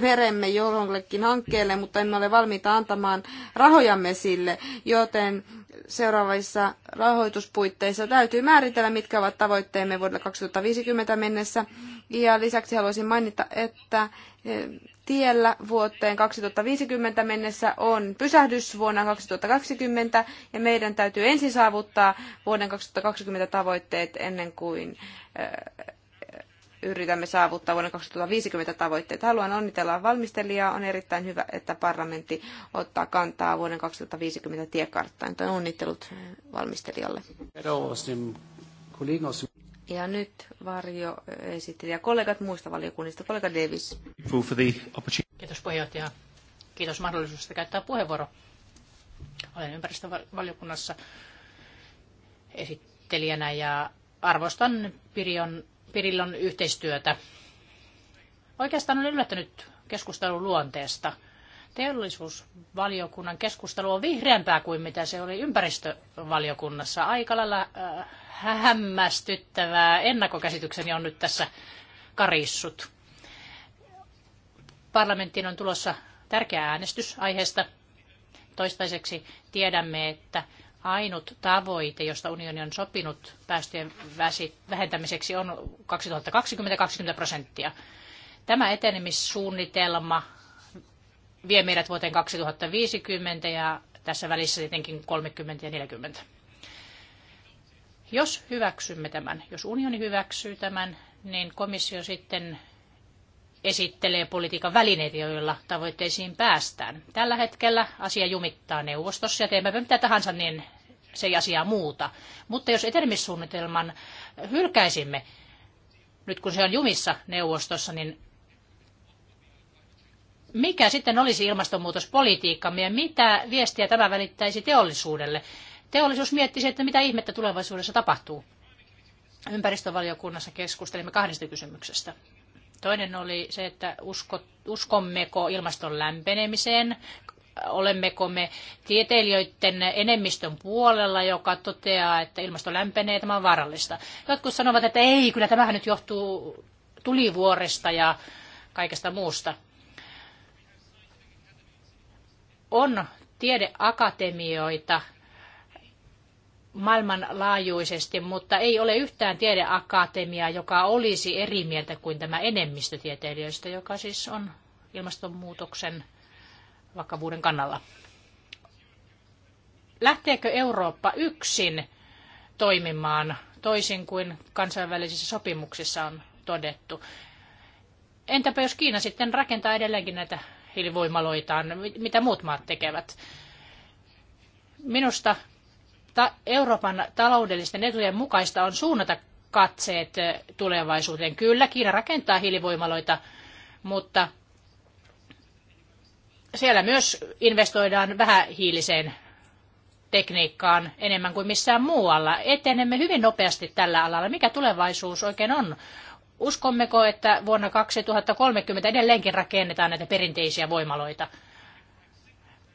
veremme jollekin hankkeelle, mutta emme ole valmiita antamaan rahojamme sille, joten seuraavissa rahoituspuitteissa täytyy määritellä, mitkä ovat tavoitteemme vuodelle 2050 mennessä ja lisäksi haluaisin mainita, että e, tiellä vuoteen 2050 mennessä on pysähdys vuonna 2020 ja meidän täytyy ensin saavuttaa vuoden 2020 tavoitteet ennen kuin e, yritämme saavuttaa vuoden 2050 tavoitteet. Haluan onnitella valmistelijaa. On erittäin hyvä, että parlamentti ottaa kantaa vuoden 2050 tiekarttaan. Toin onnittelut valmistelijalle. Ja nyt varjo esittelijä kollegat muista valiokunnista. Kollega Davis. Kiitos puheenjohtaja. Kiitos mahdollisuudesta käyttää puheenvuoro. Olen ympäristövaliokunnassa esittelijänä ja arvostan Pirion, Pirillon yhteistyötä. Oikeastaan olen yllättänyt keskustelun luonteesta – Teollisuusvaliokunnan keskustelu on vihreämpää kuin mitä se oli ympäristövaliokunnassa. Aika lailla äh, hämmästyttävää ennakkokäsitykseni on nyt tässä karissut. Parlamenttiin on tulossa tärkeä äänestys aiheesta. Toistaiseksi tiedämme, että ainut tavoite, josta unioni on sopinut päästöjen vähentämiseksi, on 2020-20 prosenttia. Tämä etenemissuunnitelma vie meidät vuoteen 2050 ja tässä välissä tietenkin 30 ja 40. Jos hyväksymme tämän, jos unioni hyväksyy tämän, niin komissio sitten esittelee politiikan välineitä, joilla tavoitteisiin päästään. Tällä hetkellä asia jumittaa neuvostossa ja teemme mitä tahansa, niin se ei asiaa muuta. Mutta jos etenemissuunnitelman hylkäisimme, nyt kun se on jumissa neuvostossa, niin mikä sitten olisi ilmastonmuutospolitiikkamme ja mitä viestiä tämä välittäisi teollisuudelle? Teollisuus miettisi, että mitä ihmettä tulevaisuudessa tapahtuu. Ympäristövaliokunnassa keskustelimme kahdesta kysymyksestä. Toinen oli se, että usko, uskommeko ilmaston lämpenemiseen, olemmeko me tieteilijöiden enemmistön puolella, joka toteaa, että ilmasto lämpenee, tämä on vaarallista. Jotkut sanovat, että ei, kyllä tämähän nyt johtuu tulivuoresta ja kaikesta muusta on tiedeakatemioita maailmanlaajuisesti, mutta ei ole yhtään tiedeakatemiaa, joka olisi eri mieltä kuin tämä enemmistötieteilijöistä, joka siis on ilmastonmuutoksen vakavuuden kannalla. Lähteekö Eurooppa yksin toimimaan toisin kuin kansainvälisissä sopimuksissa on todettu? Entäpä jos Kiina sitten rakentaa edelleenkin näitä hiilivoimaloitaan, mitä muut maat tekevät. Minusta Euroopan taloudellisten etujen mukaista on suunnata katseet tulevaisuuteen. Kyllä, Kiina rakentaa hiilivoimaloita, mutta siellä myös investoidaan vähän hiiliseen tekniikkaan enemmän kuin missään muualla. Etenemme hyvin nopeasti tällä alalla. Mikä tulevaisuus oikein on Uskommeko, että vuonna 2030 edelleenkin rakennetaan näitä perinteisiä voimaloita?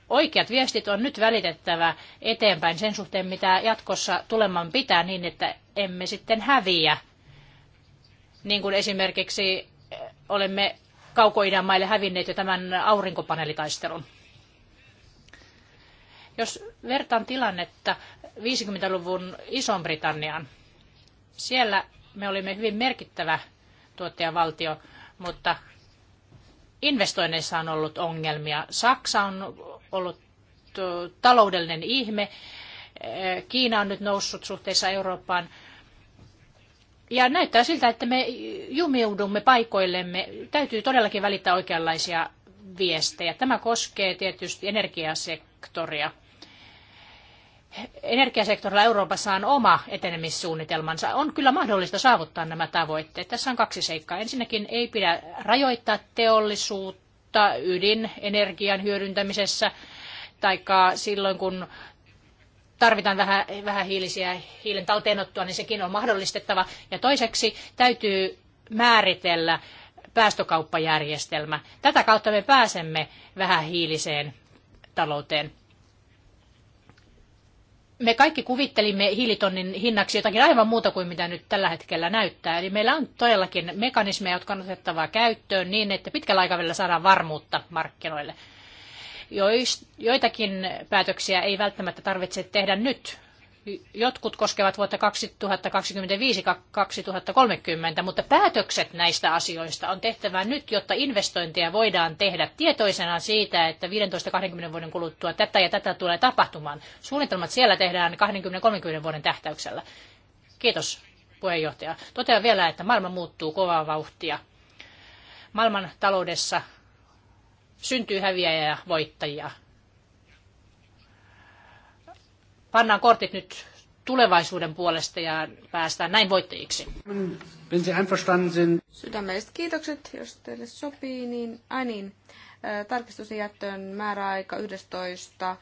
Oikeat viestit on nyt välitettävä eteenpäin sen suhteen, mitä jatkossa tuleman pitää niin, että emme sitten häviä. Niin kuin esimerkiksi eh, olemme kaukoidän maille hävinneet jo tämän aurinkopaneelitaistelun. Jos vertaan tilannetta 50-luvun Ison-Britanniaan, siellä me olimme hyvin merkittävä tuottajavaltio, mutta investoinneissa on ollut ongelmia. Saksa on ollut taloudellinen ihme. Kiina on nyt noussut suhteessa Eurooppaan. Ja näyttää siltä, että me jumiudumme paikoillemme. Täytyy todellakin välittää oikeanlaisia viestejä. Tämä koskee tietysti energiasektoria energiasektorilla Euroopassa on oma etenemissuunnitelmansa. On kyllä mahdollista saavuttaa nämä tavoitteet. Tässä on kaksi seikkaa. Ensinnäkin ei pidä rajoittaa teollisuutta ydinenergian hyödyntämisessä, taikka silloin kun tarvitaan vähän, vähän hiilisiä, hiilen talteenottoa, niin sekin on mahdollistettava. Ja toiseksi täytyy määritellä päästökauppajärjestelmä. Tätä kautta me pääsemme vähähiiliseen talouteen me kaikki kuvittelimme hiilitonnin hinnaksi jotakin aivan muuta kuin mitä nyt tällä hetkellä näyttää. Eli meillä on todellakin mekanismeja, jotka on otettava käyttöön niin, että pitkällä aikavälillä saadaan varmuutta markkinoille. Joitakin päätöksiä ei välttämättä tarvitse tehdä nyt, Jotkut koskevat vuotta 2025-2030, mutta päätökset näistä asioista on tehtävä nyt, jotta investointeja voidaan tehdä tietoisena siitä, että 15-20 vuoden kuluttua tätä ja tätä tulee tapahtumaan. Suunnitelmat siellä tehdään 20-30 vuoden tähtäyksellä. Kiitos puheenjohtaja. Totean vielä, että maailma muuttuu kovaa vauhtia. Maailman taloudessa syntyy häviäjiä ja voittajia. pannaan kortit nyt tulevaisuuden puolesta ja päästään näin voittajiksi. Sydämelliset kiitokset, jos teille sopii, niin, ai niin, äh, jättöön määräaika 11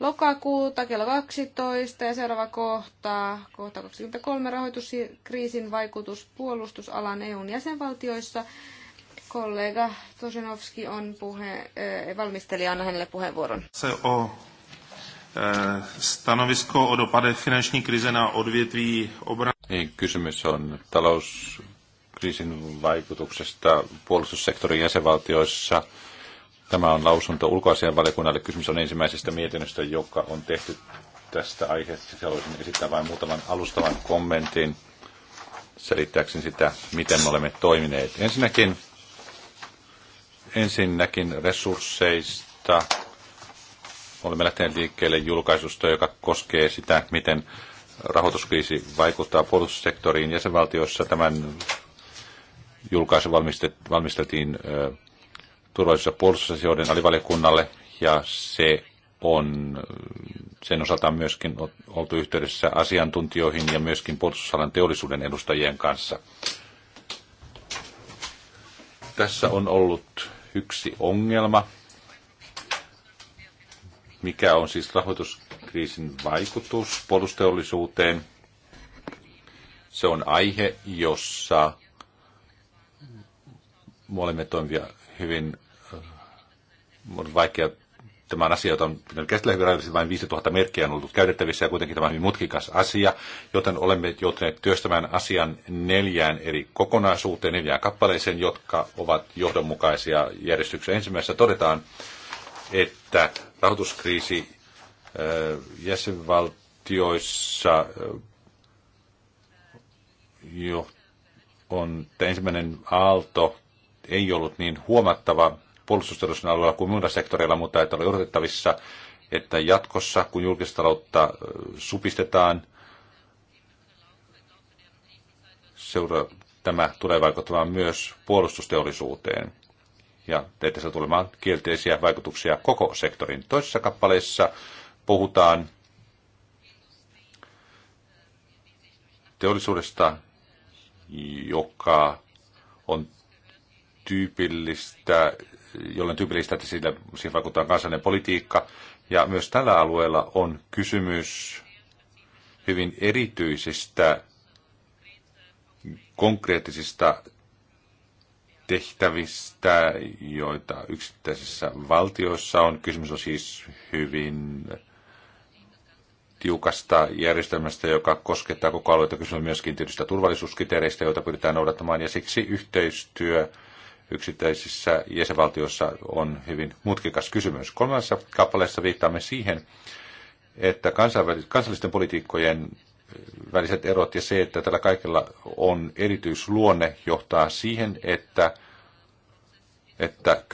lokakuuta kello 12 ja seuraava kohta, kohta 23 rahoituskriisin vaikutus puolustusalan EUn jäsenvaltioissa. Kollega Tosinovski on puhe, äh, Anna hänelle puheenvuoron. Se on Stanovisko o dopadech finanční krize na odvětví obrany. Niin, kysymys on talouskriisin vaikutuksesta puolustussektorin jäsenvaltioissa. Tämä on lausunto ulkoasianvaliokunnalle. Kysymys on ensimmäisestä mietinnöstä, joka on tehty tästä aiheesta. Haluaisin esittää vain muutaman alustavan kommentin selittääkseni sitä, miten me olemme toimineet. Ensinnäkin, ensinnäkin resursseista Olemme lähteneet liikkeelle julkaisusta, joka koskee sitä, miten rahoituskriisi vaikuttaa puolustussektoriin jäsenvaltioissa. Tämän julkaisu valmisteltiin turvallisuus- ja puolustusasioiden alivaliokunnalle, ja se on sen osalta on myöskin oltu yhteydessä asiantuntijoihin ja myöskin puolustusalan teollisuuden edustajien kanssa. Tässä on ollut yksi ongelma, mikä on siis rahoituskriisin vaikutus puolusteollisuuteen. Se on aihe, jossa molemmat olemme toimivia hyvin on äh, vaikea tämä on asia, jota on pitänyt käsitellä hyvin rajallisesti, vain 5000 merkkiä on ollut käytettävissä ja kuitenkin tämä on hyvin mutkikas asia, joten olemme joutuneet työstämään asian neljään eri kokonaisuuteen, neljään kappaleeseen, jotka ovat johdonmukaisia järjestyksessä. Ensimmäisessä todetaan, että rahoituskriisi äh, jäsenvaltioissa äh, jo on, että ensimmäinen aalto ei ollut niin huomattava puolustusteollisuuden alueella kuin muilla sektoreilla, mutta että oli odotettavissa, että jatkossa, kun julkista taloutta äh, supistetaan, seura tämä tulee vaikuttamaan myös puolustusteollisuuteen ja teette se tulemaan kielteisiä vaikutuksia koko sektorin. Toisessa kappaleessa puhutaan teollisuudesta, joka on tyypillistä, jolle on tyypillistä, että sillä, siihen vaikuttaa kansallinen politiikka. Ja myös tällä alueella on kysymys hyvin erityisistä konkreettisista tehtävistä, joita yksittäisissä valtioissa on. Kysymys on siis hyvin tiukasta järjestelmästä, joka koskettaa koko alueita. Kysymys on myöskin tietystä turvallisuuskriteereistä, joita pyritään noudattamaan, ja siksi yhteistyö yksittäisissä jäsenvaltioissa on hyvin mutkikas kysymys. Kolmannessa kappaleessa viittaamme siihen, että kansainvälisten kansallisten politiikkojen väliset erot ja se, että tällä kaikella on erityisluonne, johtaa siihen, että, että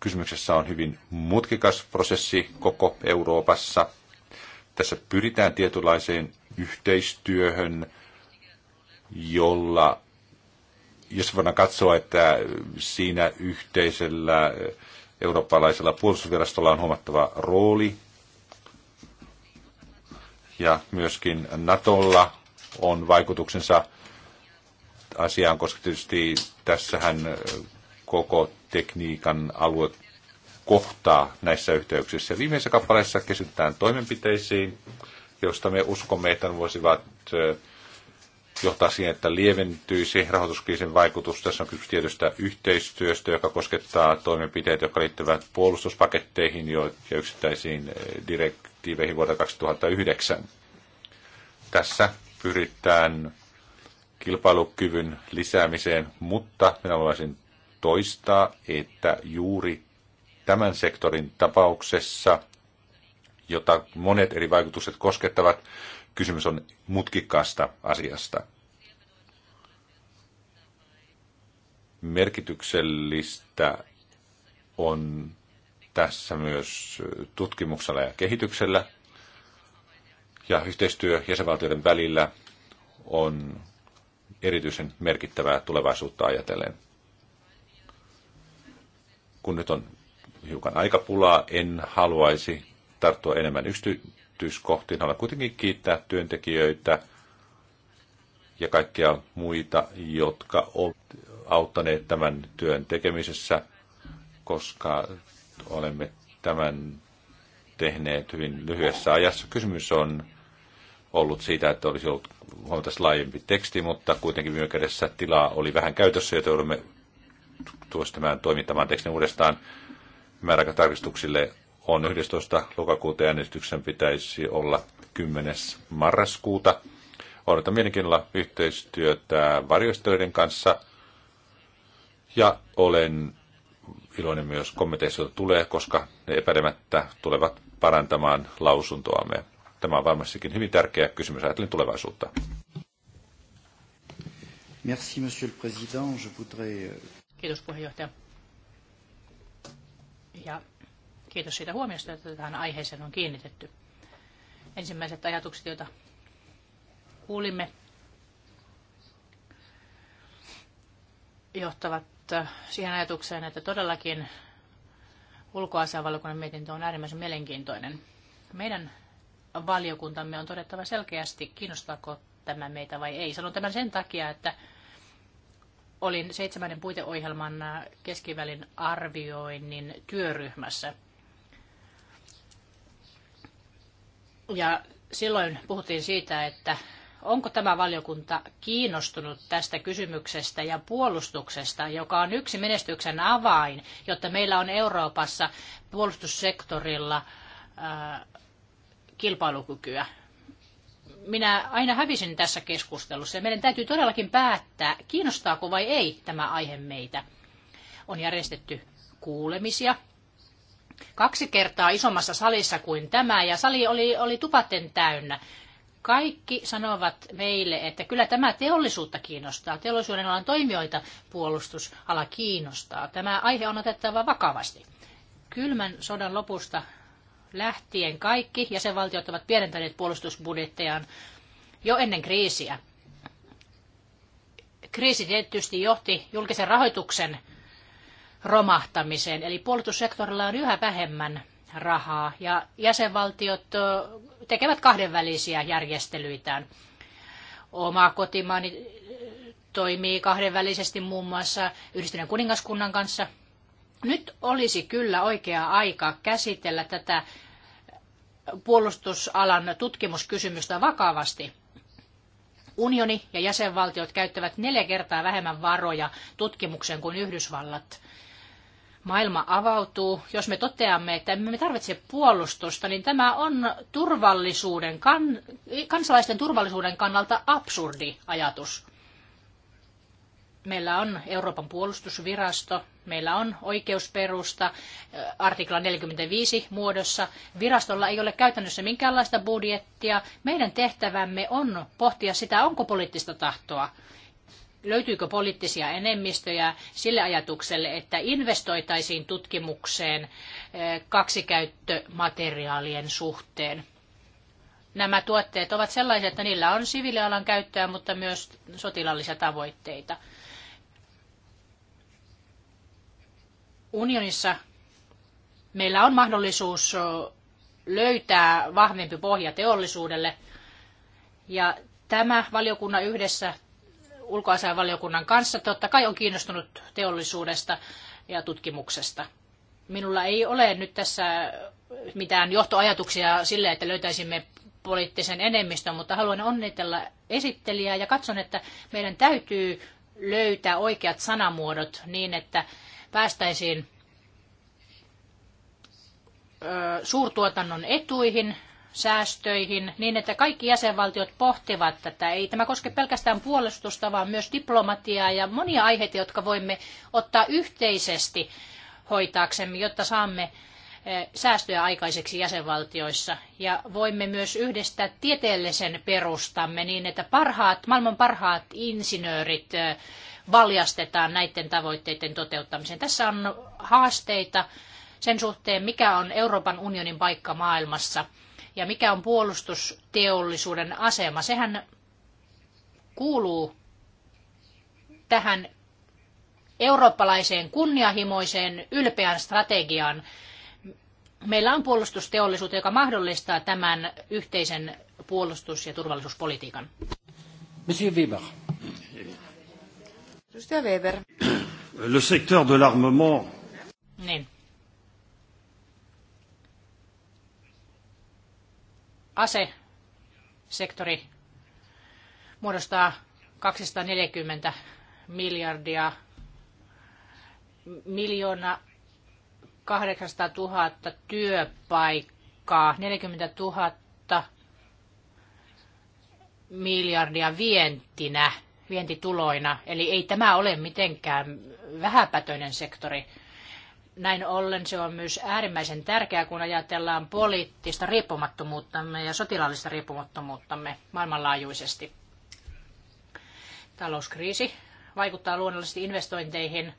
kysymyksessä on hyvin mutkikas prosessi koko Euroopassa. Tässä pyritään tietynlaiseen yhteistyöhön, jolla, jos voidaan katsoa, että siinä yhteisellä eurooppalaisella puolustusvirastolla on huomattava rooli, ja myöskin Natolla on vaikutuksensa asiaan, koska tietysti tässähän koko tekniikan alue kohtaa näissä yhteyksissä. Viimeisessä kappaleessa keskitytään toimenpiteisiin, joista me uskomme, että ne voisivat johtaa siihen, että lieventyisi rahoituskriisin vaikutus. Tässä on kysymys tietystä yhteistyöstä, joka koskettaa toimenpiteitä, jotka liittyvät puolustuspaketteihin ja yksittäisiin direkt- direktiiveihin vuodelta 2009. Tässä pyritään kilpailukyvyn lisäämiseen, mutta minä haluaisin toistaa, että juuri tämän sektorin tapauksessa, jota monet eri vaikutukset koskettavat, kysymys on mutkikkaasta asiasta. Merkityksellistä on tässä myös tutkimuksella ja kehityksellä. Ja yhteistyö jäsenvaltioiden välillä on erityisen merkittävää tulevaisuutta ajatellen. Kun nyt on hiukan aikapulaa, en haluaisi tarttua enemmän yksityiskohtiin. Haluan kuitenkin kiittää työntekijöitä ja kaikkia muita, jotka ovat auttaneet tämän työn tekemisessä, koska olemme tämän tehneet hyvin lyhyessä ajassa. Kysymys on ollut siitä, että olisi ollut huomattavasti laajempi teksti, mutta kuitenkin viime kädessä tilaa oli vähän käytössä, joten joudumme tuostamaan toimittamaan tekstin uudestaan. Määräaikatarkistuksille on 11. lokakuuta äänestyksen pitäisi olla 10. marraskuuta. Odotan mielenkiinnolla yhteistyötä varjoistelijoiden kanssa ja olen iloinen myös kommenteista, joita tulee, koska ne epäilemättä tulevat parantamaan lausuntoamme. Tämä on varmastikin hyvin tärkeä kysymys ajatellen tulevaisuutta. Merci, monsieur le président. Je voudrais... Euh, kiitos puheenjohtaja. Ja kiitos siitä huomiosta, että tähän aiheeseen on kiinnitetty. Ensimmäiset ajatukset, joita kuulimme, johtavat siihen ajatukseen, että todellakin ulkoasianvaliokunnan mietintö on äärimmäisen mielenkiintoinen. Meidän valiokuntamme on todettava selkeästi, kiinnostaako tämä meitä vai ei. Sanon tämän sen takia, että olin seitsemännen puiteohjelman keskivälin arvioinnin työryhmässä. Ja silloin puhuttiin siitä, että onko tämä valiokunta kiinnostunut tästä kysymyksestä ja puolustuksesta, joka on yksi menestyksen avain, jotta meillä on Euroopassa puolustussektorilla kilpailukykyä. Minä aina hävisin tässä keskustelussa ja meidän täytyy todellakin päättää, kiinnostaako vai ei tämä aihe meitä. On järjestetty kuulemisia kaksi kertaa isommassa salissa kuin tämä ja sali oli, oli tupaten täynnä. Kaikki sanovat meille, että kyllä tämä teollisuutta kiinnostaa, teollisuuden alan toimijoita puolustusala kiinnostaa. Tämä aihe on otettava vakavasti. Kylmän sodan lopusta lähtien kaikki jäsenvaltiot ovat pienentäneet puolustusbudjettejaan jo ennen kriisiä. Kriisi tietysti johti julkisen rahoituksen romahtamiseen, eli puolustussektorilla on yhä vähemmän rahaa ja jäsenvaltiot tekevät kahdenvälisiä järjestelyitään. Oma kotimaani toimii kahdenvälisesti muun muassa yhdistyneen kuningaskunnan kanssa. Nyt olisi kyllä oikea aika käsitellä tätä puolustusalan tutkimuskysymystä vakavasti. Unioni ja jäsenvaltiot käyttävät neljä kertaa vähemmän varoja tutkimukseen kuin Yhdysvallat maailma avautuu, jos me toteamme, että emme me tarvitse puolustusta, niin tämä on turvallisuuden, kan, kansalaisten turvallisuuden kannalta absurdi ajatus. Meillä on Euroopan puolustusvirasto, meillä on oikeusperusta äh, artikla 45 muodossa. Virastolla ei ole käytännössä minkäänlaista budjettia. Meidän tehtävämme on pohtia sitä, onko poliittista tahtoa löytyykö poliittisia enemmistöjä sille ajatukselle, että investoitaisiin tutkimukseen eh, kaksikäyttömateriaalien suhteen? Nämä tuotteet ovat sellaiset, että niillä on siviilialan käyttöä, mutta myös sotilaallisia tavoitteita. Unionissa meillä on mahdollisuus eh, löytää vahvempi pohja teollisuudelle, ja tämä valiokunnan yhdessä ulkoasianvaliokunnan kanssa. Totta kai on kiinnostunut teollisuudesta ja tutkimuksesta. Minulla ei ole nyt tässä mitään johtoajatuksia sille, että löytäisimme poliittisen enemmistön, mutta haluan onnitella esittelijää ja katson, että meidän täytyy löytää oikeat sanamuodot niin, että päästäisiin suurtuotannon etuihin, säästöihin niin, että kaikki jäsenvaltiot pohtivat tätä. Ei tämä koske pelkästään puolustusta, vaan myös diplomatiaa ja monia aiheita, jotka voimme ottaa yhteisesti hoitaaksemme, jotta saamme eh, säästöjä aikaiseksi jäsenvaltioissa. Ja voimme myös yhdistää tieteellisen perustamme niin, että parhaat, maailman parhaat insinöörit eh, valjastetaan näiden tavoitteiden toteuttamiseen. Tässä on haasteita sen suhteen, mikä on Euroopan unionin paikka maailmassa – ja mikä on puolustusteollisuuden asema. Sehän kuuluu tähän eurooppalaiseen kunnianhimoiseen ylpeän strategiaan. Meillä on puolustusteollisuutta, joka mahdollistaa tämän yhteisen puolustus- ja turvallisuuspolitiikan. Monsieur Weber. Edustaja Weber. Le secteur de l'armement. Niin. ASE-sektori muodostaa 240 miljardia miljoona 800 000 työpaikkaa, 40 000 miljardia vientinä, vientituloina. Eli ei tämä ole mitenkään vähäpätöinen sektori. Näin ollen se on myös äärimmäisen tärkeää, kun ajatellaan poliittista riippumattomuuttamme ja sotilaallista riippumattomuuttamme maailmanlaajuisesti. Talouskriisi vaikuttaa luonnollisesti investointeihin.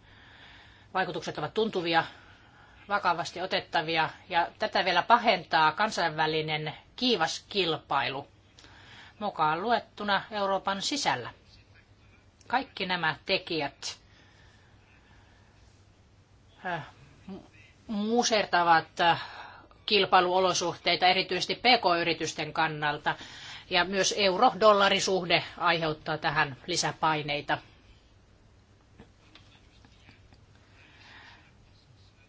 Vaikutukset ovat tuntuvia, vakavasti otettavia ja tätä vielä pahentaa kansainvälinen kiivas kilpailu mukaan luettuna Euroopan sisällä. Kaikki nämä tekijät äh, musertavat äh, kilpailuolosuhteita erityisesti pk-yritysten kannalta. Ja myös euro-dollarisuhde aiheuttaa tähän lisäpaineita.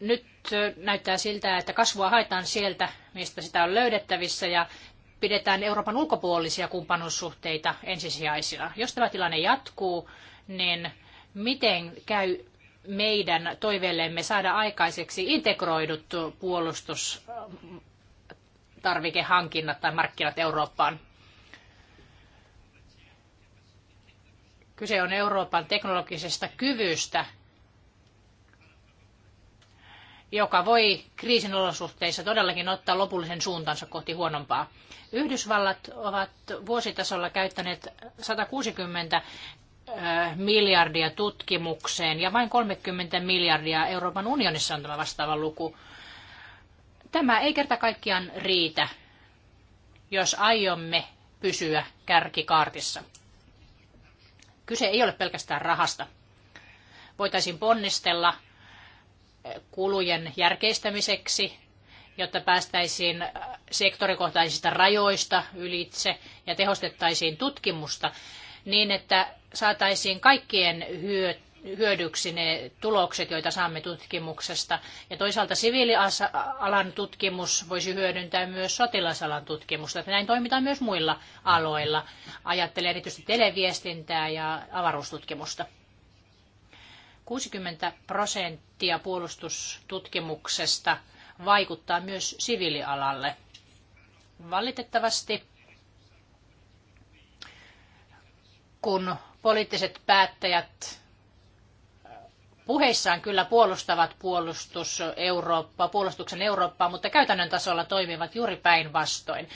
Nyt äh, näyttää siltä, että kasvua haetaan sieltä, mistä sitä on löydettävissä ja pidetään Euroopan ulkopuolisia kumppanuussuhteita ensisijaisina. Jos tämä tilanne jatkuu, niin miten käy meidän toiveellemme saada aikaiseksi integroidut puolustustarvikehankinnat tai markkinat Eurooppaan. Kyse on Euroopan teknologisesta kyvystä, joka voi kriisin olosuhteissa todellakin ottaa lopullisen suuntansa kohti huonompaa. Yhdysvallat ovat vuositasolla käyttäneet 160 Äh, miljardia tutkimukseen ja vain 30 miljardia Euroopan unionissa on tämä vastaava luku. Tämä ei kerta kaikkiaan riitä, jos aiomme pysyä kärkikaartissa. Kyse ei ole pelkästään rahasta. Voitaisiin ponnistella äh, kulujen järkeistämiseksi, jotta päästäisiin äh, sektorikohtaisista rajoista ylitse ja tehostettaisiin tutkimusta niin, että saataisiin kaikkien hyödyksi ne tulokset, joita saamme tutkimuksesta. Ja toisaalta siviilialan tutkimus voisi hyödyntää myös sotilasalan tutkimusta. Näin toimitaan myös muilla aloilla. ajattelee erityisesti televiestintää ja avaruustutkimusta. 60 prosenttia puolustustutkimuksesta vaikuttaa myös siviilialalle. Valitettavasti kun poliittiset päättäjät puheissaan kyllä puolustavat puolustus Eurooppa, puolustuksen Eurooppaa, mutta käytännön tasolla toimivat juuri päinvastoin.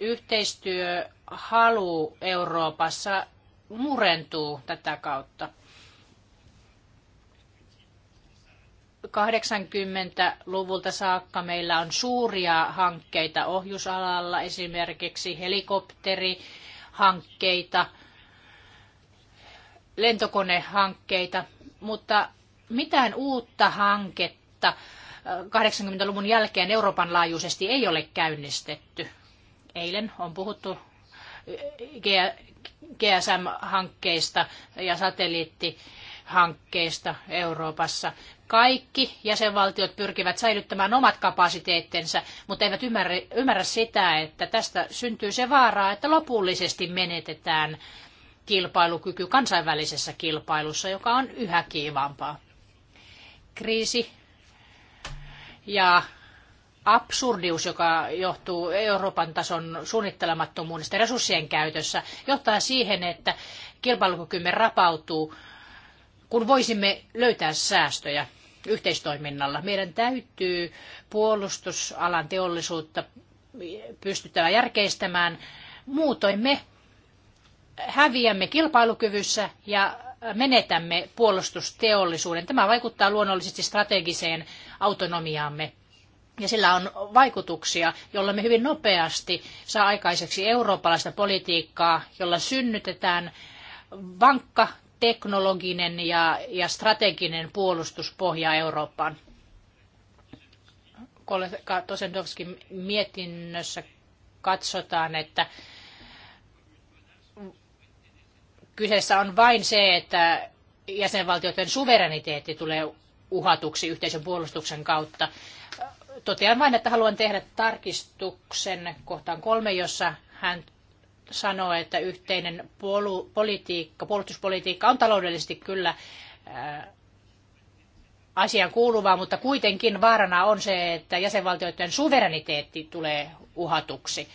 Yhteistyöhalu Euroopassa murentuu tätä kautta. 80-luvulta saakka meillä on suuria hankkeita ohjusalalla, esimerkiksi helikopteri, hankkeita, lentokonehankkeita, mutta mitään uutta hanketta 80-luvun äh, jälkeen Euroopan laajuisesti ei ole käynnistetty. Eilen on puhuttu äh, GSM-hankkeista ja satelliitti hankkeista Euroopassa. Kaikki jäsenvaltiot pyrkivät säilyttämään omat kapasiteettensa, mutta eivät ymmärrä, ymmärrä sitä, että tästä syntyy se vaara, että lopullisesti menetetään kilpailukyky kansainvälisessä kilpailussa, joka on yhä kiivaampaa. Kriisi ja absurdius, joka johtuu Euroopan tason suunnittelemattomuudesta resurssien käytössä, johtaa siihen, että kilpailukykymme rapautuu kun voisimme löytää säästöjä yhteistoiminnalla. Meidän täytyy puolustusalan teollisuutta pystyttävä järkeistämään. Muutoin me häviämme kilpailukyvyssä ja menetämme puolustusteollisuuden. Tämä vaikuttaa luonnollisesti strategiseen autonomiaamme. Ja sillä on vaikutuksia, jolla me hyvin nopeasti saa aikaiseksi eurooppalaista politiikkaa, jolla synnytetään vankka teknologinen ja, ja strateginen puolustuspohja Eurooppaan. Kollega Tosendovskin mietinnössä katsotaan, että kyseessä on vain se, että jäsenvaltioiden suvereniteetti tulee uhatuksi yhteisen puolustuksen kautta. Totean vain, että haluan tehdä tarkistuksen kohtaan kolme, jossa hän sanoo, että yhteinen politiikka, puolustuspolitiikka on taloudellisesti kyllä äh, asian kuuluvaa, mutta kuitenkin vaarana on se, että jäsenvaltioiden suvereniteetti tulee uhatuksi.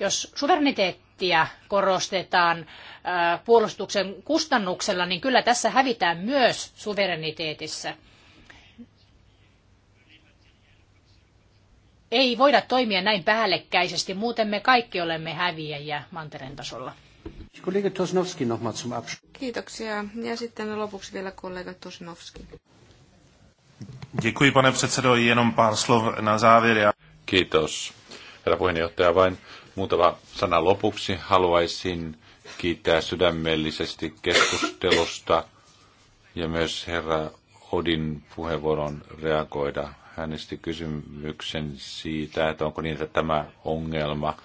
Jos suvereniteettia korostetaan äh, puolustuksen kustannuksella, niin kyllä tässä hävitään myös suvereniteetissä – ei voida toimia näin päällekkäisesti, muuten me kaikki olemme häviäjiä mantereen tasolla. Kollega Tosnovski Kiitoksia. Ja sitten lopuksi vielä kollega Tosnovski. Děkuji, pane předsedo, jenom pár slov na závěr. Kiitos, herra puheenjohtaja. Vain muutama sana lopuksi haluaisin kiittää sydämellisesti keskustelusta ja myös herra Odin puheenvuoron reagoida hän esti kysymyksen siitä, että onko niin, että tämä ongelma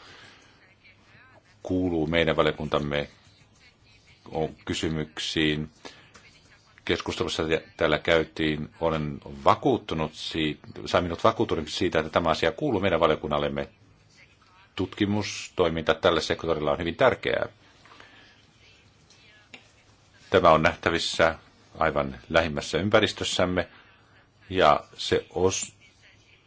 kuuluu meidän valiokuntamme on kysymyksiin. Keskustelussa täällä käytiin, olen vakuuttunut siitä, sain minut vakuuttunut siitä, että tämä asia kuuluu meidän valiokunnallemme. Tutkimustoiminta tällä sektorilla on hyvin tärkeää. Tämä on nähtävissä aivan lähimmässä ympäristössämme ja se os,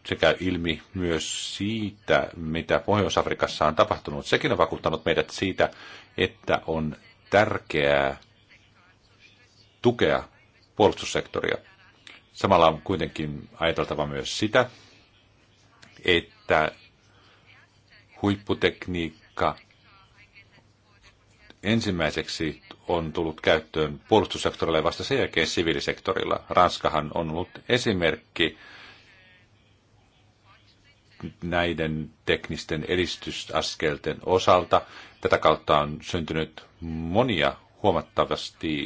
se käy ilmi myös siitä, mitä Pohjois-Afrikassa on tapahtunut. Sekin on vakuuttanut meidät siitä, että on tärkeää tukea puolustussektoria. Samalla on kuitenkin ajateltava myös sitä, että huipputekniikka ensimmäiseksi on tullut käyttöön puolustussektorilla ja vasta sen jälkeen siviilisektorilla. Ranskahan on ollut esimerkki näiden teknisten edistysaskelten osalta. Tätä kautta on syntynyt monia huomattavasti,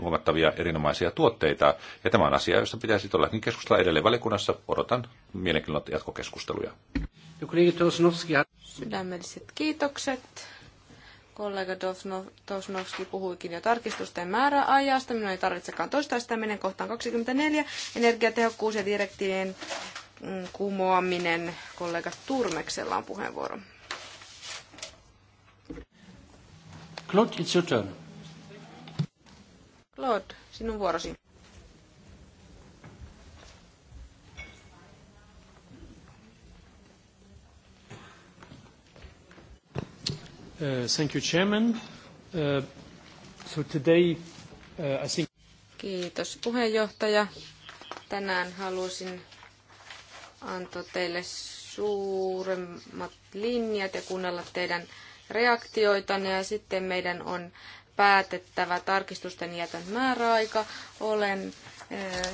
huomattavia erinomaisia tuotteita. Ja tämä on asia, josta pitäisi todellakin keskustella edelleen valikunnassa. Odotan mielenkiinnolla jatkokeskusteluja. Sydämelliset kiitokset. Kollega Tosnovski puhuikin jo tarkistusten määräajasta. Minun ei tarvitsekaan toistaa sitä. Menen kohtaan 24. Energiatehokkuus ja direktiivien mm, kumoaminen. Kollega Turmeksella on puheenvuoro. Claude, it's your turn. Claude, sinun vuorosi. Uh, thank you, Chairman. Uh, so today, uh, I think... Kiitos puheenjohtaja. Tänään halusin antaa teille suuremmat linjat ja kuunnella teidän reaktioitanne ja sitten meidän on päätettävä tarkistusten jätön määräaika. Olen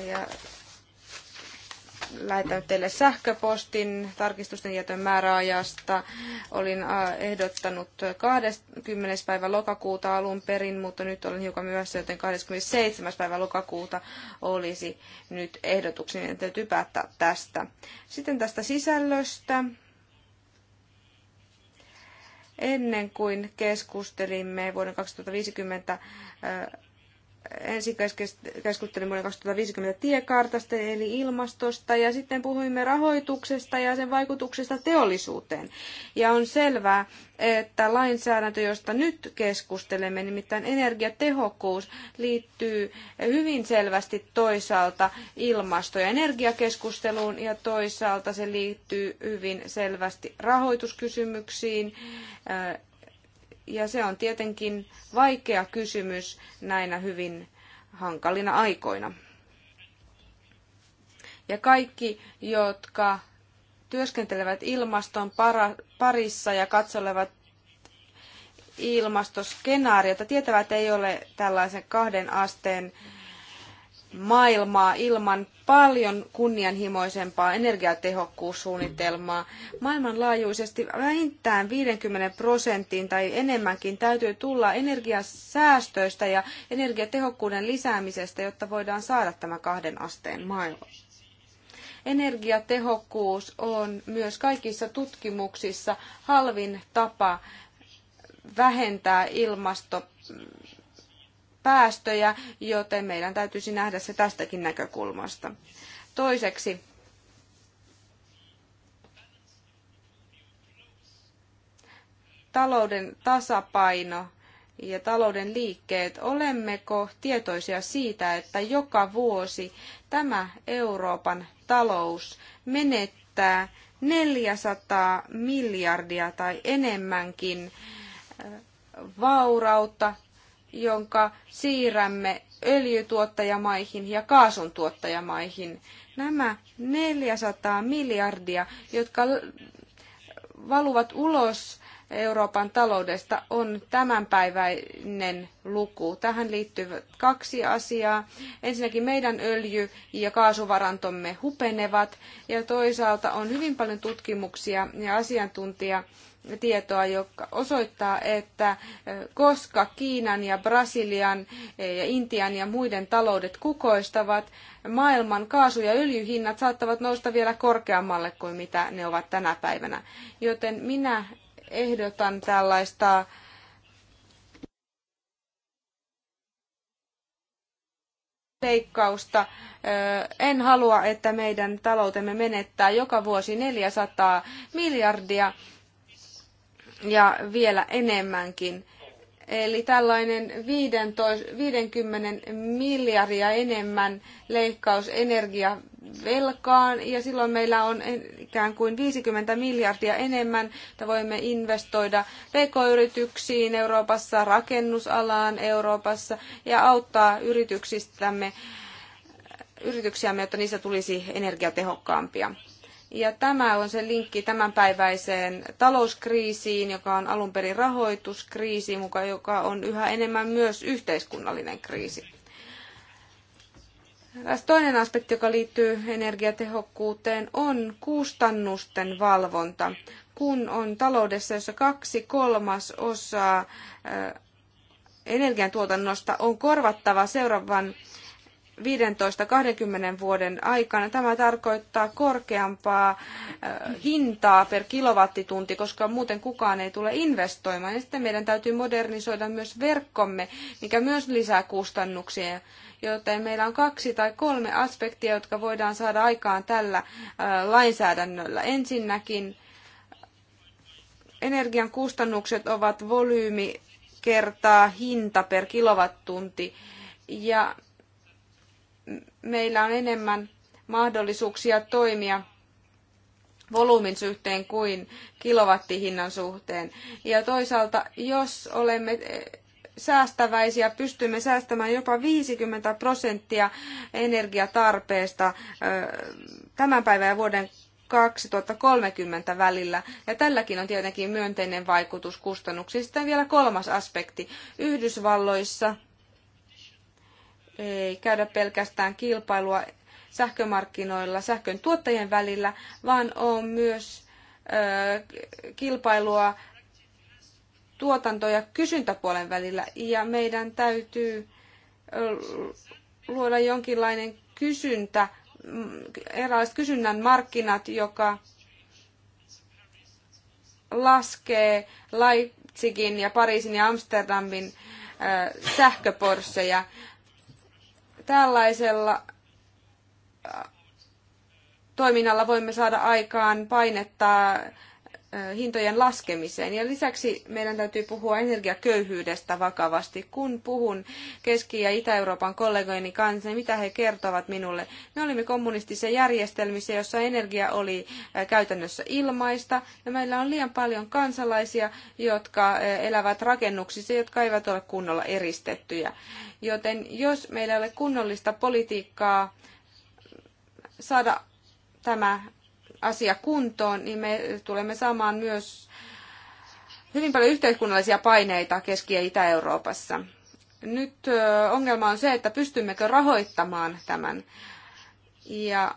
ja lähetän teille sähköpostin tarkistusten tietojen määräajasta. Olin äh, ehdottanut 20. päivä lokakuuta alun perin, mutta nyt olen hiukan myöhässä, joten 27. päivä lokakuuta olisi nyt ehdotuksen, ja täytyy päättää tästä. Sitten tästä sisällöstä. Ennen kuin keskustelimme vuoden 2050 ensin keskustelimme vuoden 2050 tiekartasta eli ilmastosta ja sitten puhuimme rahoituksesta ja sen vaikutuksesta teollisuuteen. Ja on selvää, että lainsäädäntö, josta nyt keskustelemme, nimittäin energiatehokkuus, liittyy hyvin selvästi toisaalta ilmasto- ja energiakeskusteluun ja toisaalta se liittyy hyvin selvästi rahoituskysymyksiin, ja se on tietenkin vaikea kysymys näinä hyvin hankalina aikoina. Ja kaikki, jotka työskentelevät ilmaston parissa ja katselevat ilmastoskenaariota, tietävät, että ei ole tällaisen kahden asteen maailmaa ilman paljon kunnianhimoisempaa energiatehokkuussuunnitelmaa. Maailmanlaajuisesti vähintään 50 prosenttiin tai enemmänkin täytyy tulla energiasäästöistä ja energiatehokkuuden lisäämisestä, jotta voidaan saada tämä kahden asteen maailma. Energiatehokkuus on myös kaikissa tutkimuksissa halvin tapa vähentää ilmasto päästöjä, joten meidän täytyisi nähdä se tästäkin näkökulmasta. Toiseksi, talouden tasapaino ja talouden liikkeet, olemmeko tietoisia siitä, että joka vuosi tämä Euroopan talous menettää 400 miljardia tai enemmänkin eh, vaurautta jonka siirrämme öljytuottajamaihin ja kaasun tuottajamaihin. Nämä 400 miljardia, jotka valuvat ulos Euroopan taloudesta on tämänpäiväinen luku. Tähän liittyy kaksi asiaa. Ensinnäkin meidän öljy- ja kaasuvarantomme hupenevat ja toisaalta on hyvin paljon tutkimuksia ja asiantuntija tietoa, joka osoittaa, että e, koska Kiinan ja Brasilian e, ja Intian ja muiden taloudet kukoistavat, maailman kaasu- ja öljyhinnat saattavat nousta vielä korkeammalle kuin mitä ne ovat tänä päivänä. Joten minä ehdotan tällaista leikkausta. En halua, että meidän taloutemme menettää joka vuosi 400 miljardia ja vielä enemmänkin. Eli tällainen 15, 50 miljardia enemmän leikkaus energiavelkaan ja silloin meillä on ikään kuin 50 miljardia enemmän, että voimme investoida pk-yrityksiin Euroopassa, rakennusalaan Euroopassa ja auttaa yrityksistämme, yrityksiämme, jotta niistä tulisi energiatehokkaampia. Ja tämä on se linkki tämänpäiväiseen talouskriisiin, joka on alun perin rahoituskriisi, muka joka on yhä enemmän myös yhteiskunnallinen kriisi. Eräs toinen aspekti, joka liittyy energiatehokkuuteen, on kustannusten valvonta. Kun on taloudessa, jossa kaksi kolmasosaa energiantuotannosta on korvattava seuraavan 15-20 vuoden aikana. Tämä tarkoittaa korkeampaa äh, hintaa per kilowattitunti, koska muuten kukaan ei tule investoimaan. Ja sitten meidän täytyy modernisoida myös verkkomme, mikä myös lisää kustannuksia. Joten meillä on kaksi tai kolme aspektia, jotka voidaan saada aikaan tällä äh, lainsäädännöllä. Ensinnäkin energian kustannukset ovat volyymi kertaa hinta per kilowattunti. Ja meillä on enemmän mahdollisuuksia toimia volyymin suhteen kuin kilowattihinnan suhteen. Ja toisaalta, jos olemme eh, säästäväisiä, pystymme säästämään jopa 50 prosenttia energiatarpeesta eh, tämän päivän ja vuoden 2030 välillä. Ja tälläkin on tietenkin myönteinen vaikutus kustannuksiin. Sitten vielä kolmas aspekti. Yhdysvalloissa ei käydä pelkästään kilpailua sähkömarkkinoilla sähkön tuottajien välillä, vaan on myös kilpailua tuotanto- ja kysyntäpuolen välillä. Ja meidän täytyy luoda jonkinlainen kysyntä, mm, eräänlaiset kysynnän markkinat, joka laskee Leipzigin ja Pariisin ja Amsterdamin sähköporsseja. Tällaisella äh, toiminnalla voimme saada aikaan painetta hintojen laskemiseen. Ja lisäksi meidän täytyy puhua energiaköyhyydestä vakavasti. Kun puhun Keski- ja Itä-Euroopan kollegoini kanssa, niin mitä he kertovat minulle? Me olimme kommunistisissa järjestelmissä, jossa energia oli käytännössä ilmaista, ja meillä on liian paljon kansalaisia, jotka elävät rakennuksissa, jotka eivät ole kunnolla eristettyjä. Joten jos meillä ei ole kunnollista politiikkaa saada tämä asia kuntoon, niin me tulemme saamaan myös hyvin paljon yhteiskunnallisia paineita Keski- ja Itä-Euroopassa. Nyt ongelma on se, että pystymmekö rahoittamaan tämän. Ja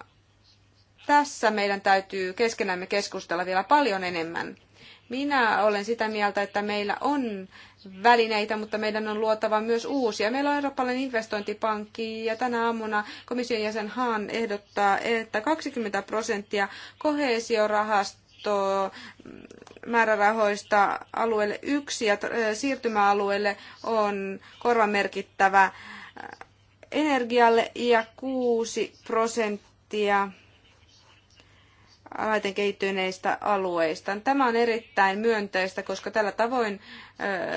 tässä meidän täytyy keskenämme keskustella vielä paljon enemmän. Minä olen sitä mieltä, että meillä on välineitä, mutta meidän on luotava myös uusia. Meillä on Eurooppalainen investointipankki ja tänä aamuna komission jäsen Haan ehdottaa, että 20 prosenttia kohesiorahasta määrärahoista alueelle yksi ja eh, siirtymäalueelle on korvamerkittävä energialle ja kuusi prosenttia vähiten kehittyneistä alueista. Tämä on erittäin myönteistä, koska tällä tavoin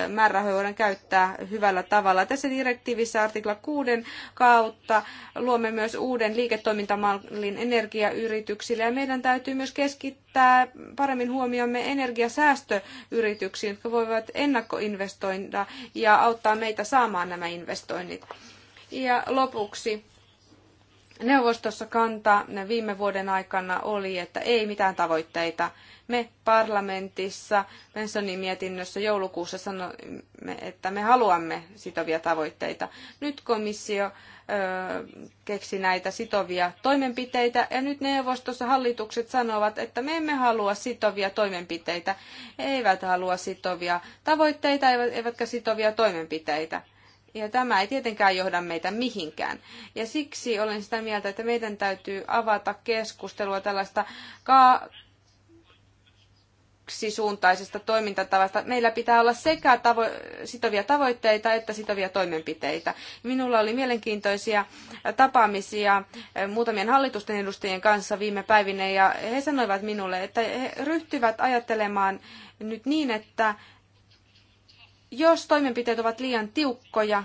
määrärahoja voidaan käyttää hyvällä tavalla. Tässä direktiivissä artikla 6 kautta luomme myös uuden liiketoimintamallin energiayrityksille ja meidän täytyy myös keskittää paremmin huomiomme energiasäästöyrityksiin, jotka voivat ennakkoinvestoida ja auttaa meitä saamaan nämä investoinnit. Ja lopuksi neuvostossa kanta viime vuoden aikana oli, että ei mitään tavoitteita. Me parlamentissa Bensonin mietinnössä joulukuussa sanoimme, että me haluamme sitovia tavoitteita. Nyt komissio keksi näitä sitovia toimenpiteitä ja nyt neuvostossa hallitukset sanovat, että me emme halua sitovia toimenpiteitä, eivät halua sitovia tavoitteita eivätkä sitovia toimenpiteitä. Ja tämä ei tietenkään johda meitä mihinkään. Ja siksi olen sitä mieltä, että meidän täytyy avata keskustelua tällaista kaksisuuntaisesta toimintatavasta. Meillä pitää olla sekä tavo- sitovia tavoitteita että sitovia toimenpiteitä. Minulla oli mielenkiintoisia tapaamisia eh, muutamien hallitusten edustajien kanssa viime päivinä ja he sanoivat minulle, että he ryhtyvät ajattelemaan nyt niin, että jos toimenpiteet ovat liian tiukkoja,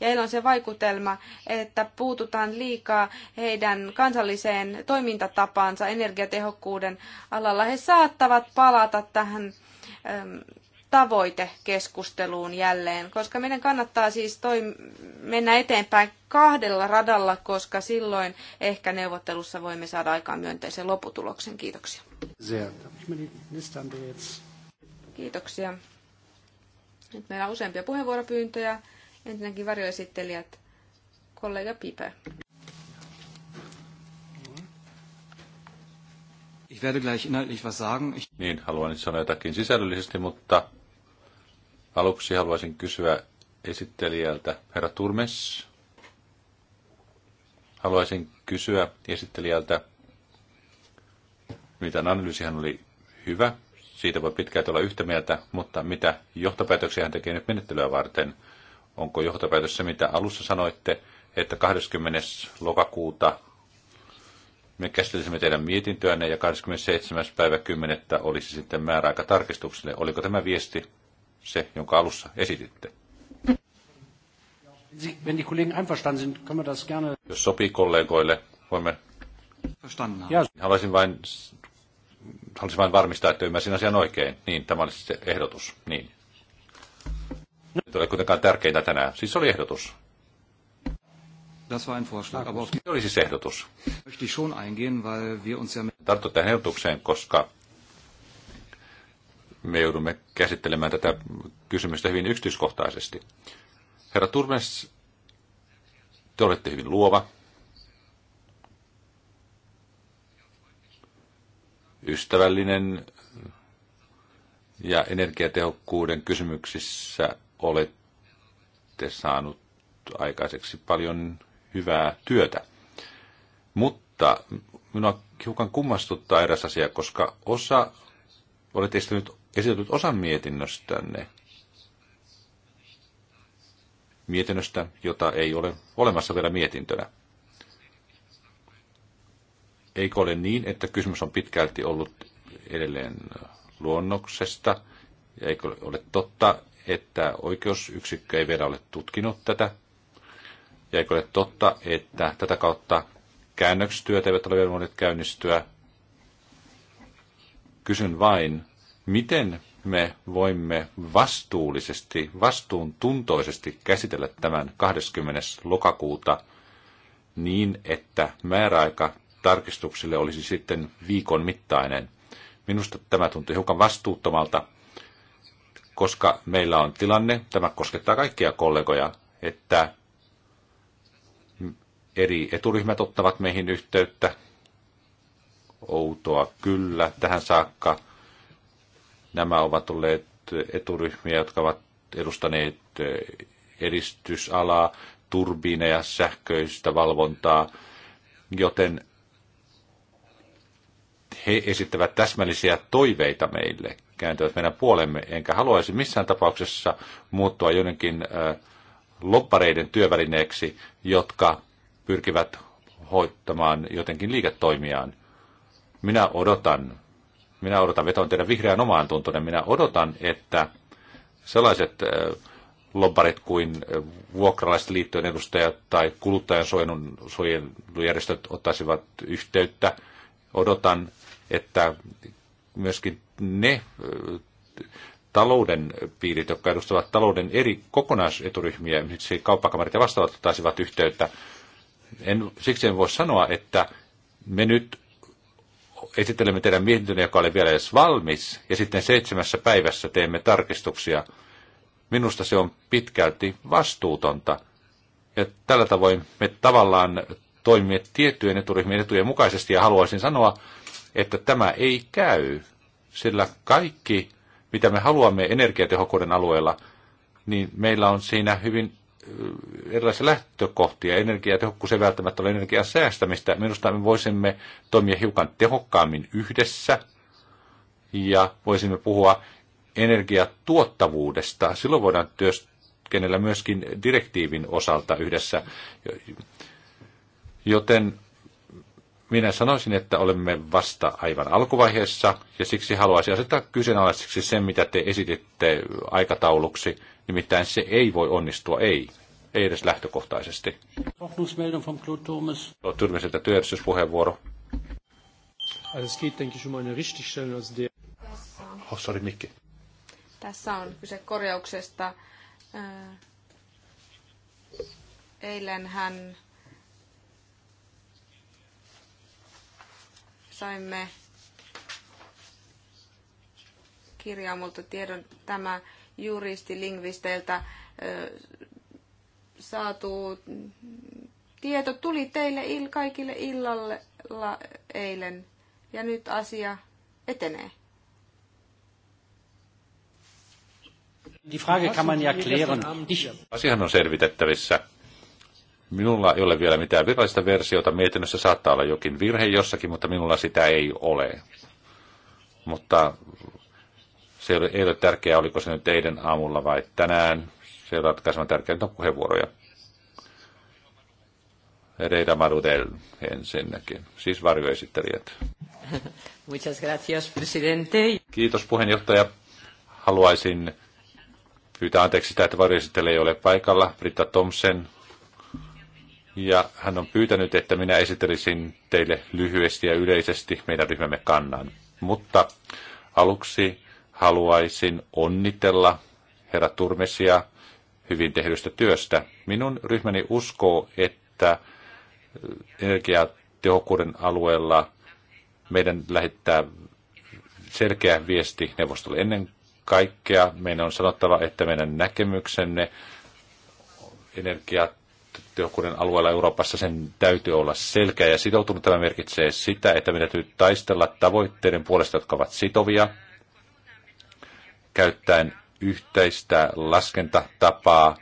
ja heillä on se vaikutelma, että puututaan liikaa heidän kansalliseen toimintatapaansa energiatehokkuuden alalla. He saattavat palata tähän tavoitekeskusteluun jälleen, koska meidän kannattaa siis toim- mennä eteenpäin kahdella radalla, koska silloin ehkä neuvottelussa voimme saada aikaan myönteisen lopputuloksen. Kiitoksia. Kiitoksia. Nyt meillä on useampia puheenvuoropyyntöjä. Ensinnäkin varjoesittelijät, kollega Pipe. Ich werde gleich inhaltlich was sagen. Ich... Niin, haluan nyt sanoa jotakin sisällöllisesti, mutta aluksi haluaisin kysyä esittelijältä, herra Turmes. Haluaisin kysyä esittelijältä, mitä analyysihan oli hyvä, siitä voi pitkään olla yhtä mieltä, mutta mitä johtopäätöksiä hän tekee nyt menettelyä varten? Onko johtopäätös se, mitä alussa sanoitte, että 20. lokakuuta me käsittelisimme teidän mietintöänne ja 27. päivä 10. olisi sitten määräaika tarkistukselle. Oliko tämä viesti se, jonka alussa esititte? Jos sopii kollegoille, voimme... Haluaisin vain Haluaisin vain varmistaa, että ymmärsin asian oikein. Niin, tämä oli siis se ehdotus. Niin. No. Nyt ole kuitenkaan tärkeintä tänään. Siis se oli ehdotus. Das war ein Vorschlag, aber Se oli siis ehdotus. Möchte ich schon eingehen, weil wir uns ja... Tarttu tähän ehdotukseen, koska me joudumme käsittelemään tätä kysymystä hyvin yksityiskohtaisesti. Herra Turmes, te olette hyvin luova, ystävällinen ja energiatehokkuuden kysymyksissä olette saanut aikaiseksi paljon hyvää työtä. Mutta minua hiukan kummastuttaa eräs asia, koska osa, olette esittänyt, esitetyt osan mietinnöstänne, mietinnöstä, jota ei ole olemassa vielä mietintönä. Eikö ole niin, että kysymys on pitkälti ollut edelleen luonnoksesta? Ja eikö ole totta, että oikeusyksikkö ei vielä ole tutkinut tätä? Ja eikö ole totta, että tätä kautta käännöksityöt eivät ole vielä voineet käynnistyä? Kysyn vain, miten me voimme vastuullisesti, vastuuntuntoisesti käsitellä tämän 20. lokakuuta niin, että määräaika tarkistuksille olisi sitten viikon mittainen. Minusta tämä tuntui hiukan vastuuttomalta, koska meillä on tilanne, tämä koskettaa kaikkia kollegoja, että eri eturyhmät ottavat meihin yhteyttä. Outoa kyllä, tähän saakka nämä ovat olleet eturyhmiä, jotka ovat edustaneet edistysalaa, turbiineja, sähköistä valvontaa, joten he esittävät täsmällisiä toiveita meille, kääntyvät meidän puolemme, enkä haluaisi missään tapauksessa muuttua jonnekin äh, loppareiden työvälineeksi, jotka pyrkivät hoitamaan jotenkin liiketoimiaan. Minä odotan, minä odotan, vetoan teidän vihreän omaan tuntunne, minä odotan, että sellaiset äh, lobbarit kuin äh, vuokralaiset liittojen edustajat tai kuluttajansuojelujärjestöt ottaisivat yhteyttä. Odotan että myöskin ne talouden piirit, jotka edustavat talouden eri kokonaiseturyhmiä, esimerkiksi kauppakamarit ja vastaavat, ottaisivat yhteyttä. En, siksi en voi sanoa, että me nyt esittelemme teidän mietintönne, joka oli vielä edes valmis, ja sitten seitsemässä päivässä teemme tarkistuksia. Minusta se on pitkälti vastuutonta. Ja tällä tavoin me tavallaan toimimme tiettyjen eturyhmien etujen mukaisesti, ja haluaisin sanoa, että tämä ei käy, sillä kaikki, mitä me haluamme energiatehokkuuden alueella, niin meillä on siinä hyvin erilaisia lähtökohtia. Energiatehokkuus ei välttämättä ole energian säästämistä. Minusta me voisimme toimia hiukan tehokkaammin yhdessä ja voisimme puhua energiatuottavuudesta. Silloin voidaan työskennellä myöskin direktiivin osalta yhdessä. Joten minä sanoisin, että olemme vasta aivan alkuvaiheessa ja siksi haluaisin asettaa kyseenalaiseksi sen, mitä te esititte aikatauluksi. Nimittäin se ei voi onnistua, ei. Ei edes lähtökohtaisesti. Turmiselta työjärjestyspuheenvuoro. Also es um oh, sorry, Mikki. Tässä on kyse korjauksesta. Äh, Eilen hän saimme kirjaamolta tiedon tämä juristi saatu tieto tuli teille il, kaikille illalla eilen ja nyt asia etenee. Die Frage kann man ja klären. Asiahan on selvitettävissä. Minulla ei ole vielä mitään virallista versiota. Mietinnössä saattaa olla jokin virhe jossakin, mutta minulla sitä ei ole. Mutta se ei ole, ei ole tärkeää, oliko se nyt eilen aamulla vai tänään. Se on ole ratkaisevan tärkeää, nyt on puheenvuoroja. Reida Marudel ensinnäkin, siis varjoesittelijät. Muchas gracias, presidente. Kiitos puheenjohtaja. Haluaisin pyytää anteeksi sitä, että varjoesittelijä ei ole paikalla. Britta Thompson ja hän on pyytänyt, että minä esittelisin teille lyhyesti ja yleisesti meidän ryhmämme kannan. Mutta aluksi haluaisin onnitella herra Turmesia hyvin tehdystä työstä. Minun ryhmäni uskoo, että energiatehokkuuden alueella meidän lähettää selkeä viesti neuvostolle. Ennen kaikkea meidän on sanottava, että meidän näkemyksenne energiat tehokkuuden alueella Euroopassa sen täytyy olla selkeä ja sitoutunut. Tämä merkitsee sitä, että meidän täytyy taistella tavoitteiden puolesta, jotka ovat sitovia, käyttäen yhteistä laskentatapaa,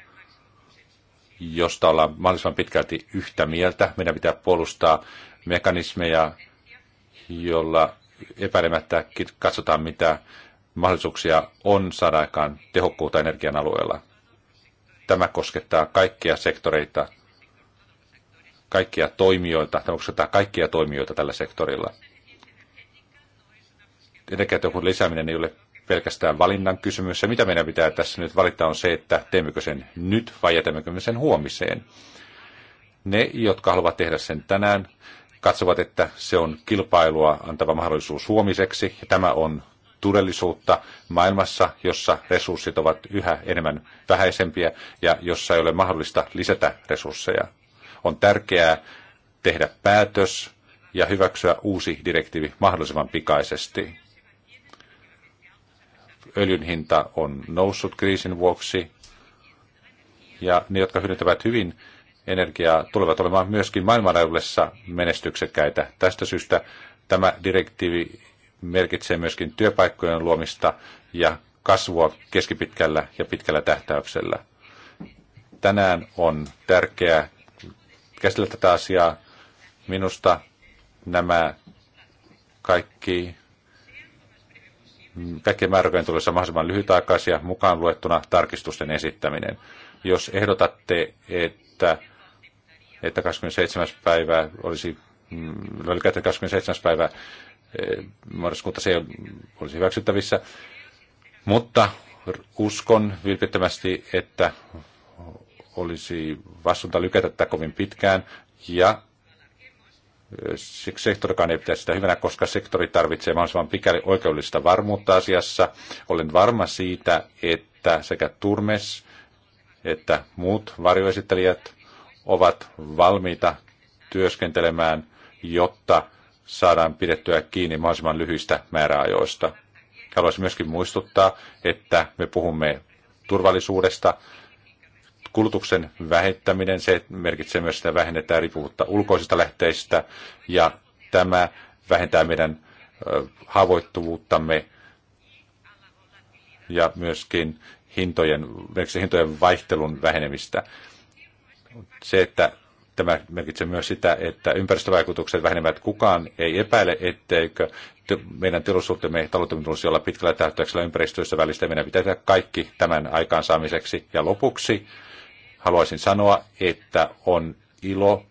josta ollaan mahdollisimman pitkälti yhtä mieltä. Meidän pitää puolustaa mekanismeja, jolla epäilemättä katsotaan, mitä mahdollisuuksia on saada aikaan tehokkuutta energian alueella. Tämä koskettaa kaikkia sektoreita, kaikkia toimijoita, tämä koskettaa kaikkia toimijoita tällä sektorilla. Energiatehokkuuden lisääminen ei ole pelkästään valinnan kysymys. Se, mitä meidän pitää tässä nyt valita, on se, että teemmekö sen nyt vai jätämmekö sen huomiseen. Ne, jotka haluavat tehdä sen tänään, katsovat, että se on kilpailua antava mahdollisuus huomiseksi, ja tämä on todellisuutta maailmassa, jossa resurssit ovat yhä enemmän vähäisempiä ja jossa ei ole mahdollista lisätä resursseja. On tärkeää tehdä päätös ja hyväksyä uusi direktiivi mahdollisimman pikaisesti. Öljyn hinta on noussut kriisin vuoksi ja ne, jotka hyödyntävät hyvin energiaa, tulevat olemaan myöskin maailmanlaajuisessa menestyksekkäitä. Tästä syystä tämä direktiivi merkitsee myöskin työpaikkojen luomista ja kasvua keskipitkällä ja pitkällä tähtäyksellä. Tänään on tärkeää käsitellä tätä asiaa. Minusta nämä kaikki, kaikkien määräkojen tulossa mahdollisimman lyhytaikaisia, mukaan luettuna tarkistusten esittäminen. Jos ehdotatte, että, että 27. päivä olisi, mm, no, 27. päivä Eh, marraskuuta se ei olisi hyväksyttävissä. Mutta uskon vilpittömästi, että olisi vastuuta lykätä tätä kovin pitkään ja eh, sektorikaan ei pitäisi sitä hyvänä, koska sektori tarvitsee mahdollisimman pikäli oikeudellista varmuutta asiassa. Olen varma siitä, että sekä Turmes että muut varjoesittelijät ovat valmiita työskentelemään, jotta saadaan pidettyä kiinni mahdollisimman lyhyistä määräajoista. Haluaisin myöskin muistuttaa, että me puhumme turvallisuudesta. Kulutuksen vähentäminen, se merkitsee myös sitä vähennetään riippuvuutta ulkoisista lähteistä ja tämä vähentää meidän haavoittuvuuttamme ja myöskin hintojen, hintojen vaihtelun vähenemistä. Se, että Tämä merkitsee myös sitä, että ympäristövaikutukset vähenevät. Kukaan ei epäile, etteikö meidän teollisuutemme taloutemme tulisi olla pitkällä tähtäyksellä ympäristössä välistä. Meidän pitää tehdä kaikki tämän aikaansaamiseksi. Ja lopuksi haluaisin sanoa, että on ilo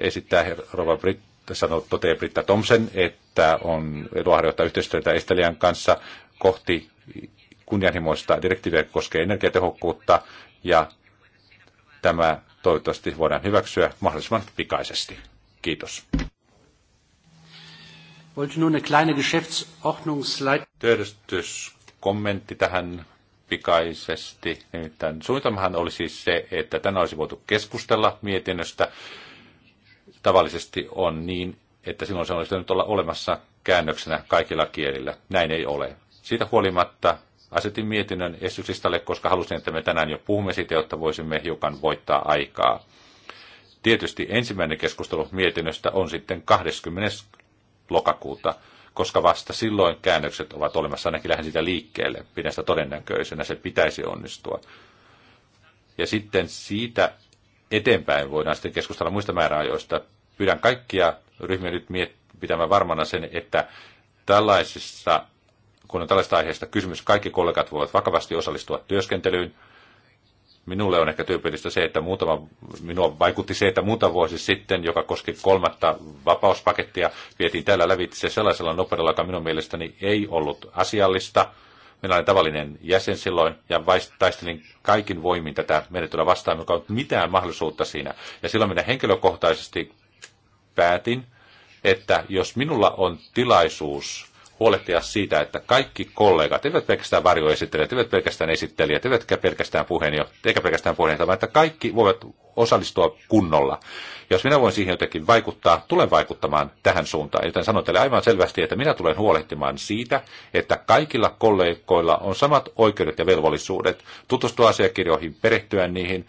esittää Rova Britt, sanoo, toteaa Britta Thompson, että on etua harjoittaa yhteistyötä Estelian kanssa kohti kunnianhimoista direktiiviä, koskee energiatehokkuutta, ja tämä toivottavasti voidaan hyväksyä mahdollisimman pikaisesti. Kiitos. Wollte nur eine kleine Geschäftsordnungskommentti tähän pikaisesti. Nimittäin suunnitelmahan oli siis se, että tänään olisi voitu keskustella mietinnöstä. Tavallisesti on niin, että silloin se olisi nyt olla olemassa käännöksenä kaikilla kielillä. Näin ei ole. Siitä huolimatta asetin mietinnön esityslistalle, koska halusin, että me tänään jo puhumme siitä, jotta voisimme hiukan voittaa aikaa. Tietysti ensimmäinen keskustelu mietinnöstä on sitten 20. lokakuuta, koska vasta silloin käännökset ovat olemassa, ainakin lähden sitä liikkeelle. Pidän sitä todennäköisenä, se pitäisi onnistua. Ja sitten siitä eteenpäin voidaan sitten keskustella muista määräajoista. Pyydän kaikkia ryhmiä nyt miet- pitämään varmana sen, että tällaisissa kun on tällaista aiheesta kysymys, kaikki kollegat voivat vakavasti osallistua työskentelyyn. Minulle on ehkä tyypillistä se, että muutama, minua vaikutti se, että muutama vuosi sitten, joka koski kolmatta vapauspakettia, vietiin täällä lävitse sellaisella nopeudella, joka minun mielestäni ei ollut asiallista. Minä olin tavallinen jäsen silloin ja taistelin kaikin voimin tätä menettelyä vastaan, joka ollut mitään mahdollisuutta siinä. Ja silloin minä henkilökohtaisesti päätin, että jos minulla on tilaisuus huolehtia siitä, että kaikki kollegat, eivät pelkästään varjoesittelijät, eivät pelkästään esittelijät, eivät pelkästään puheenjohtajat, eikä pelkästään puheenjohtajat, vaan että kaikki voivat osallistua kunnolla. Jos minä voin siihen jotenkin vaikuttaa, tulen vaikuttamaan tähän suuntaan. Joten sanon teille aivan selvästi, että minä tulen huolehtimaan siitä, että kaikilla kollegoilla on samat oikeudet ja velvollisuudet tutustua asiakirjoihin, perehtyä niihin,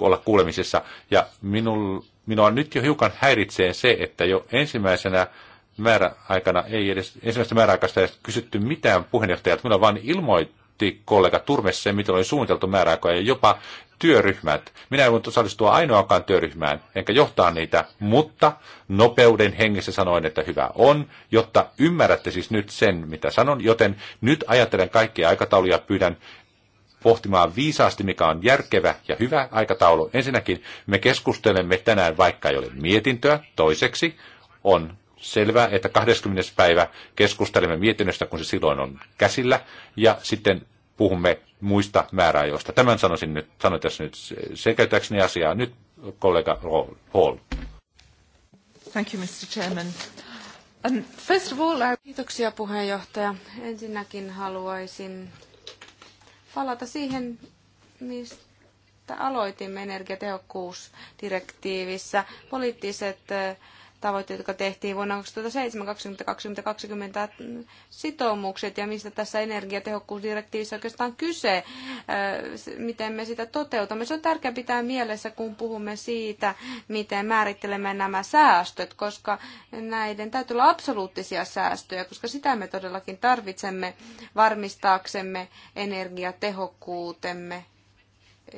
olla kuulemisissa. Ja minulla, minua nyt jo hiukan häiritsee se, että jo ensimmäisenä määräaikana ei edes, ensimmäistä määräaikaista edes kysytty mitään puheenjohtajat. Minulla vain ilmoitti kollega Turmessa, mitä oli suunniteltu määräaikoja ja jopa työryhmät. Minä en voinut osallistua ainoakaan työryhmään, enkä johtaa niitä, mutta nopeuden hengessä sanoin, että hyvä on, jotta ymmärrätte siis nyt sen, mitä sanon, joten nyt ajattelen kaikkia aikatauluja, pyydän pohtimaan viisaasti, mikä on järkevä ja hyvä aikataulu. Ensinnäkin me keskustelemme tänään, vaikka ei ole mietintöä. Toiseksi on selvää, että 20. päivä keskustelemme mietinnöstä, kun se silloin on käsillä, ja sitten puhumme muista määräajoista. Tämän sanoisin nyt, sanoin tässä nyt selkeytäkseni asiaa. Nyt kollega Hall. Thank you, Mr. Chairman. Um, first of all, I... Kiitoksia puheenjohtaja. Ensinnäkin haluaisin palata siihen, mistä aloitimme energiatehokkuusdirektiivissä. Poliittiset uh, tavoitteet, jotka tehtiin vuonna 2007 2020 2020 sitoumukset ja mistä tässä energiatehokkuusdirektiivissä oikeastaan kyse, äh, miten me sitä toteutamme. Se on tärkeää pitää mielessä, kun puhumme siitä, miten määrittelemme nämä säästöt, koska näiden täytyy olla absoluuttisia säästöjä, koska sitä me todellakin tarvitsemme varmistaaksemme energiatehokkuutemme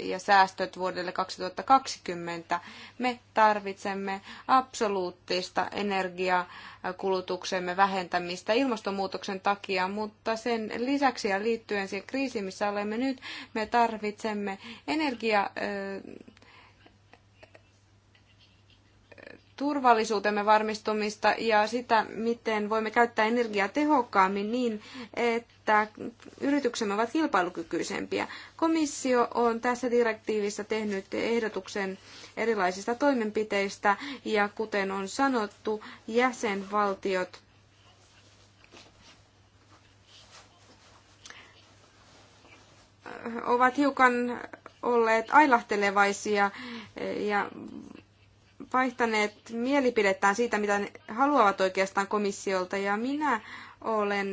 ja säästöt vuodelle 2020. Me tarvitsemme absoluuttista energiakulutuksemme vähentämistä ilmastonmuutoksen takia, mutta sen lisäksi ja liittyen siihen kriisiin, missä olemme nyt, me tarvitsemme energia turvallisuutemme varmistumista ja sitä, miten voimme käyttää energiaa tehokkaammin niin, että yrityksemme ovat kilpailukykyisempiä. Komissio on tässä direktiivissä tehnyt ehdotuksen erilaisista toimenpiteistä ja kuten on sanottu, jäsenvaltiot ovat hiukan olleet ailahtelevaisia ja vaihtaneet mielipidettään siitä, mitä ne haluavat oikeastaan komissiolta. Ja minä olen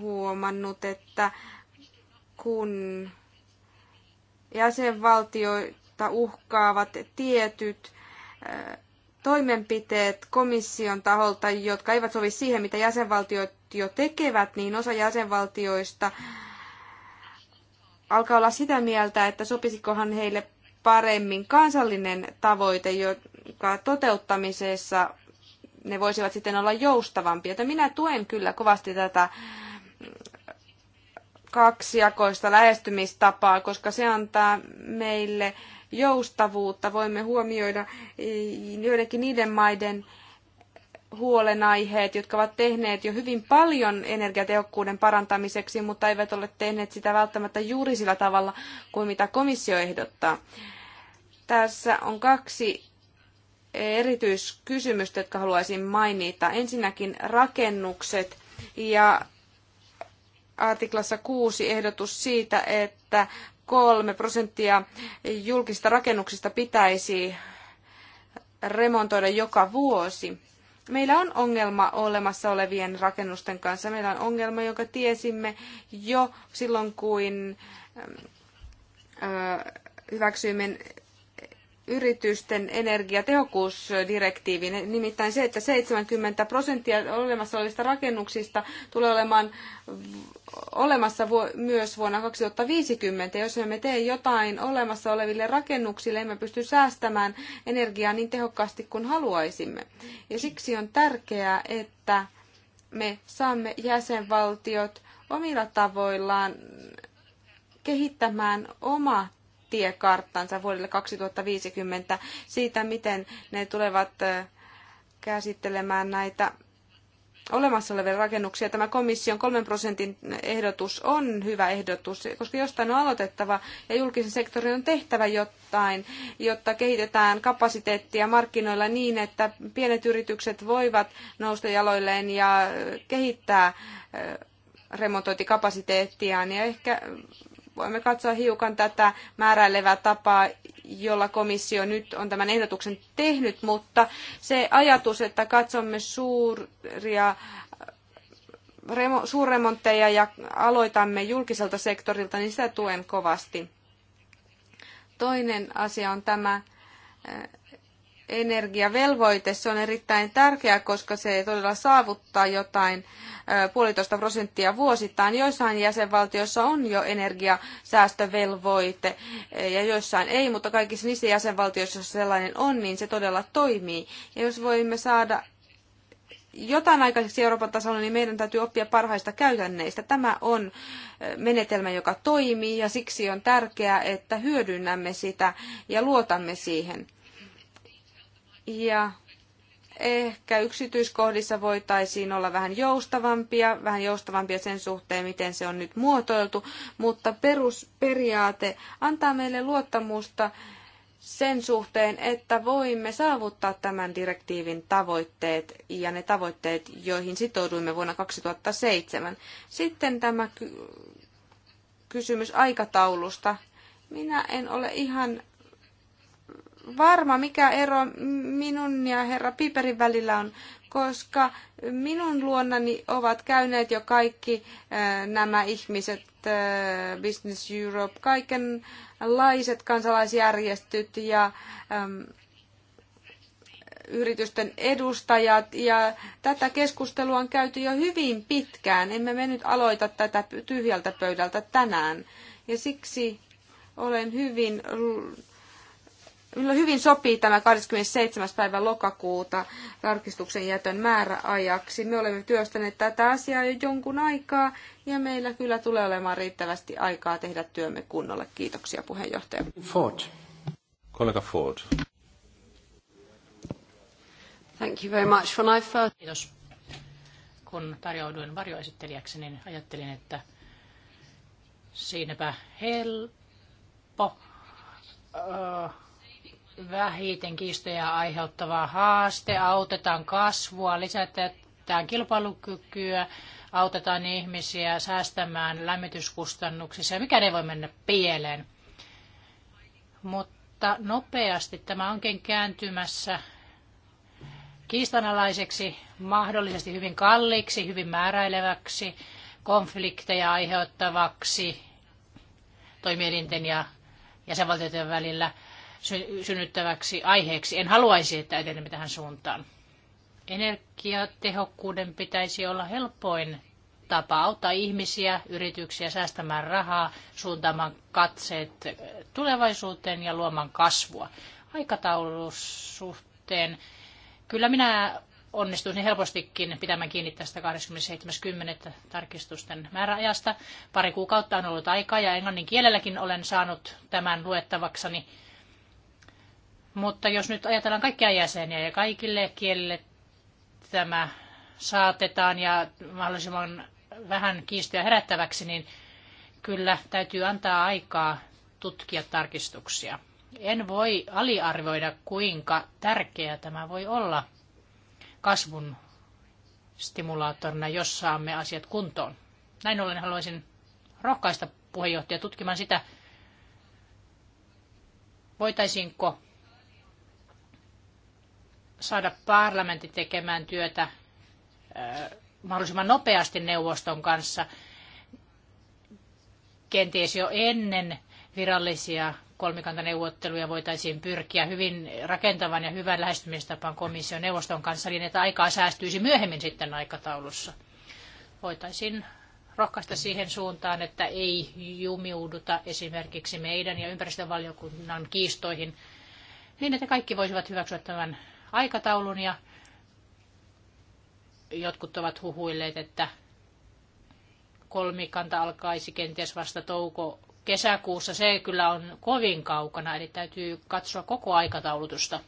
huomannut, että kun jäsenvaltioita uhkaavat tietyt toimenpiteet komission taholta, jotka eivät sovi siihen, mitä jäsenvaltiot jo tekevät, niin osa jäsenvaltioista alkaa olla sitä mieltä, että sopisikohan heille paremmin kansallinen tavoite, jonka toteuttamisessa ne voisivat sitten olla joustavampia. Että minä tuen kyllä kovasti tätä kaksijakoista lähestymistapaa, koska se antaa meille joustavuutta. Voimme huomioida joidenkin niiden maiden huolenaiheet, jotka ovat tehneet jo hyvin paljon energiatehokkuuden parantamiseksi, mutta eivät ole tehneet sitä välttämättä juuri sillä tavalla kuin mitä komissio ehdottaa. Tässä on kaksi erityiskysymystä, jotka haluaisin mainita. Ensinnäkin rakennukset ja artiklassa kuusi ehdotus siitä, että kolme prosenttia julkisista rakennuksista pitäisi remontoida joka vuosi. Meillä on ongelma olemassa olevien rakennusten kanssa. Meillä on ongelma, jonka tiesimme jo silloin, kun hyväksyimme yritysten energiatehokkuusdirektiivin. Nimittäin se, että 70 prosenttia olemassa olevista rakennuksista tulee olemaan olemassa myös vuonna 2050. Jos emme tee jotain olemassa oleville rakennuksille, emme pysty säästämään energiaa niin tehokkaasti kuin haluaisimme. Ja siksi on tärkeää, että me saamme jäsenvaltiot omilla tavoillaan kehittämään omat tiekarttansa vuodelle 2050 siitä, miten ne tulevat käsittelemään näitä olemassa olevia rakennuksia. Tämä komission kolmen prosentin ehdotus on hyvä ehdotus, koska jostain on aloitettava ja julkisen sektorin on tehtävä jotain, jotta kehitetään kapasiteettia markkinoilla niin, että pienet yritykset voivat nousta jaloilleen ja kehittää remontointikapasiteettiaan ja ehkä voimme katsoa hiukan tätä määräilevää tapaa, jolla komissio nyt on tämän ehdotuksen tehnyt, mutta se ajatus, että katsomme suuria suurremontteja ja aloitamme julkiselta sektorilta, niin sitä tuen kovasti. Toinen asia on tämä eh, energiavelvoite. Se on erittäin tärkeä, koska se todella saavuttaa jotain puolitoista prosenttia vuosittain. Joissain jäsenvaltioissa on jo energiasäästövelvoite eh, ja joissain ei, mutta kaikissa niissä jäsenvaltioissa, joissa sellainen on, niin se todella toimii. Ja jos voimme saada jotain aikaiseksi Euroopan tasolla, niin meidän täytyy oppia parhaista käytänneistä. Tämä on eh, menetelmä, joka toimii ja siksi on tärkeää, että hyödynnämme sitä ja luotamme siihen. Ja ehkä yksityiskohdissa voitaisiin olla vähän joustavampia, vähän joustavampia sen suhteen, miten se on nyt muotoiltu, mutta perusperiaate antaa meille luottamusta sen suhteen, että voimme saavuttaa tämän direktiivin tavoitteet ja ne tavoitteet, joihin sitouduimme vuonna 2007. Sitten tämä kysymys aikataulusta. Minä en ole ihan varma, mikä ero minun ja herra Piperin välillä on, koska minun luonnani ovat käyneet jo kaikki eh, nämä ihmiset, eh, Business Europe, kaikenlaiset kansalaisjärjestöt ja yritysten edustajat ja tätä keskustelua on käyty jo hyvin pitkään. Emme me nyt aloita tätä tyhjältä pöydältä tänään ja siksi olen hyvin hyvin sopii tämä 27. päivä lokakuuta tarkistuksen jätön määräajaksi. Me olemme työstäneet tätä asiaa jo jonkun aikaa ja meillä kyllä tulee olemaan riittävästi aikaa tehdä työmme kunnolla. Kiitoksia puheenjohtaja. Ford. Kollega Ford. Thank you very much. When I first... Kiitos. Kun tarjouduin varjoesittelijäksi, niin ajattelin, että siinäpä helppo. Uh, vähiten kiistoja aiheuttava haaste, autetaan kasvua, lisätään kilpailukykyä, autetaan ihmisiä säästämään lämmityskustannuksissa, mikä ei voi mennä pieleen. Mutta nopeasti tämä onkin kääntymässä kiistanalaiseksi, mahdollisesti hyvin kalliiksi, hyvin määräileväksi, konflikteja aiheuttavaksi toimielinten ja jäsenvaltioiden välillä – synnyttäväksi aiheeksi. En haluaisi, että etenemme tähän suuntaan. Energiatehokkuuden pitäisi olla helpoin tapa auttaa ihmisiä, yrityksiä säästämään rahaa, suuntaamaan katseet tulevaisuuteen ja luomaan kasvua. Aikataulussuhteen, kyllä minä onnistuisin helpostikin pitämään kiinni tästä 27.10. tarkistusten määräajasta. Pari kuukautta on ollut aikaa ja englannin kielelläkin olen saanut tämän luettavaksani. Mutta jos nyt ajatellaan kaikkia jäseniä ja kaikille kielille tämä saatetaan ja mahdollisimman vähän kiistoja herättäväksi, niin kyllä täytyy antaa aikaa tutkia tarkistuksia. En voi aliarvoida kuinka tärkeä tämä voi olla kasvun stimulaattorina, jos saamme asiat kuntoon. Näin ollen haluaisin rohkaista puheenjohtaja tutkimaan sitä, voitaisiinko saada parlamentti tekemään työtä mahdollisimman nopeasti neuvoston kanssa, kenties jo ennen virallisia kolmikantaneuvotteluja voitaisiin pyrkiä hyvin rakentavan ja hyvän lähestymistapaan komission neuvoston kanssa, niin että aikaa säästyisi myöhemmin sitten aikataulussa. Voitaisiin rohkaista siihen suuntaan, että ei jumiuduta esimerkiksi meidän ja ympäristövaliokunnan kiistoihin, niin että kaikki voisivat hyväksyä tämän aikataulun ja jotkut ovat huhuilleet, että kolmikanta alkaisi kenties vasta touko kesäkuussa. Se kyllä on kovin kaukana, eli täytyy katsoa koko aikataulutusta.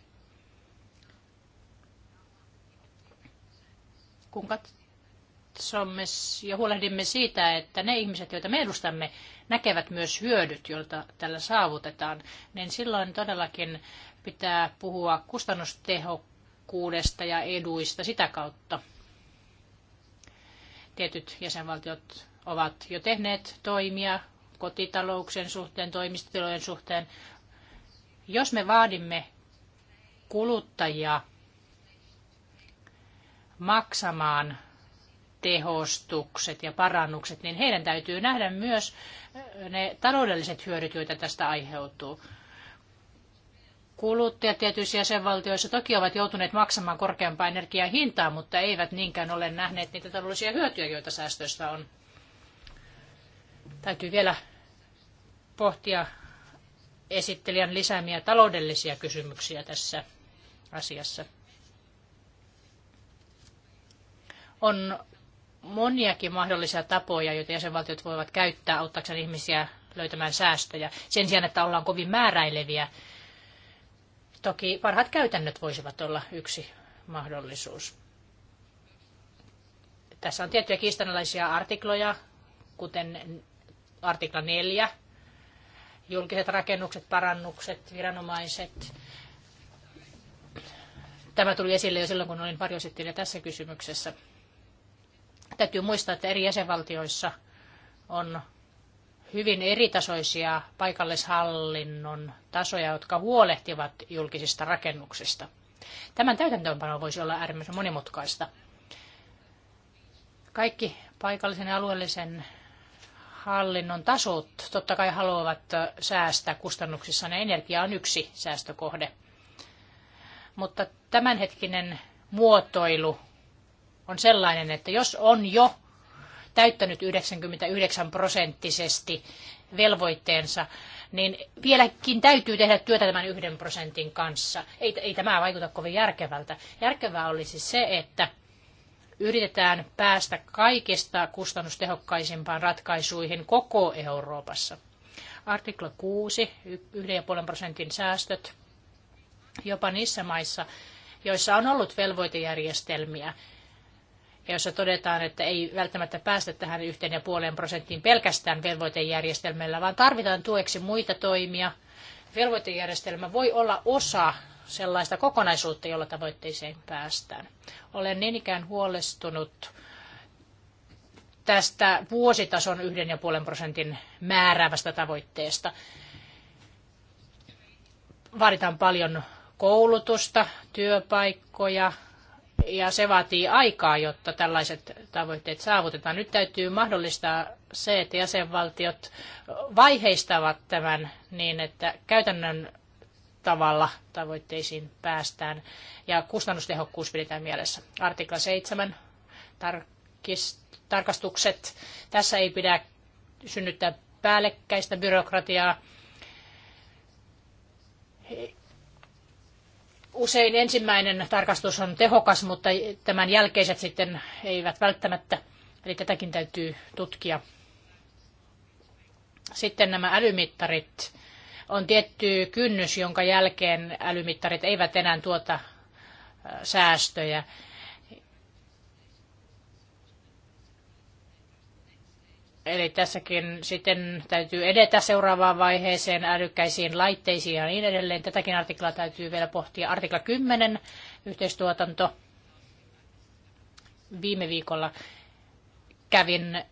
Kun katsomme ja huolehdimme siitä, että ne ihmiset, joita me edustamme, näkevät myös hyödyt, joita tällä saavutetaan, niin silloin todellakin Pitää puhua kustannustehokkuudesta ja eduista sitä kautta. Tietyt jäsenvaltiot ovat jo tehneet toimia kotitalouksien suhteen, toimistotilojen suhteen. Jos me vaadimme kuluttajia maksamaan tehostukset ja parannukset, niin heidän täytyy nähdä myös ne taloudelliset hyödyt, joita tästä aiheutuu kuluttajat tietyissä jäsenvaltioissa toki ovat joutuneet maksamaan korkeampaa energian hintaa, mutta eivät niinkään ole nähneet niitä taloudellisia hyötyjä, joita säästöistä on. Täytyy vielä pohtia esittelijän lisäämiä taloudellisia kysymyksiä tässä asiassa. On moniakin mahdollisia tapoja, joita jäsenvaltiot voivat käyttää auttaakseen ihmisiä löytämään säästöjä. Sen sijaan, että ollaan kovin määräileviä, Toki parhaat käytännöt voisivat olla yksi mahdollisuus. Tässä on tiettyjä kiistanalaisia artikloja, kuten artikla 4, julkiset rakennukset, parannukset, viranomaiset. Tämä tuli esille jo silloin, kun olin varjosittilija tässä kysymyksessä. Täytyy muistaa, että eri jäsenvaltioissa on hyvin eritasoisia paikallishallinnon tasoja, jotka huolehtivat julkisista rakennuksista. Tämän täytäntöönpano voisi olla äärimmäisen monimutkaista. Kaikki paikallisen ja alueellisen hallinnon tasot totta kai haluavat säästää kustannuksissa ja energia on yksi säästökohde. Mutta tämänhetkinen muotoilu on sellainen, että jos on jo täyttänyt 99 prosenttisesti velvoitteensa, niin vieläkin täytyy tehdä työtä tämän yhden prosentin kanssa. Ei, ei tämä vaikuta kovin järkevältä. Järkevää olisi se, että yritetään päästä kaikista kustannustehokkaisimpaan ratkaisuihin koko Euroopassa. Artikla 6, 1,5 prosentin säästöt, jopa niissä maissa, joissa on ollut velvoitejärjestelmiä, jossa todetaan, että ei välttämättä päästä tähän yhteen ja puoleen prosenttiin pelkästään velvoitejärjestelmällä, vaan tarvitaan tueksi muita toimia. Velvoitejärjestelmä voi olla osa sellaista kokonaisuutta, jolla tavoitteeseen päästään. Olen niin ikään huolestunut tästä vuositason yhden ja puolen prosentin määräävästä tavoitteesta. Vaaditaan paljon koulutusta, työpaikkoja, ja se vaatii aikaa, jotta tällaiset tavoitteet saavutetaan. Nyt täytyy mahdollistaa se, että jäsenvaltiot vaiheistavat tämän niin, että käytännön tavalla tavoitteisiin päästään ja kustannustehokkuus pidetään mielessä. Artikla 7, tarkastukset. Tässä ei pidä synnyttää päällekkäistä byrokratiaa usein ensimmäinen tarkastus on tehokas, mutta tämän jälkeiset sitten eivät välttämättä. Eli tätäkin täytyy tutkia. Sitten nämä älymittarit. On tietty kynnys, jonka jälkeen älymittarit eivät enää tuota säästöjä. Eli tässäkin sitten täytyy edetä seuraavaan vaiheeseen, älykkäisiin laitteisiin ja niin edelleen. Tätäkin artiklaa täytyy vielä pohtia. Artikla 10, yhteistuotanto. Viime viikolla kävin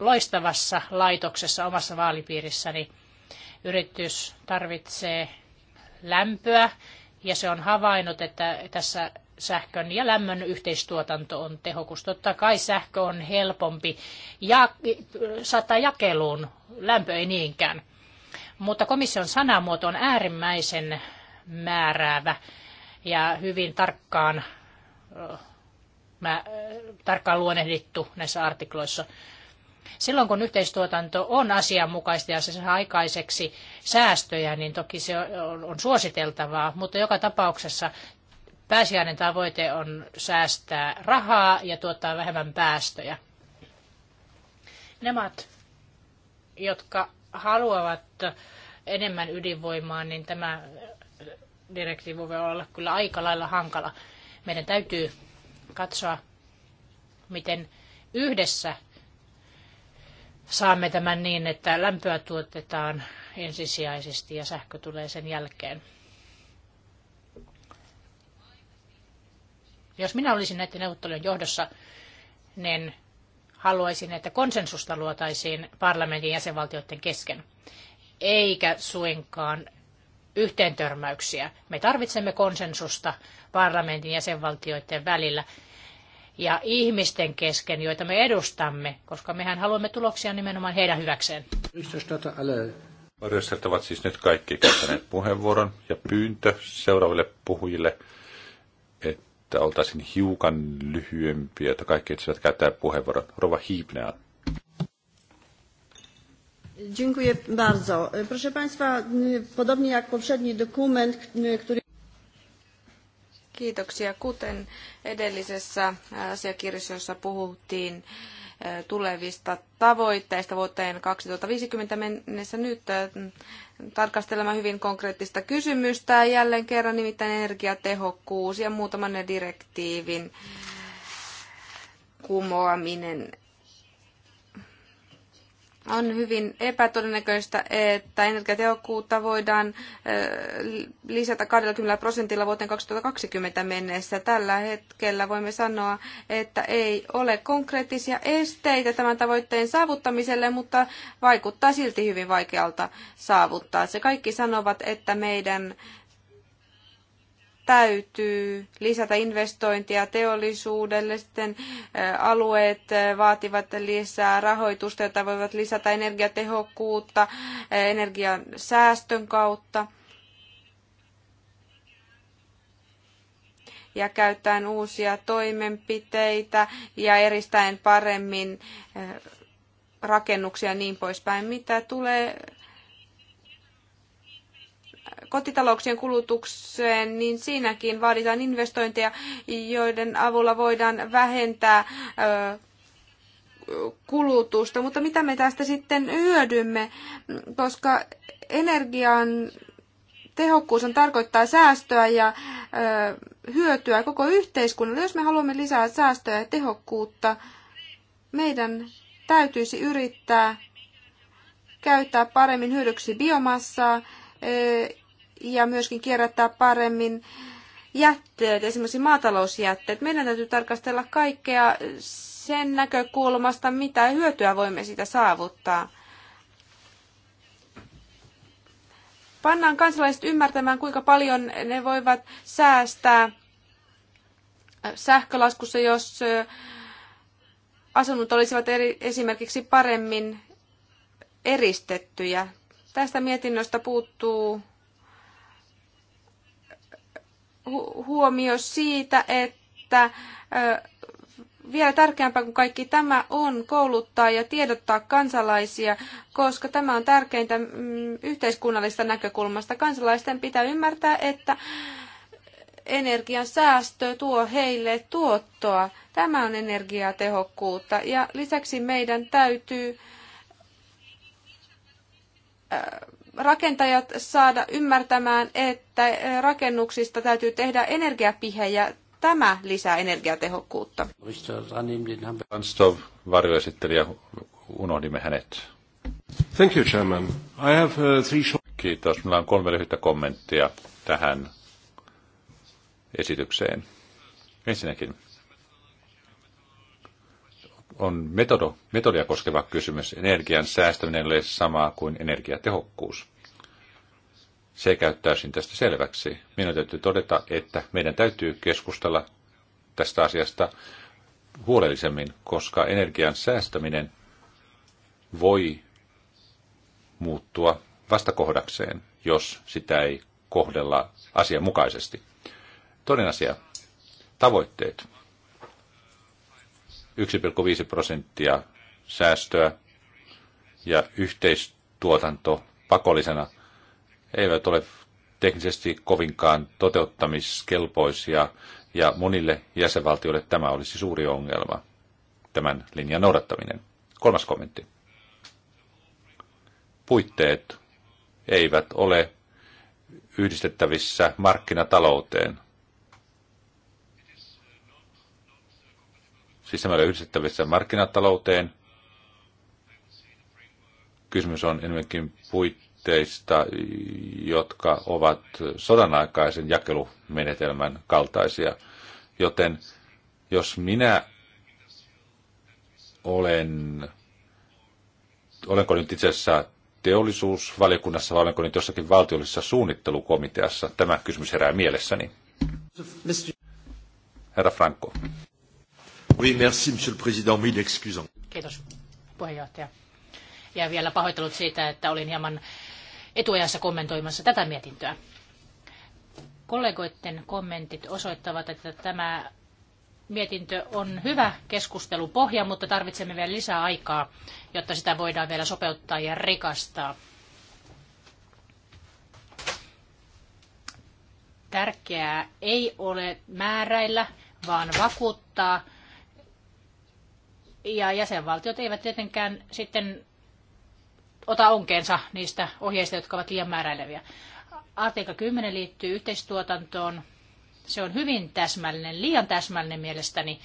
loistavassa laitoksessa omassa vaalipiirissäni. Yritys tarvitsee lämpöä ja se on havainnut, että tässä sähkön ja lämmön yhteistuotanto on tehokas. Totta kai sähkö on helpompi ja saattaa jakeluun, lämpö ei niinkään. Mutta komission sanamuoto on äärimmäisen määräävä ja hyvin tarkkaan, mä, tarkkaan luonnehdittu näissä artikloissa. Silloin kun yhteistuotanto on asianmukaista ja se saa aikaiseksi säästöjä, niin toki se on suositeltavaa, mutta joka tapauksessa Pääsiäinen tavoite on säästää rahaa ja tuottaa vähemmän päästöjä. Ne maat, jotka haluavat enemmän ydinvoimaa, niin tämä direktiivi voi olla kyllä aika lailla hankala. Meidän täytyy katsoa, miten yhdessä saamme tämän niin, että lämpöä tuotetaan ensisijaisesti ja sähkö tulee sen jälkeen. Jos minä olisin näiden neuvottelujen johdossa, niin haluaisin, että konsensusta luotaisiin parlamentin jäsenvaltioiden kesken, eikä suinkaan törmäyksiä. Me tarvitsemme konsensusta parlamentin jäsenvaltioiden välillä ja ihmisten kesken, joita me edustamme, koska mehän haluamme tuloksia nimenomaan heidän hyväkseen. Varjostajat ovat siis nyt kaikki käyttäneet puheenvuoron ja pyyntö seuraaville puhujille – että oltaisiin hiukan lyhyempiä, että kaikki etsivät käyttää puheenvuoron. Rova Hiipnea. Dziękuję bardzo. Proszę Państwa, podobnie jak poprzedni dokument, który... Kiitoksia. Kuten edellisessä asiakirjassa, jossa puhuttiin eh, tulevista tavoitteista vuoteen 2050 mennessä nyt eh, tarkastelemaan hyvin konkreettista kysymystä. Jälleen kerran nimittäin energiatehokkuus ja muutaman direktiivin kumoaminen on hyvin epätodennäköistä, että energiatehokkuutta voidaan lisätä 20 prosentilla vuoteen 2020 mennessä. Tällä hetkellä voimme sanoa, että ei ole konkreettisia esteitä tämän tavoitteen saavuttamiselle, mutta vaikuttaa silti hyvin vaikealta saavuttaa. Se kaikki sanovat, että meidän täytyy lisätä investointia teollisuudelle, sitten alueet vaativat lisää rahoitusta, jota voivat lisätä energiatehokkuutta energian säästön kautta. ja käyttäen uusia toimenpiteitä ja eristäen paremmin rakennuksia ja niin poispäin. Mitä tulee kotitalouksien kulutukseen, niin siinäkin vaaditaan investointeja, joiden avulla voidaan vähentää kulutusta. Mutta mitä me tästä sitten hyödymme, koska energian tehokkuus on tarkoittaa säästöä ja ö, hyötyä koko yhteiskunnalle. Jos me haluamme lisää säästöä ja tehokkuutta, meidän täytyisi yrittää käyttää paremmin hyödyksi biomassaa, e, ja myöskin kierrättää paremmin jätteet, esimerkiksi maatalousjätteet. Meidän täytyy tarkastella kaikkea sen näkökulmasta, mitä hyötyä voimme siitä saavuttaa. Pannaan kansalaiset ymmärtämään, kuinka paljon ne voivat säästää sähkölaskussa, jos asunnot olisivat eri, esimerkiksi paremmin eristettyjä. Tästä mietinnöstä puuttuu huomio siitä, että vielä tärkeämpää kuin kaikki tämä on kouluttaa ja tiedottaa kansalaisia, koska tämä on tärkeintä mm, yhteiskunnallisesta näkökulmasta. Kansalaisten pitää ymmärtää, että energian säästö tuo heille tuottoa. Tämä on energiatehokkuutta ja lisäksi meidän täytyy rakentajat saada ymmärtämään, että rakennuksista täytyy tehdä energiapihejä. Tämä lisää energiatehokkuutta. Anstov, varjoesittelijä, unohdimme hänet. Thank you, Chairman. I have, uh, three short... Kiitos. Minulla on kolme lyhyttä kommenttia tähän esitykseen. Ensinnäkin on metodo, metodia koskeva kysymys. Energian säästäminen ei sama samaa kuin energiatehokkuus. Se käy täysin tästä selväksi. Minun täytyy todeta, että meidän täytyy keskustella tästä asiasta huolellisemmin, koska energian säästäminen voi muuttua vastakohdakseen, jos sitä ei kohdella asianmukaisesti. Toinen asia, tavoitteet. 1,5 prosenttia säästöä ja yhteistuotanto pakollisena eivät ole teknisesti kovinkaan toteuttamiskelpoisia ja monille jäsenvaltioille tämä olisi suuri ongelma, tämän linjan noudattaminen. Kolmas kommentti. Puitteet eivät ole yhdistettävissä markkinatalouteen – sisämällä yhdistettävissä markkinatalouteen. Kysymys on enemmänkin puitteista, jotka ovat sodanaikaisen jakelumenetelmän kaltaisia. Joten jos minä olen, olenko nyt itse asiassa teollisuusvaliokunnassa vai olenko nyt jossakin valtiollisessa suunnittelukomiteassa? Tämä kysymys herää mielessäni. Herra Franco. Oui, merci, monsieur le président. Mille excusant. Kiitos, puheenjohtaja. Ja vielä pahoittelut siitä, että olin hieman etuajassa kommentoimassa tätä mietintöä. Kollegoiden kommentit osoittavat, että tämä mietintö on hyvä keskustelupohja, mutta tarvitsemme vielä lisää aikaa, jotta sitä voidaan vielä sopeuttaa ja rikastaa. Tärkeää ei ole määräillä, vaan vakuuttaa ja jäsenvaltiot eivät tietenkään sitten ota onkeensa niistä ohjeista, jotka ovat liian määräileviä. Artikla 10 liittyy yhteistuotantoon. Se on hyvin täsmällinen, liian täsmällinen mielestäni.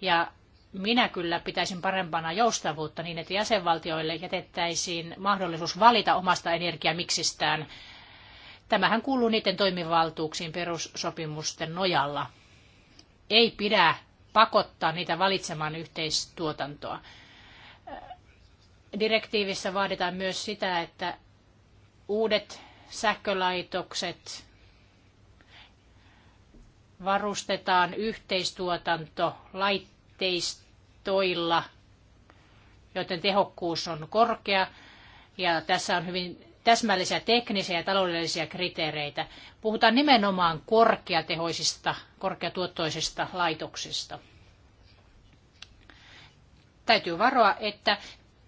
Ja minä kyllä pitäisin parempana joustavuutta niin, että jäsenvaltioille jätettäisiin mahdollisuus valita omasta energiamiksistään. Tämähän kuuluu niiden toimivaltuuksiin perussopimusten nojalla. Ei pidä pakottaa niitä valitsemaan yhteistuotantoa. Direktiivissä vaaditaan myös sitä, että uudet sähkölaitokset varustetaan yhteistuotantolaitteistoilla, joiden tehokkuus on korkea. Ja tässä on hyvin täsmällisiä teknisiä ja taloudellisia kriteereitä. Puhutaan nimenomaan korkeatehoisista, korkeatuottoisista laitoksista. Täytyy varoa, että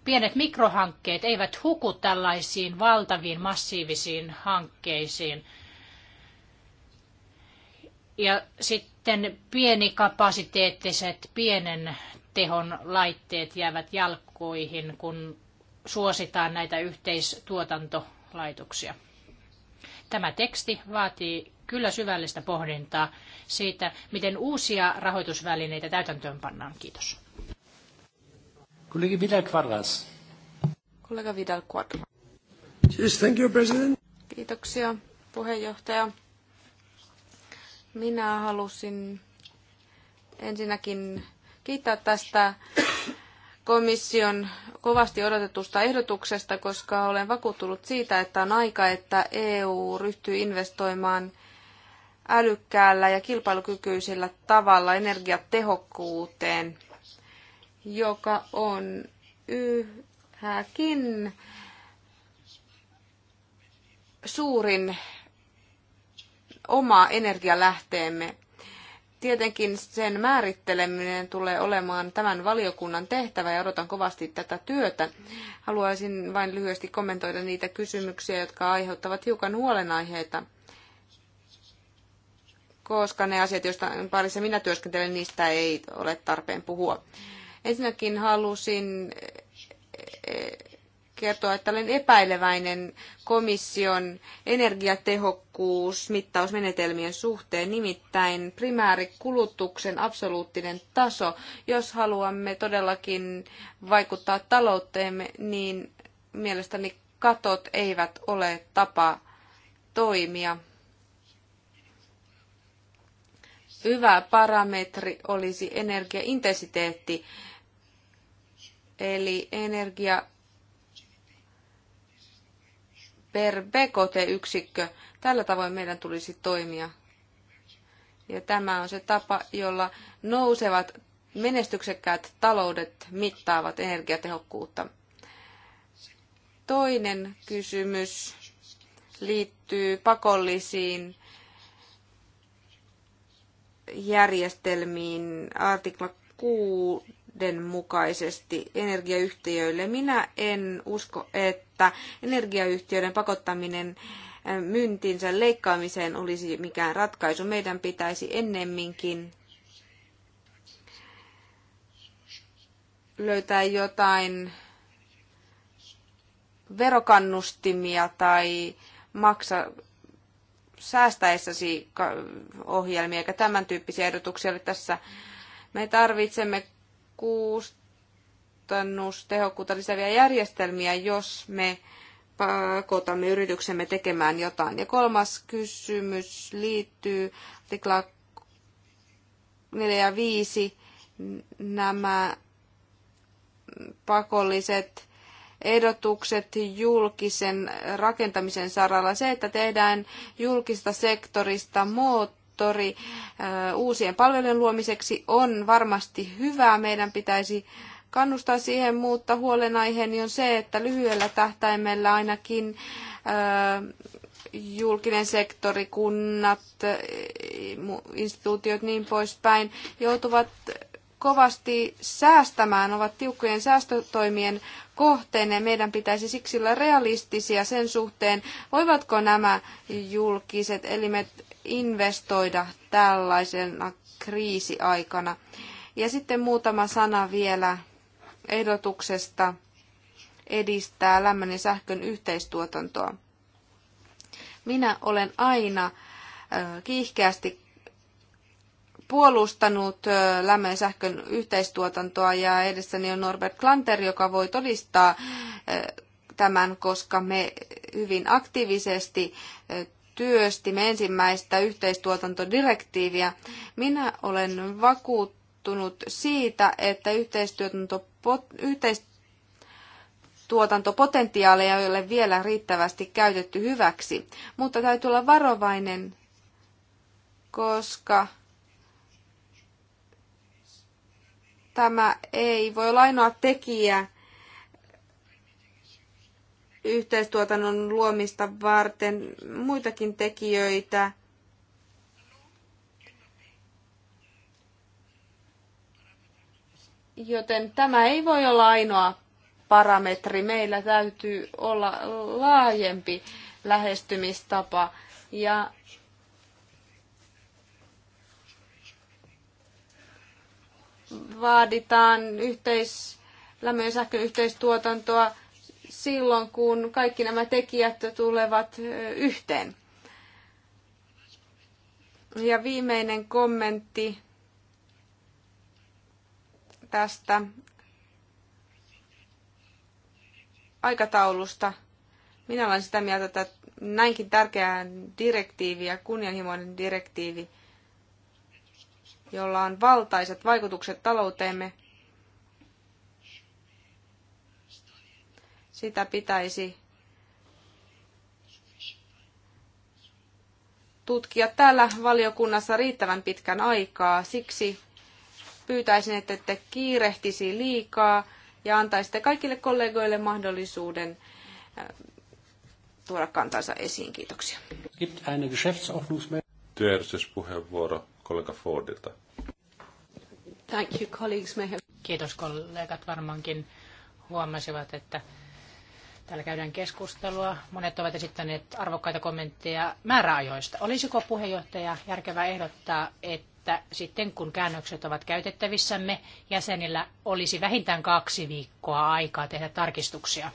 pienet mikrohankkeet eivät huku tällaisiin valtaviin massiivisiin hankkeisiin. Ja sitten pienikapasiteettiset, pienen tehon laitteet jäävät jalkoihin, kun suositaan näitä yhteistuotantolaitoksia. Tämä teksti vaatii kyllä syvällistä pohdintaa siitä, miten uusia rahoitusvälineitä täytäntöön pannaan. Kiitos. Kollega Vidal Quadras. Kollega Vidal Quadras. Yes, thank you, President. Kiitoksia, puheenjohtaja. Minä halusin ensinnäkin kiittää tästä komission kovasti odotetusta ehdotuksesta, koska olen vakuuttunut siitä, että on aika, että EU ryhtyy investoimaan älykkäällä ja kilpailukykyisellä tavalla energiatehokkuuteen, joka on yhäkin suurin oma energialähteemme Tietenkin sen määritteleminen tulee olemaan tämän valiokunnan tehtävä ja odotan kovasti tätä työtä. Haluaisin vain lyhyesti kommentoida niitä kysymyksiä, jotka aiheuttavat hiukan huolenaiheita, koska ne asiat, joista parissa minä työskentelen, niistä ei ole tarpeen puhua. Ensinnäkin halusin kertoa, että olen epäileväinen komission energiatehokkuusmittausmenetelmien suhteen, nimittäin primäärikulutuksen absoluuttinen taso. Jos haluamme todellakin vaikuttaa talouteemme, niin mielestäni katot eivät ole tapa toimia. Hyvä parametri olisi energiaintensiteetti, eli energia per BKT-yksikkö. Tällä tavoin meidän tulisi toimia. Ja tämä on se tapa, jolla nousevat menestyksekkäät taloudet mittaavat energiatehokkuutta. Toinen kysymys liittyy pakollisiin järjestelmiin. Artikla 6 mukaisesti energiayhtiöille. Minä en usko, että energiayhtiöiden pakottaminen myyntinsä leikkaamiseen olisi mikään ratkaisu. Meidän pitäisi ennemminkin löytää jotain verokannustimia tai maksa säästäessäsi ohjelmia, eikä tämän tyyppisiä ehdotuksia Eli tässä. Me tarvitsemme kustannustehokkuutta lisääviä järjestelmiä, jos me pakotamme yrityksemme tekemään jotain. Ja kolmas kysymys liittyy artikla 4 ja 5. Nämä pakolliset ehdotukset julkisen rakentamisen saralla. Se, että tehdään julkista sektorista muut sektori uusien palvelujen luomiseksi on varmasti hyvä. Meidän pitäisi kannustaa siihen, mutta huolenaiheeni on se, että lyhyellä tähtäimellä ainakin julkinen sektori, kunnat, instituutiot niin poispäin joutuvat kovasti säästämään, ovat tiukkojen säästötoimien kohteena ja meidän pitäisi siksi olla realistisia sen suhteen, voivatko nämä julkiset elimet investoida tällaisena kriisiaikana. Ja sitten muutama sana vielä ehdotuksesta edistää lämmön ja sähkön yhteistuotantoa. Minä olen aina kiihkeästi puolustanut lämmön ja sähkön yhteistuotantoa ja edessäni on Norbert Klanter, joka voi todistaa tämän, koska me hyvin aktiivisesti työstimme ensimmäistä yhteistuotantodirektiiviä. Minä olen vakuuttunut siitä, että yhteistuotantopotentiaalia ei ole vielä riittävästi käytetty hyväksi, mutta täytyy olla varovainen, koska tämä ei voi olla ainoa tekijä, yhteistuotannon luomista varten muitakin tekijöitä. Joten tämä ei voi olla ainoa parametri. Meillä täytyy olla laajempi lähestymistapa. Ja vaaditaan yhteis, lämmön ja sähkön yhteistuotantoa silloin, kun kaikki nämä tekijät tulevat yhteen. Ja viimeinen kommentti tästä aikataulusta. Minä olen sitä mieltä, että näinkin tärkeä direktiivi ja kunnianhimoinen direktiivi, jolla on valtaiset vaikutukset talouteemme, sitä pitäisi tutkia täällä valiokunnassa riittävän pitkän aikaa. Siksi pyytäisin, että te kiirehtisi liikaa ja antaisitte kaikille kollegoille mahdollisuuden äh, tuoda kantansa esiin. Kiitoksia. Työjärjestyspuheenvuoro kollega Fordilta. Thank you, colleagues. Kiitos kollegat varmaankin huomasivat, että Täällä käydään keskustelua. Monet ovat esittäneet arvokkaita kommentteja määräajoista. Olisiko puheenjohtaja järkevää ehdottaa, että sitten kun käännökset ovat käytettävissämme, jäsenillä olisi vähintään kaksi viikkoa aikaa tehdä tarkistuksia?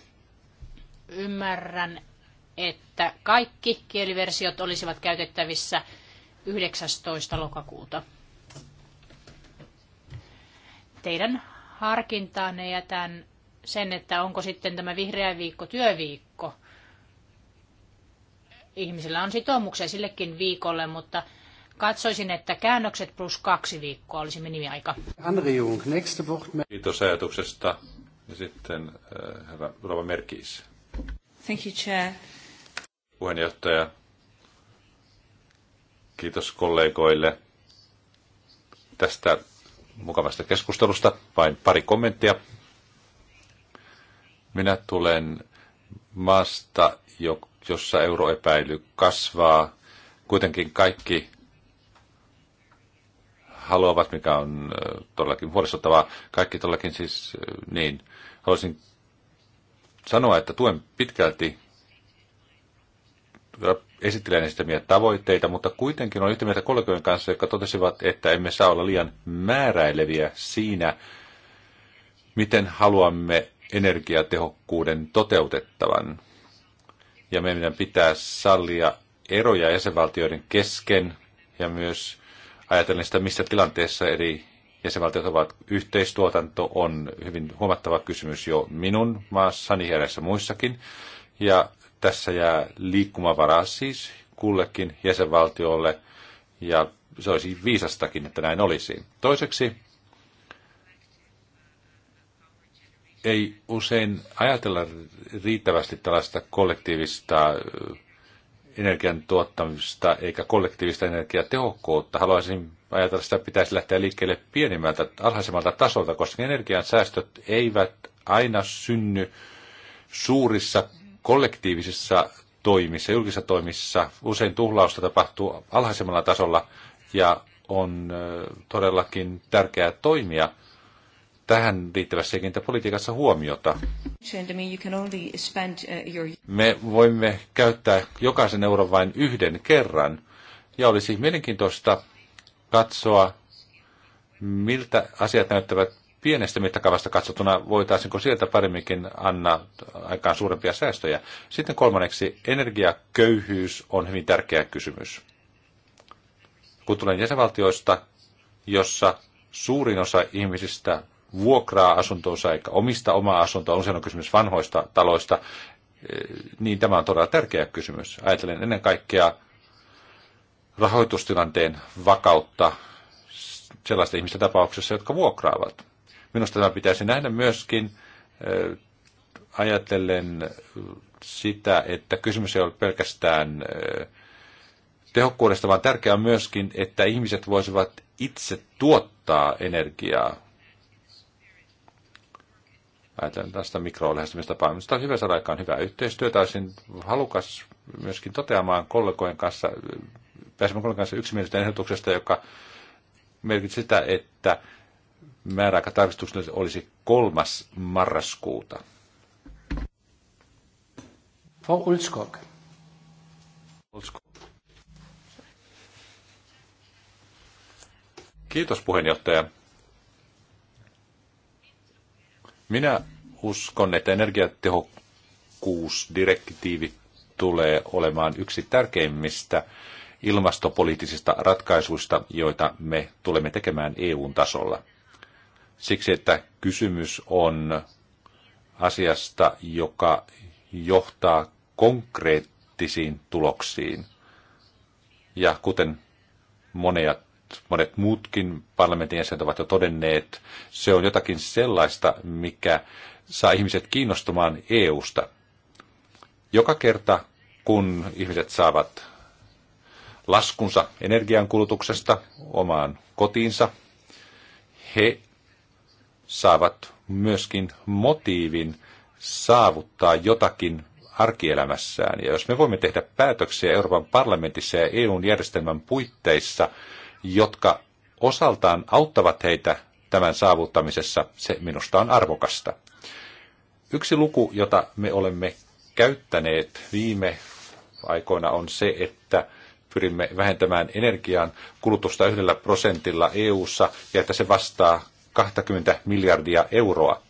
Ymmärrän, että kaikki kieliversiot olisivat käytettävissä 19. lokakuuta. Teidän harkintaanne jätän sen, että onko sitten tämä vihreä viikko työviikko. Ihmisillä on sitoumuksia sillekin viikolle, mutta katsoisin, että käännökset plus kaksi viikkoa olisi minimiaika. aika. nächste Woche. Kiitos ajatuksesta. Ja sitten äh, herra Rova Merkis. Thank you, Chair. Puheenjohtaja. Kiitos kollegoille tästä mukavasta keskustelusta. Vain pari kommenttia. Minä tulen maasta, jossa euroepäily kasvaa. Kuitenkin kaikki haluavat, mikä on todellakin huolestuttavaa. Kaikki todellakin siis, niin, haluaisin sanoa, että tuen pitkälti esittelen esittämiä tavoitteita, mutta kuitenkin on yhtä mieltä kollegojen kanssa, jotka totesivat, että emme saa olla liian määräileviä siinä, miten haluamme energiatehokkuuden toteutettavan. Ja meidän pitää sallia eroja jäsenvaltioiden kesken ja myös ajatellen sitä, missä tilanteessa eri jäsenvaltiot ovat. Yhteistuotanto on hyvin huomattava kysymys jo minun maassani ja näissä muissakin. Ja tässä jää liikkumavaraa siis kullekin jäsenvaltiolle ja se olisi viisastakin, että näin olisi. Toiseksi ei usein ajatella riittävästi tällaista kollektiivista energian tuottamista eikä kollektiivista energiatehokkuutta. Haluaisin ajatella, että sitä pitäisi lähteä liikkeelle pienimmältä, alhaisemmalta tasolta, koska energian säästöt eivät aina synny suurissa kollektiivisissa toimissa, julkisissa toimissa. Usein tuhlausta tapahtuu alhaisemmalla tasolla ja on todellakin tärkeää toimia – tähän liittyvässä politiikassa huomiota. Uh, Me voimme käyttää jokaisen euron vain yhden kerran, ja olisi mielenkiintoista katsoa, miltä asiat näyttävät pienestä mittakaavasta katsottuna, voitaisiinko sieltä paremminkin anna aikaan suurempia säästöjä. Sitten kolmanneksi, energiaköyhyys on hyvin tärkeä kysymys. Kun tulen jäsenvaltioista, jossa suurin osa ihmisistä vuokraa asuntonsa eikä omista omaa asuntoa, usein on kysymys vanhoista taloista, e, niin tämä on todella tärkeä kysymys. Ajattelen ennen kaikkea rahoitustilanteen vakautta sellaisten ihmisten tapauksessa, jotka vuokraavat. Minusta tämä pitäisi nähdä myöskin e, ajatellen sitä, että kysymys ei ole pelkästään e, tehokkuudesta, vaan tärkeää on myöskin, että ihmiset voisivat itse tuottaa energiaa ajatellen tällaista mikrolähestymistapaa. Minusta on hyvä saada aikaan hyvää yhteistyötä. Olisin halukas myöskin toteamaan kollegojen kanssa, pääsemme kollegojen kanssa yksimielisestä ehdotuksesta, joka merkitsi sitä, että määräaikatarkistukselle olisi kolmas marraskuuta. Frau Ulskog. Ulskog. Kiitos puheenjohtaja. Minä uskon, että energiatehokkuusdirektiivi tulee olemaan yksi tärkeimmistä ilmastopoliittisista ratkaisuista, joita me tulemme tekemään EUn tasolla. Siksi, että kysymys on asiasta, joka johtaa konkreettisiin tuloksiin. Ja kuten monet monet muutkin parlamentin jäsenet ovat jo todenneet, se on jotakin sellaista, mikä saa ihmiset kiinnostumaan EUsta. Joka kerta, kun ihmiset saavat laskunsa energiankulutuksesta omaan kotiinsa, he saavat myöskin motiivin saavuttaa jotakin arkielämässään. Ja jos me voimme tehdä päätöksiä Euroopan parlamentissa ja EUn järjestelmän puitteissa, jotka osaltaan auttavat heitä tämän saavuttamisessa, se minusta on arvokasta. Yksi luku, jota me olemme käyttäneet viime aikoina on se, että pyrimme vähentämään energian kulutusta yhdellä prosentilla EU:ssa ja että se vastaa 20 miljardia euroa.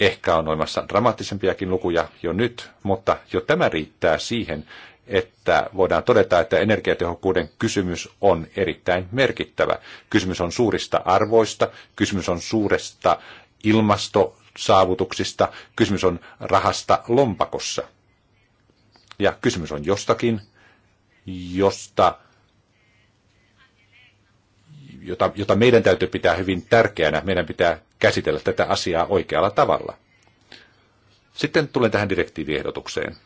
Ehkä on olemassa dramaattisempiakin lukuja jo nyt, mutta jo tämä riittää siihen, että voidaan todeta, että energiatehokkuuden kysymys on erittäin merkittävä. Kysymys on suurista arvoista, kysymys on suuresta ilmastosaavutuksista, kysymys on rahasta lompakossa. Ja kysymys on jostakin, josta, jota, jota meidän täytyy pitää hyvin tärkeänä. Meidän pitää käsitellä tätä asiaa oikealla tavalla. Sitten tulen tähän direktiiviehdotukseen.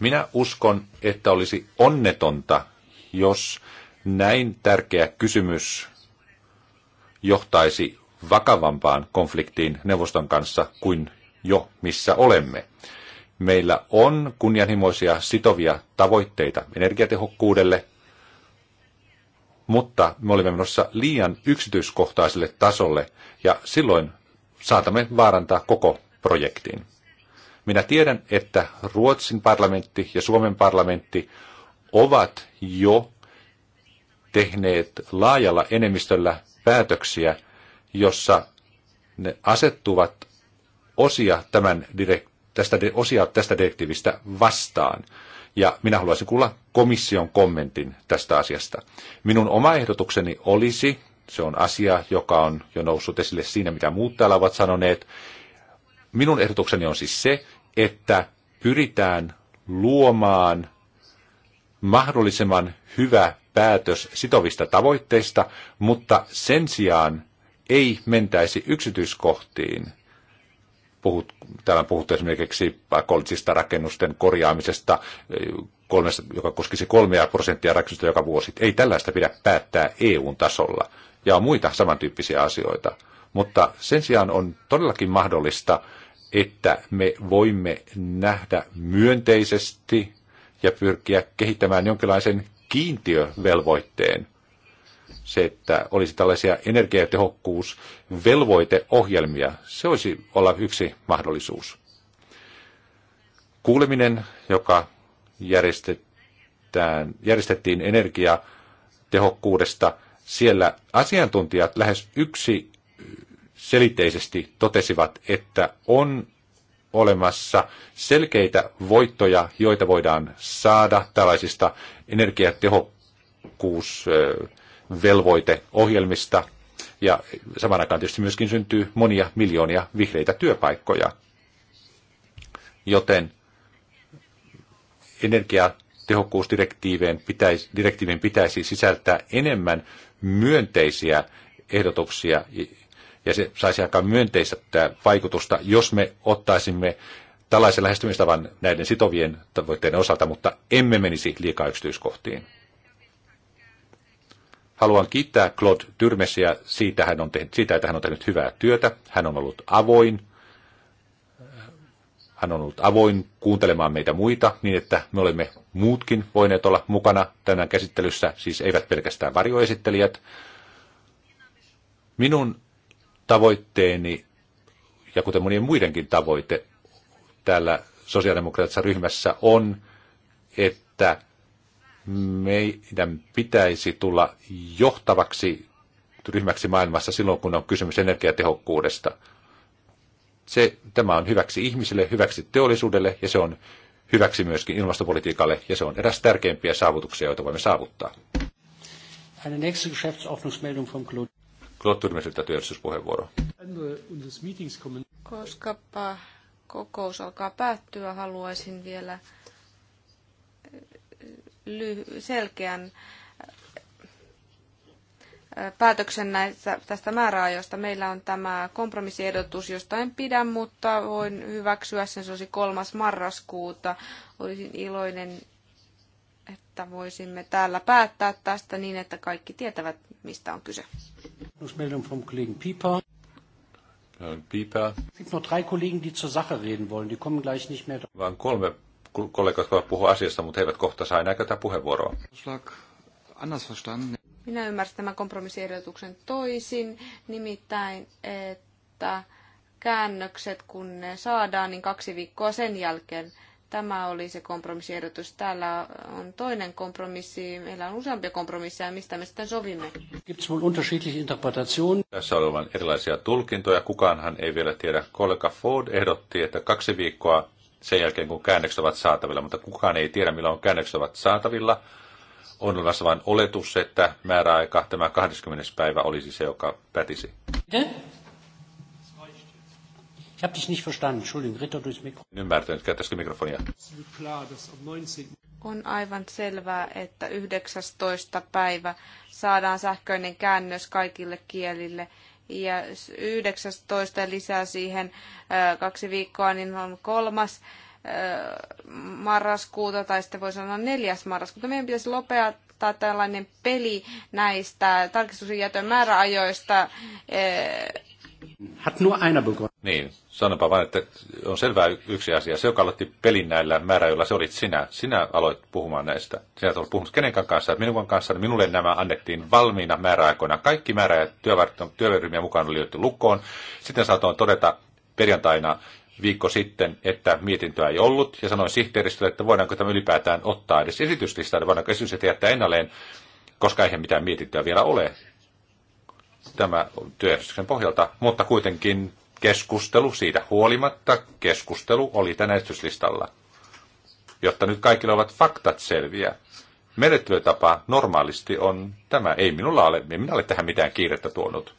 Minä uskon, että olisi onnetonta, jos näin tärkeä kysymys johtaisi vakavampaan konfliktiin neuvoston kanssa kuin jo missä olemme. Meillä on kunnianhimoisia sitovia tavoitteita energiatehokkuudelle, mutta me olemme menossa liian yksityiskohtaiselle tasolle ja silloin saatamme vaarantaa koko projektin. Minä tiedän, että Ruotsin parlamentti ja Suomen parlamentti ovat jo tehneet laajalla enemmistöllä päätöksiä, jossa ne asettuvat osia tämän direkt, tästä, osia tästä direktiivistä vastaan. Ja minä haluaisin kuulla komission kommentin tästä asiasta. Minun oma ehdotukseni olisi, se on asia, joka on jo noussut esille siinä, mitä muut täällä ovat sanoneet. Minun ehdotukseni on siis se, että pyritään luomaan mahdollisimman hyvä päätös sitovista tavoitteista, mutta sen sijaan ei mentäisi yksityiskohtiin. Puhut, täällä on puhuttu esimerkiksi pakollisista rakennusten korjaamisesta, kolmesta, joka koskisi kolmea prosenttia rakennusta joka vuosi. Ei tällaista pidä päättää EU-tasolla. Ja on muita samantyyppisiä asioita. Mutta sen sijaan on todellakin mahdollista että me voimme nähdä myönteisesti ja pyrkiä kehittämään jonkinlaisen kiintiövelvoitteen. Se, että olisi tällaisia energiatehokkuusvelvoiteohjelmia, se olisi olla yksi mahdollisuus. Kuuleminen, joka järjestetään, järjestettiin energiatehokkuudesta, siellä asiantuntijat lähes yksi selitteisesti totesivat, että on olemassa selkeitä voittoja, joita voidaan saada tällaisista energiatehokkuusvelvoiteohjelmista. Ja saman aikaan tietysti myöskin syntyy monia miljoonia vihreitä työpaikkoja. Joten energiatehokkuusdirektiivien pitäisi, direktiivin pitäisi sisältää enemmän myönteisiä ehdotuksia, ja se saisi aika myönteistä vaikutusta, jos me ottaisimme tällaisen lähestymistavan näiden sitovien tavoitteiden osalta, mutta emme menisi liikaa yksityiskohtiin. Haluan kiittää Claude Tyrmesiä siitä, hän on tehnyt, siitä, että hän on tehnyt hyvää työtä. Hän on ollut avoin. Hän on ollut avoin kuuntelemaan meitä muita niin, että me olemme muutkin voineet olla mukana tänään käsittelyssä, siis eivät pelkästään varjoesittelijät. Minun tavoitteeni, ja kuten monien muidenkin tavoite täällä sosiaalidemokraattisessa ryhmässä on, että meidän pitäisi tulla johtavaksi ryhmäksi maailmassa silloin, kun on kysymys energiatehokkuudesta. Se, tämä on hyväksi ihmisille, hyväksi teollisuudelle ja se on hyväksi myöskin ilmastopolitiikalle ja se on eräs tärkeimpiä saavutuksia, joita voimme saavuttaa. Eine nächste Geschäftsordnungsmeldung Claude Klotturmisiltä työllisyyspuheenvuoro. Koskapa kokous alkaa päättyä, haluaisin vielä eh, selkeän eh, päätöksen näistä, tästä määräajoista. Meillä on tämä kompromissiehdotus, josta en pidä, mutta voin hyväksyä sen. Se olisi kolmas marraskuuta. Olisin iloinen, että voisimme täällä päättää tästä niin, että kaikki tietävät, mistä on kyse. Rückmeldung äh, Vaan kolme kollegaa, jotka puhua asiasta, mutta he eivät kohta saa enää käyttää puheenvuoroa. Minä ymmärsin tämän kompromissiehdotuksen toisin, nimittäin, että käännökset kun ne saadaan, niin kaksi viikkoa sen jälkeen Tämä oli se kompromissiehdotus. Täällä on toinen kompromissi. Meillä on useampia kompromisseja, mistä me sitten sovimme. Tässä on olevan erilaisia tulkintoja. Kukaanhan ei vielä tiedä. Kollega Ford ehdotti, että kaksi viikkoa sen jälkeen, kun käännökset ovat saatavilla, mutta kukaan ei tiedä, milloin käännökset ovat saatavilla. On olemassa vain oletus, että määräaika tämä 20. päivä olisi se, joka pätisi. Ich habe dich nicht verstanden. Entschuldigung, ritter durchs Mikro. mikrofonia? On aivan selvää, että 19. päivä saadaan sähköinen käännös kaikille kielille. Ja 19. lisää siihen kaksi viikkoa, niin on kolmas marraskuuta tai sitten voi sanoa neljäs marraskuuta. Meidän pitäisi lopettaa tällainen peli näistä tarkistusjätön määräajoista Hat nur einer Niin, sanopa vain, että on selvää yksi asia. Se, joka aloitti pelin näillä määräyillä, se olit sinä. Sinä aloit puhumaan näistä. Sinä olet puhunut kenenkään kanssa. Minun kanssa niin minulle nämä annettiin valmiina määräaikoina. Kaikki määräajat työryhmiä mukaan oli liitty lukkoon. Sitten saatoin todeta perjantaina viikko sitten, että mietintöä ei ollut, ja sanoin sihteeristölle, että voidaanko tämä ylipäätään ottaa edes esityslistalle, voidaanko että jättää ennalleen, koska eihän mitään mietintöä vielä ole tämä työjärjestyksen pohjalta, mutta kuitenkin keskustelu siitä huolimatta, keskustelu oli tänä esityslistalla, jotta nyt kaikilla ovat faktat selviä. Menettelytapa normaalisti on tämä. Ei minulla ole, en minä ole tähän mitään kiirettä tuonut.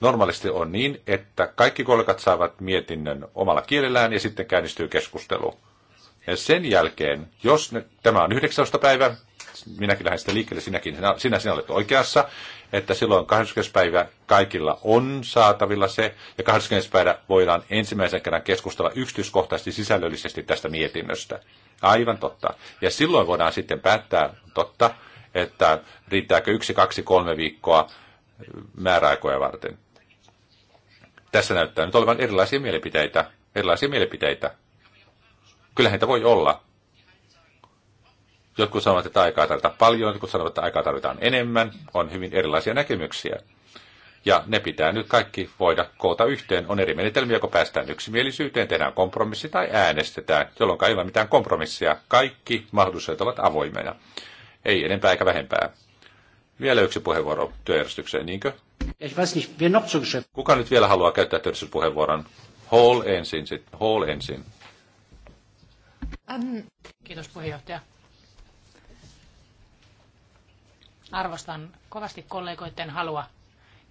Normaalisti on niin, että kaikki kollegat saavat mietinnön omalla kielellään ja sitten käynnistyy keskustelu. Ja sen jälkeen, jos ne, tämä on 19. päivä, minäkin lähden sitä liikkeelle, sinäkin, sinä, sinä, sinä olet oikeassa, että silloin 20. päivä kaikilla on saatavilla se, ja 20. päivä voidaan ensimmäisen kerran keskustella yksityiskohtaisesti sisällöllisesti tästä mietinnöstä. Aivan totta. Ja silloin voidaan sitten päättää, totta, että riittääkö yksi, kaksi, kolme viikkoa määräaikoja varten. Tässä näyttää nyt olevan erilaisia mielipiteitä. Erilaisia mielipiteitä. Kyllä heitä voi olla. Jotkut sanovat, että aikaa tarvitaan paljon, jotkut sanovat, että aikaa tarvitaan enemmän. On hyvin erilaisia näkemyksiä. Ja ne pitää nyt kaikki voida koota yhteen. On eri menetelmiä, joko päästään yksimielisyyteen, tehdään kompromissi tai äänestetään, jolloin ei ole mitään kompromissia. Kaikki mahdollisuudet ovat avoimena. Ei enempää eikä vähempää. Vielä yksi puheenvuoro työjärjestykseen, niinkö? Kuka nyt vielä haluaa käyttää työjärjestyspuheenvuoron? Hall ensin sitten. Hall ensin. Um, kiitos puheenjohtaja. Arvostan kovasti kollegoiden halua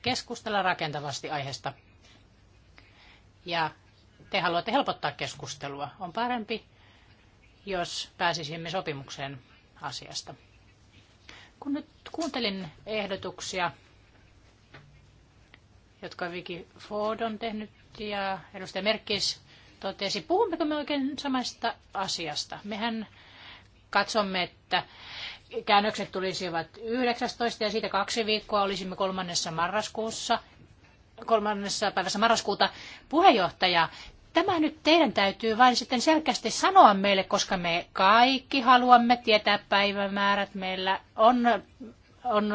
keskustella rakentavasti aiheesta. Ja te haluatte helpottaa keskustelua. On parempi, jos pääsisimme sopimukseen asiasta. Kun nyt kuuntelin ehdotuksia, jotka Viki Ford on tehnyt ja edustaja Merkis totesi, puhummeko me oikein samasta asiasta? Mehän katsomme, että käännökset tulisivat 19 ja siitä kaksi viikkoa olisimme kolmannessa marraskuussa, kolmannessa päivässä marraskuuta puheenjohtaja. Tämä nyt teidän täytyy vain sitten selkeästi sanoa meille, koska me kaikki haluamme tietää päivämäärät. Meillä on, on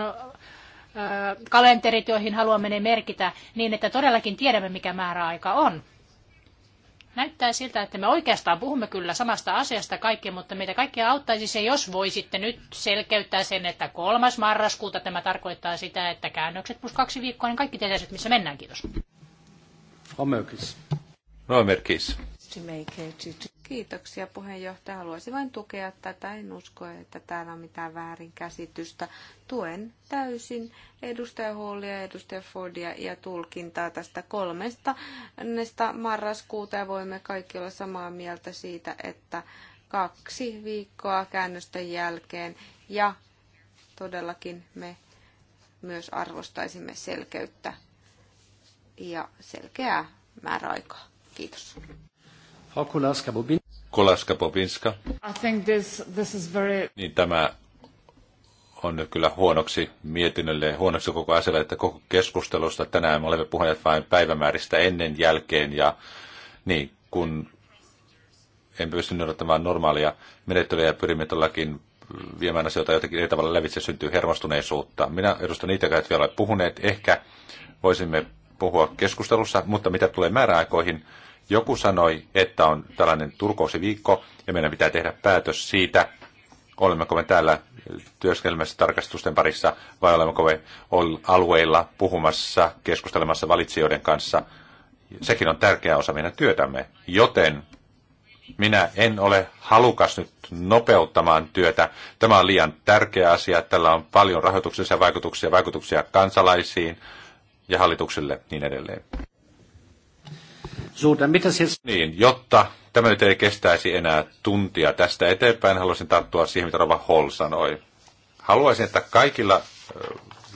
kalenterit, joihin haluamme ne merkitä niin, että todellakin tiedämme, mikä määräaika on. Näyttää siltä, että me oikeastaan puhumme kyllä samasta asiasta kaikki, mutta meitä kaikkia auttaisi se, jos voisitte nyt selkeyttää sen, että kolmas marraskuuta tämä tarkoittaa sitä, että käännökset plus kaksi viikkoa, niin kaikki tietäisivät, missä mennään. Kiitos. Frau Merkis. Kiitoksia puheenjohtaja. Haluaisin vain tukea tätä. En usko, että täällä on mitään väärinkäsitystä. Tuen täysin edustaja Hallia, edustaja Fordia ja tulkintaa tästä kolmesta näistä marraskuuta. Ja voimme kaikki olla samaa mieltä siitä, että kaksi viikkoa käännösten jälkeen ja todellakin me myös arvostaisimme selkeyttä ja selkeää määräaikaa. Kiitos. Hakulaska Bobin. Kolaska Popinska. I think this, this is very... Niin tämä on nyt kyllä huonoksi mietinnölle ja huonoksi koko asialle, että koko keskustelusta tänään me olemme puhuneet vain päivämääristä ennen, jälkeen ja niin, kun en pysty noudattamaan normaalia menettelyä ja pyrimme tuollakin viemään asioita jotenkin eri tavalla lävitse, syntyy hermostuneisuutta. Minä edustan niitä, jotka vielä puhuneet. Ehkä voisimme puhua keskustelussa, mutta mitä tulee määräaikoihin, joku sanoi, että on tällainen turkousiviikko ja meidän pitää tehdä päätös siitä, olemmeko me täällä työskentelemässä tarkastusten parissa vai olemmeko me alueilla puhumassa, keskustelemassa valitsijoiden kanssa. Sekin on tärkeä osa meidän työtämme, joten minä en ole halukas nyt nopeuttamaan työtä. Tämä on liian tärkeä asia. Tällä on paljon rahoituksellisia vaikutuksia, vaikutuksia kansalaisiin ja hallituksille niin edelleen. So, damit das Niin, jotta tämä nyt ei kestäisi enää tuntia tästä eteenpäin, haluaisin tarttua siihen, mitä Rova Hall sanoi. Haluaisin, että kaikilla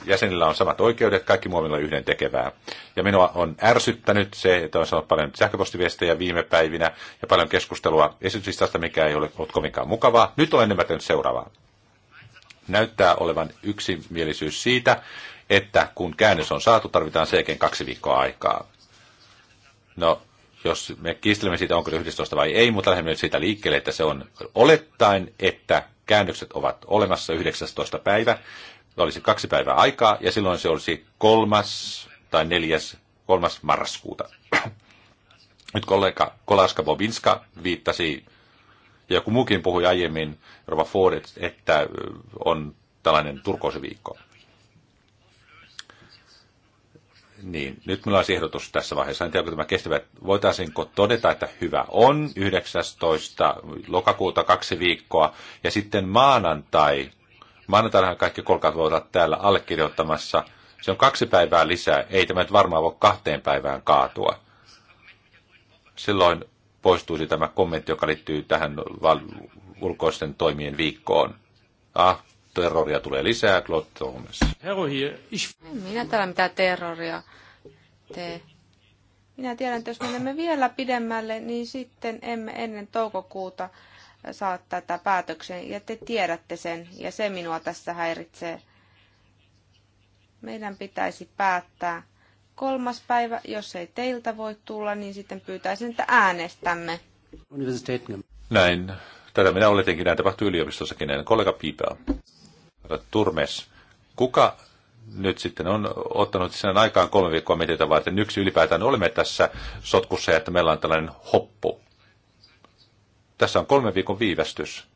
jäsenillä on samat oikeudet, kaikki muovilla on yhden tekevää. Ja minua on ärsyttänyt se, että on saanut paljon sähköpostiviestejä viime päivinä ja paljon keskustelua esityslistasta, mikä ei ole ollut kovinkaan mukavaa. Nyt olen ymmärtänyt seuraavaa. Näyttää olevan yksimielisyys siitä, että kun käännös on saatu, tarvitaan sen kaksi viikkoa aikaa. No, jos me kiistelemme siitä, onko se 11 vai ei, mutta lähdemme nyt siitä liikkeelle, että se on olettaen, että käännökset ovat olemassa 19. päivä, olisi kaksi päivää aikaa, ja silloin se olisi kolmas tai neljäs, kolmas marraskuuta. Nyt kollega Kolaska Bobinska viittasi, ja joku muukin puhui aiemmin, Rova Ford, että on tällainen turkoosiviikko. Niin, nyt minulla olisi ehdotus tässä vaiheessa. En tiedä, onko tämä kestävä. Voitaisiinko todeta, että hyvä on 19. lokakuuta kaksi viikkoa ja sitten maanantai. Maanantainahan kaikki kolkat voivat olla täällä allekirjoittamassa. Se on kaksi päivää lisää. Ei tämä nyt varmaan voi kahteen päivään kaatua. Silloin poistuisi tämä kommentti, joka liittyy tähän ulkoisten toimien viikkoon. Ah, terroria tulee lisää, Claude Thomas. minä täällä mitään terroria tee. Minä tiedän, että jos menemme vielä pidemmälle, niin sitten emme ennen toukokuuta saa tätä päätöksen, ja te tiedätte sen, ja se minua tässä häiritsee. Meidän pitäisi päättää kolmas päivä, jos ei teiltä voi tulla, niin sitten pyytäisin, että äänestämme. Näin. Tätä minä oletinkin, näin tapahtui yliopistossakin, näin kollega piipää. Turmes, kuka nyt sitten on ottanut sen aikaan kolme viikkoa mietitä varten. Yksi ylipäätään olemme tässä sotkussa ja että meillä on tällainen hoppu. Tässä on kolme viikon viivästys.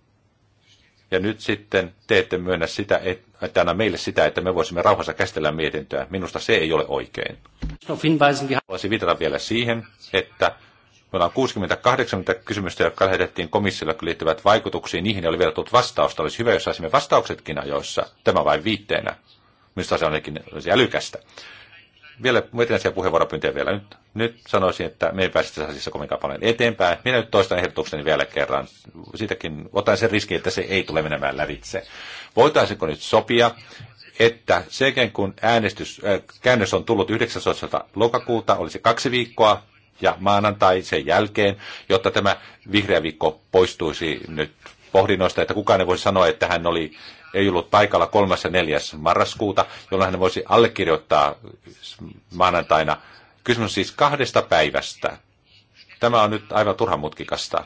Ja nyt sitten te ette myönnä sitä, että anna meille sitä, että me voisimme rauhassa käsitellä mietintöä. Minusta se ei ole oikein. Haluaisin viitata vielä siihen, että Meillä on 60-80 kysymystä, jotka lähetettiin komissiolle, jotka liittyvät vaikutuksiin. Niihin oli vielä tullut vastausta. Olisi hyvä, jos saisimme vastauksetkin ajoissa. Tämä vain viitteenä. Minusta se on ainakin olisi älykästä. Vielä vetenäisiä puheenvuoropyyntöjä vielä. Nyt, nyt sanoisin, että me ei pääse tässä asiassa kovinkaan paljon eteenpäin. Minä nyt toistan ehdotukseni vielä kerran. Siitäkin otan sen riskin, että se ei tule menemään lävitse. Voitaisiinko nyt sopia, että sekin kun äänestys, äh, käännös on tullut 19. lokakuuta, olisi kaksi viikkoa ja maanantai sen jälkeen, jotta tämä vihreä viikko poistuisi nyt pohdinnoista, että kukaan ei voisi sanoa, että hän oli, ei ollut paikalla 3. ja 4. marraskuuta, jolloin hän voisi allekirjoittaa maanantaina. Kysymys siis kahdesta päivästä. Tämä on nyt aivan turhan mutkikasta.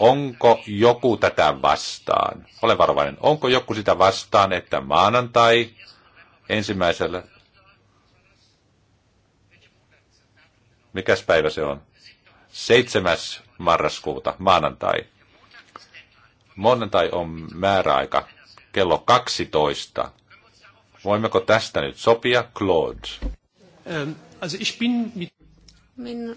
Onko joku tätä vastaan? Olen varovainen. Onko joku sitä vastaan, että maanantai ensimmäisellä Mikäs päivä se on? 7. marraskuuta, maanantai. Maanantai on määräaika kello 12. Voimmeko tästä nyt sopia, Claude? Ähm, also ich bin mit... Minä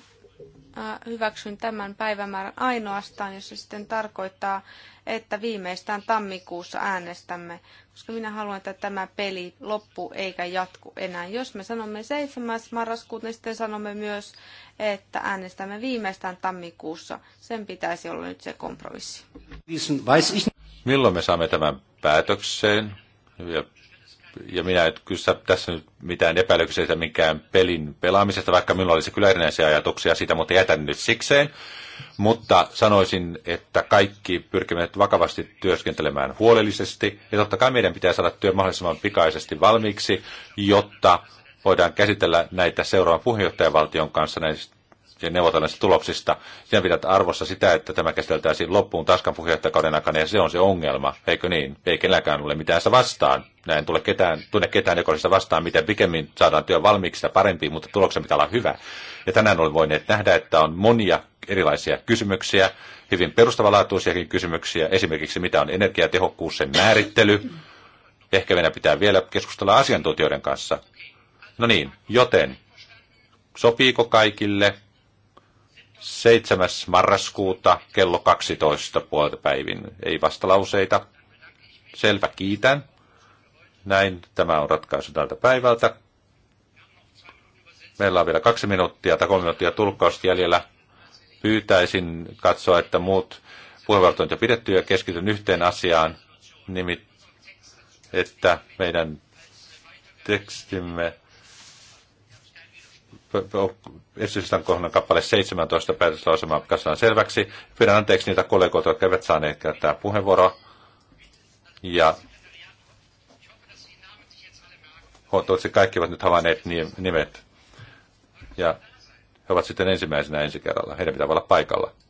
hyväksyn tämän päivämäärän ainoastaan, jos se sitten tarkoittaa, että viimeistään tammikuussa äänestämme, koska minä haluan, että tämä peli loppu eikä jatku enää. Jos me sanomme 7. marraskuuta, niin sitten sanomme myös, että äänestämme viimeistään tammikuussa. Sen pitäisi olla nyt se kompromissi. Milloin me saamme tämän päätökseen? Ja ja minä en kyllä tässä nyt mitään epäilyksiä minkään pelin pelaamisesta, vaikka minulla olisi kyllä erinäisiä ajatuksia siitä, mutta jätän nyt sikseen. Mutta sanoisin, että kaikki pyrkivät vakavasti työskentelemään huolellisesti, ja totta kai meidän pitää saada työ mahdollisimman pikaisesti valmiiksi, jotta voidaan käsitellä näitä seuraavan puheenjohtajavaltion kanssa näistä ja neuvotellaan tuloksista. Sinä pidät arvossa sitä, että tämä käsiteltäisiin loppuun Taskan puheenjohtajakauden aikana, ja se on se ongelma, eikö niin? Ei kenelläkään ole mitään sitä vastaan. Näin tule ketään, tunne ketään, joka sitä vastaan, miten pikemmin saadaan työ valmiiksi ja parempi, mutta tuloksen pitää olla hyvä. Ja tänään olen voineet nähdä, että on monia erilaisia kysymyksiä, hyvin perustavanlaatuisiakin kysymyksiä, esimerkiksi mitä on energiatehokkuus, sen määrittely. Ehkä meidän pitää vielä keskustella asiantuntijoiden kanssa. No niin, joten sopiiko kaikille 7. marraskuuta kello 12 puolta päivin. Ei vastalauseita. Selvä, kiitän. Näin tämä on ratkaisu tältä päivältä. Meillä on vielä kaksi minuuttia tai kolme minuuttia tulkkausta jäljellä. Pyytäisin katsoa, että muut puheenvuorot on jo pidetty ja keskityn yhteen asiaan, nimittäin, että meidän tekstimme esityslistan kohdan kappale 17 päätöslausemaa kasaan selväksi. Pyydän anteeksi niitä kollegoita, jotka eivät saaneet käyttää puheenvuoroa. Ja toivottavasti kaikki ovat nyt havainneet nimet. Ja he ovat sitten ensimmäisenä ensi kerralla. Heidän pitää olla paikalla.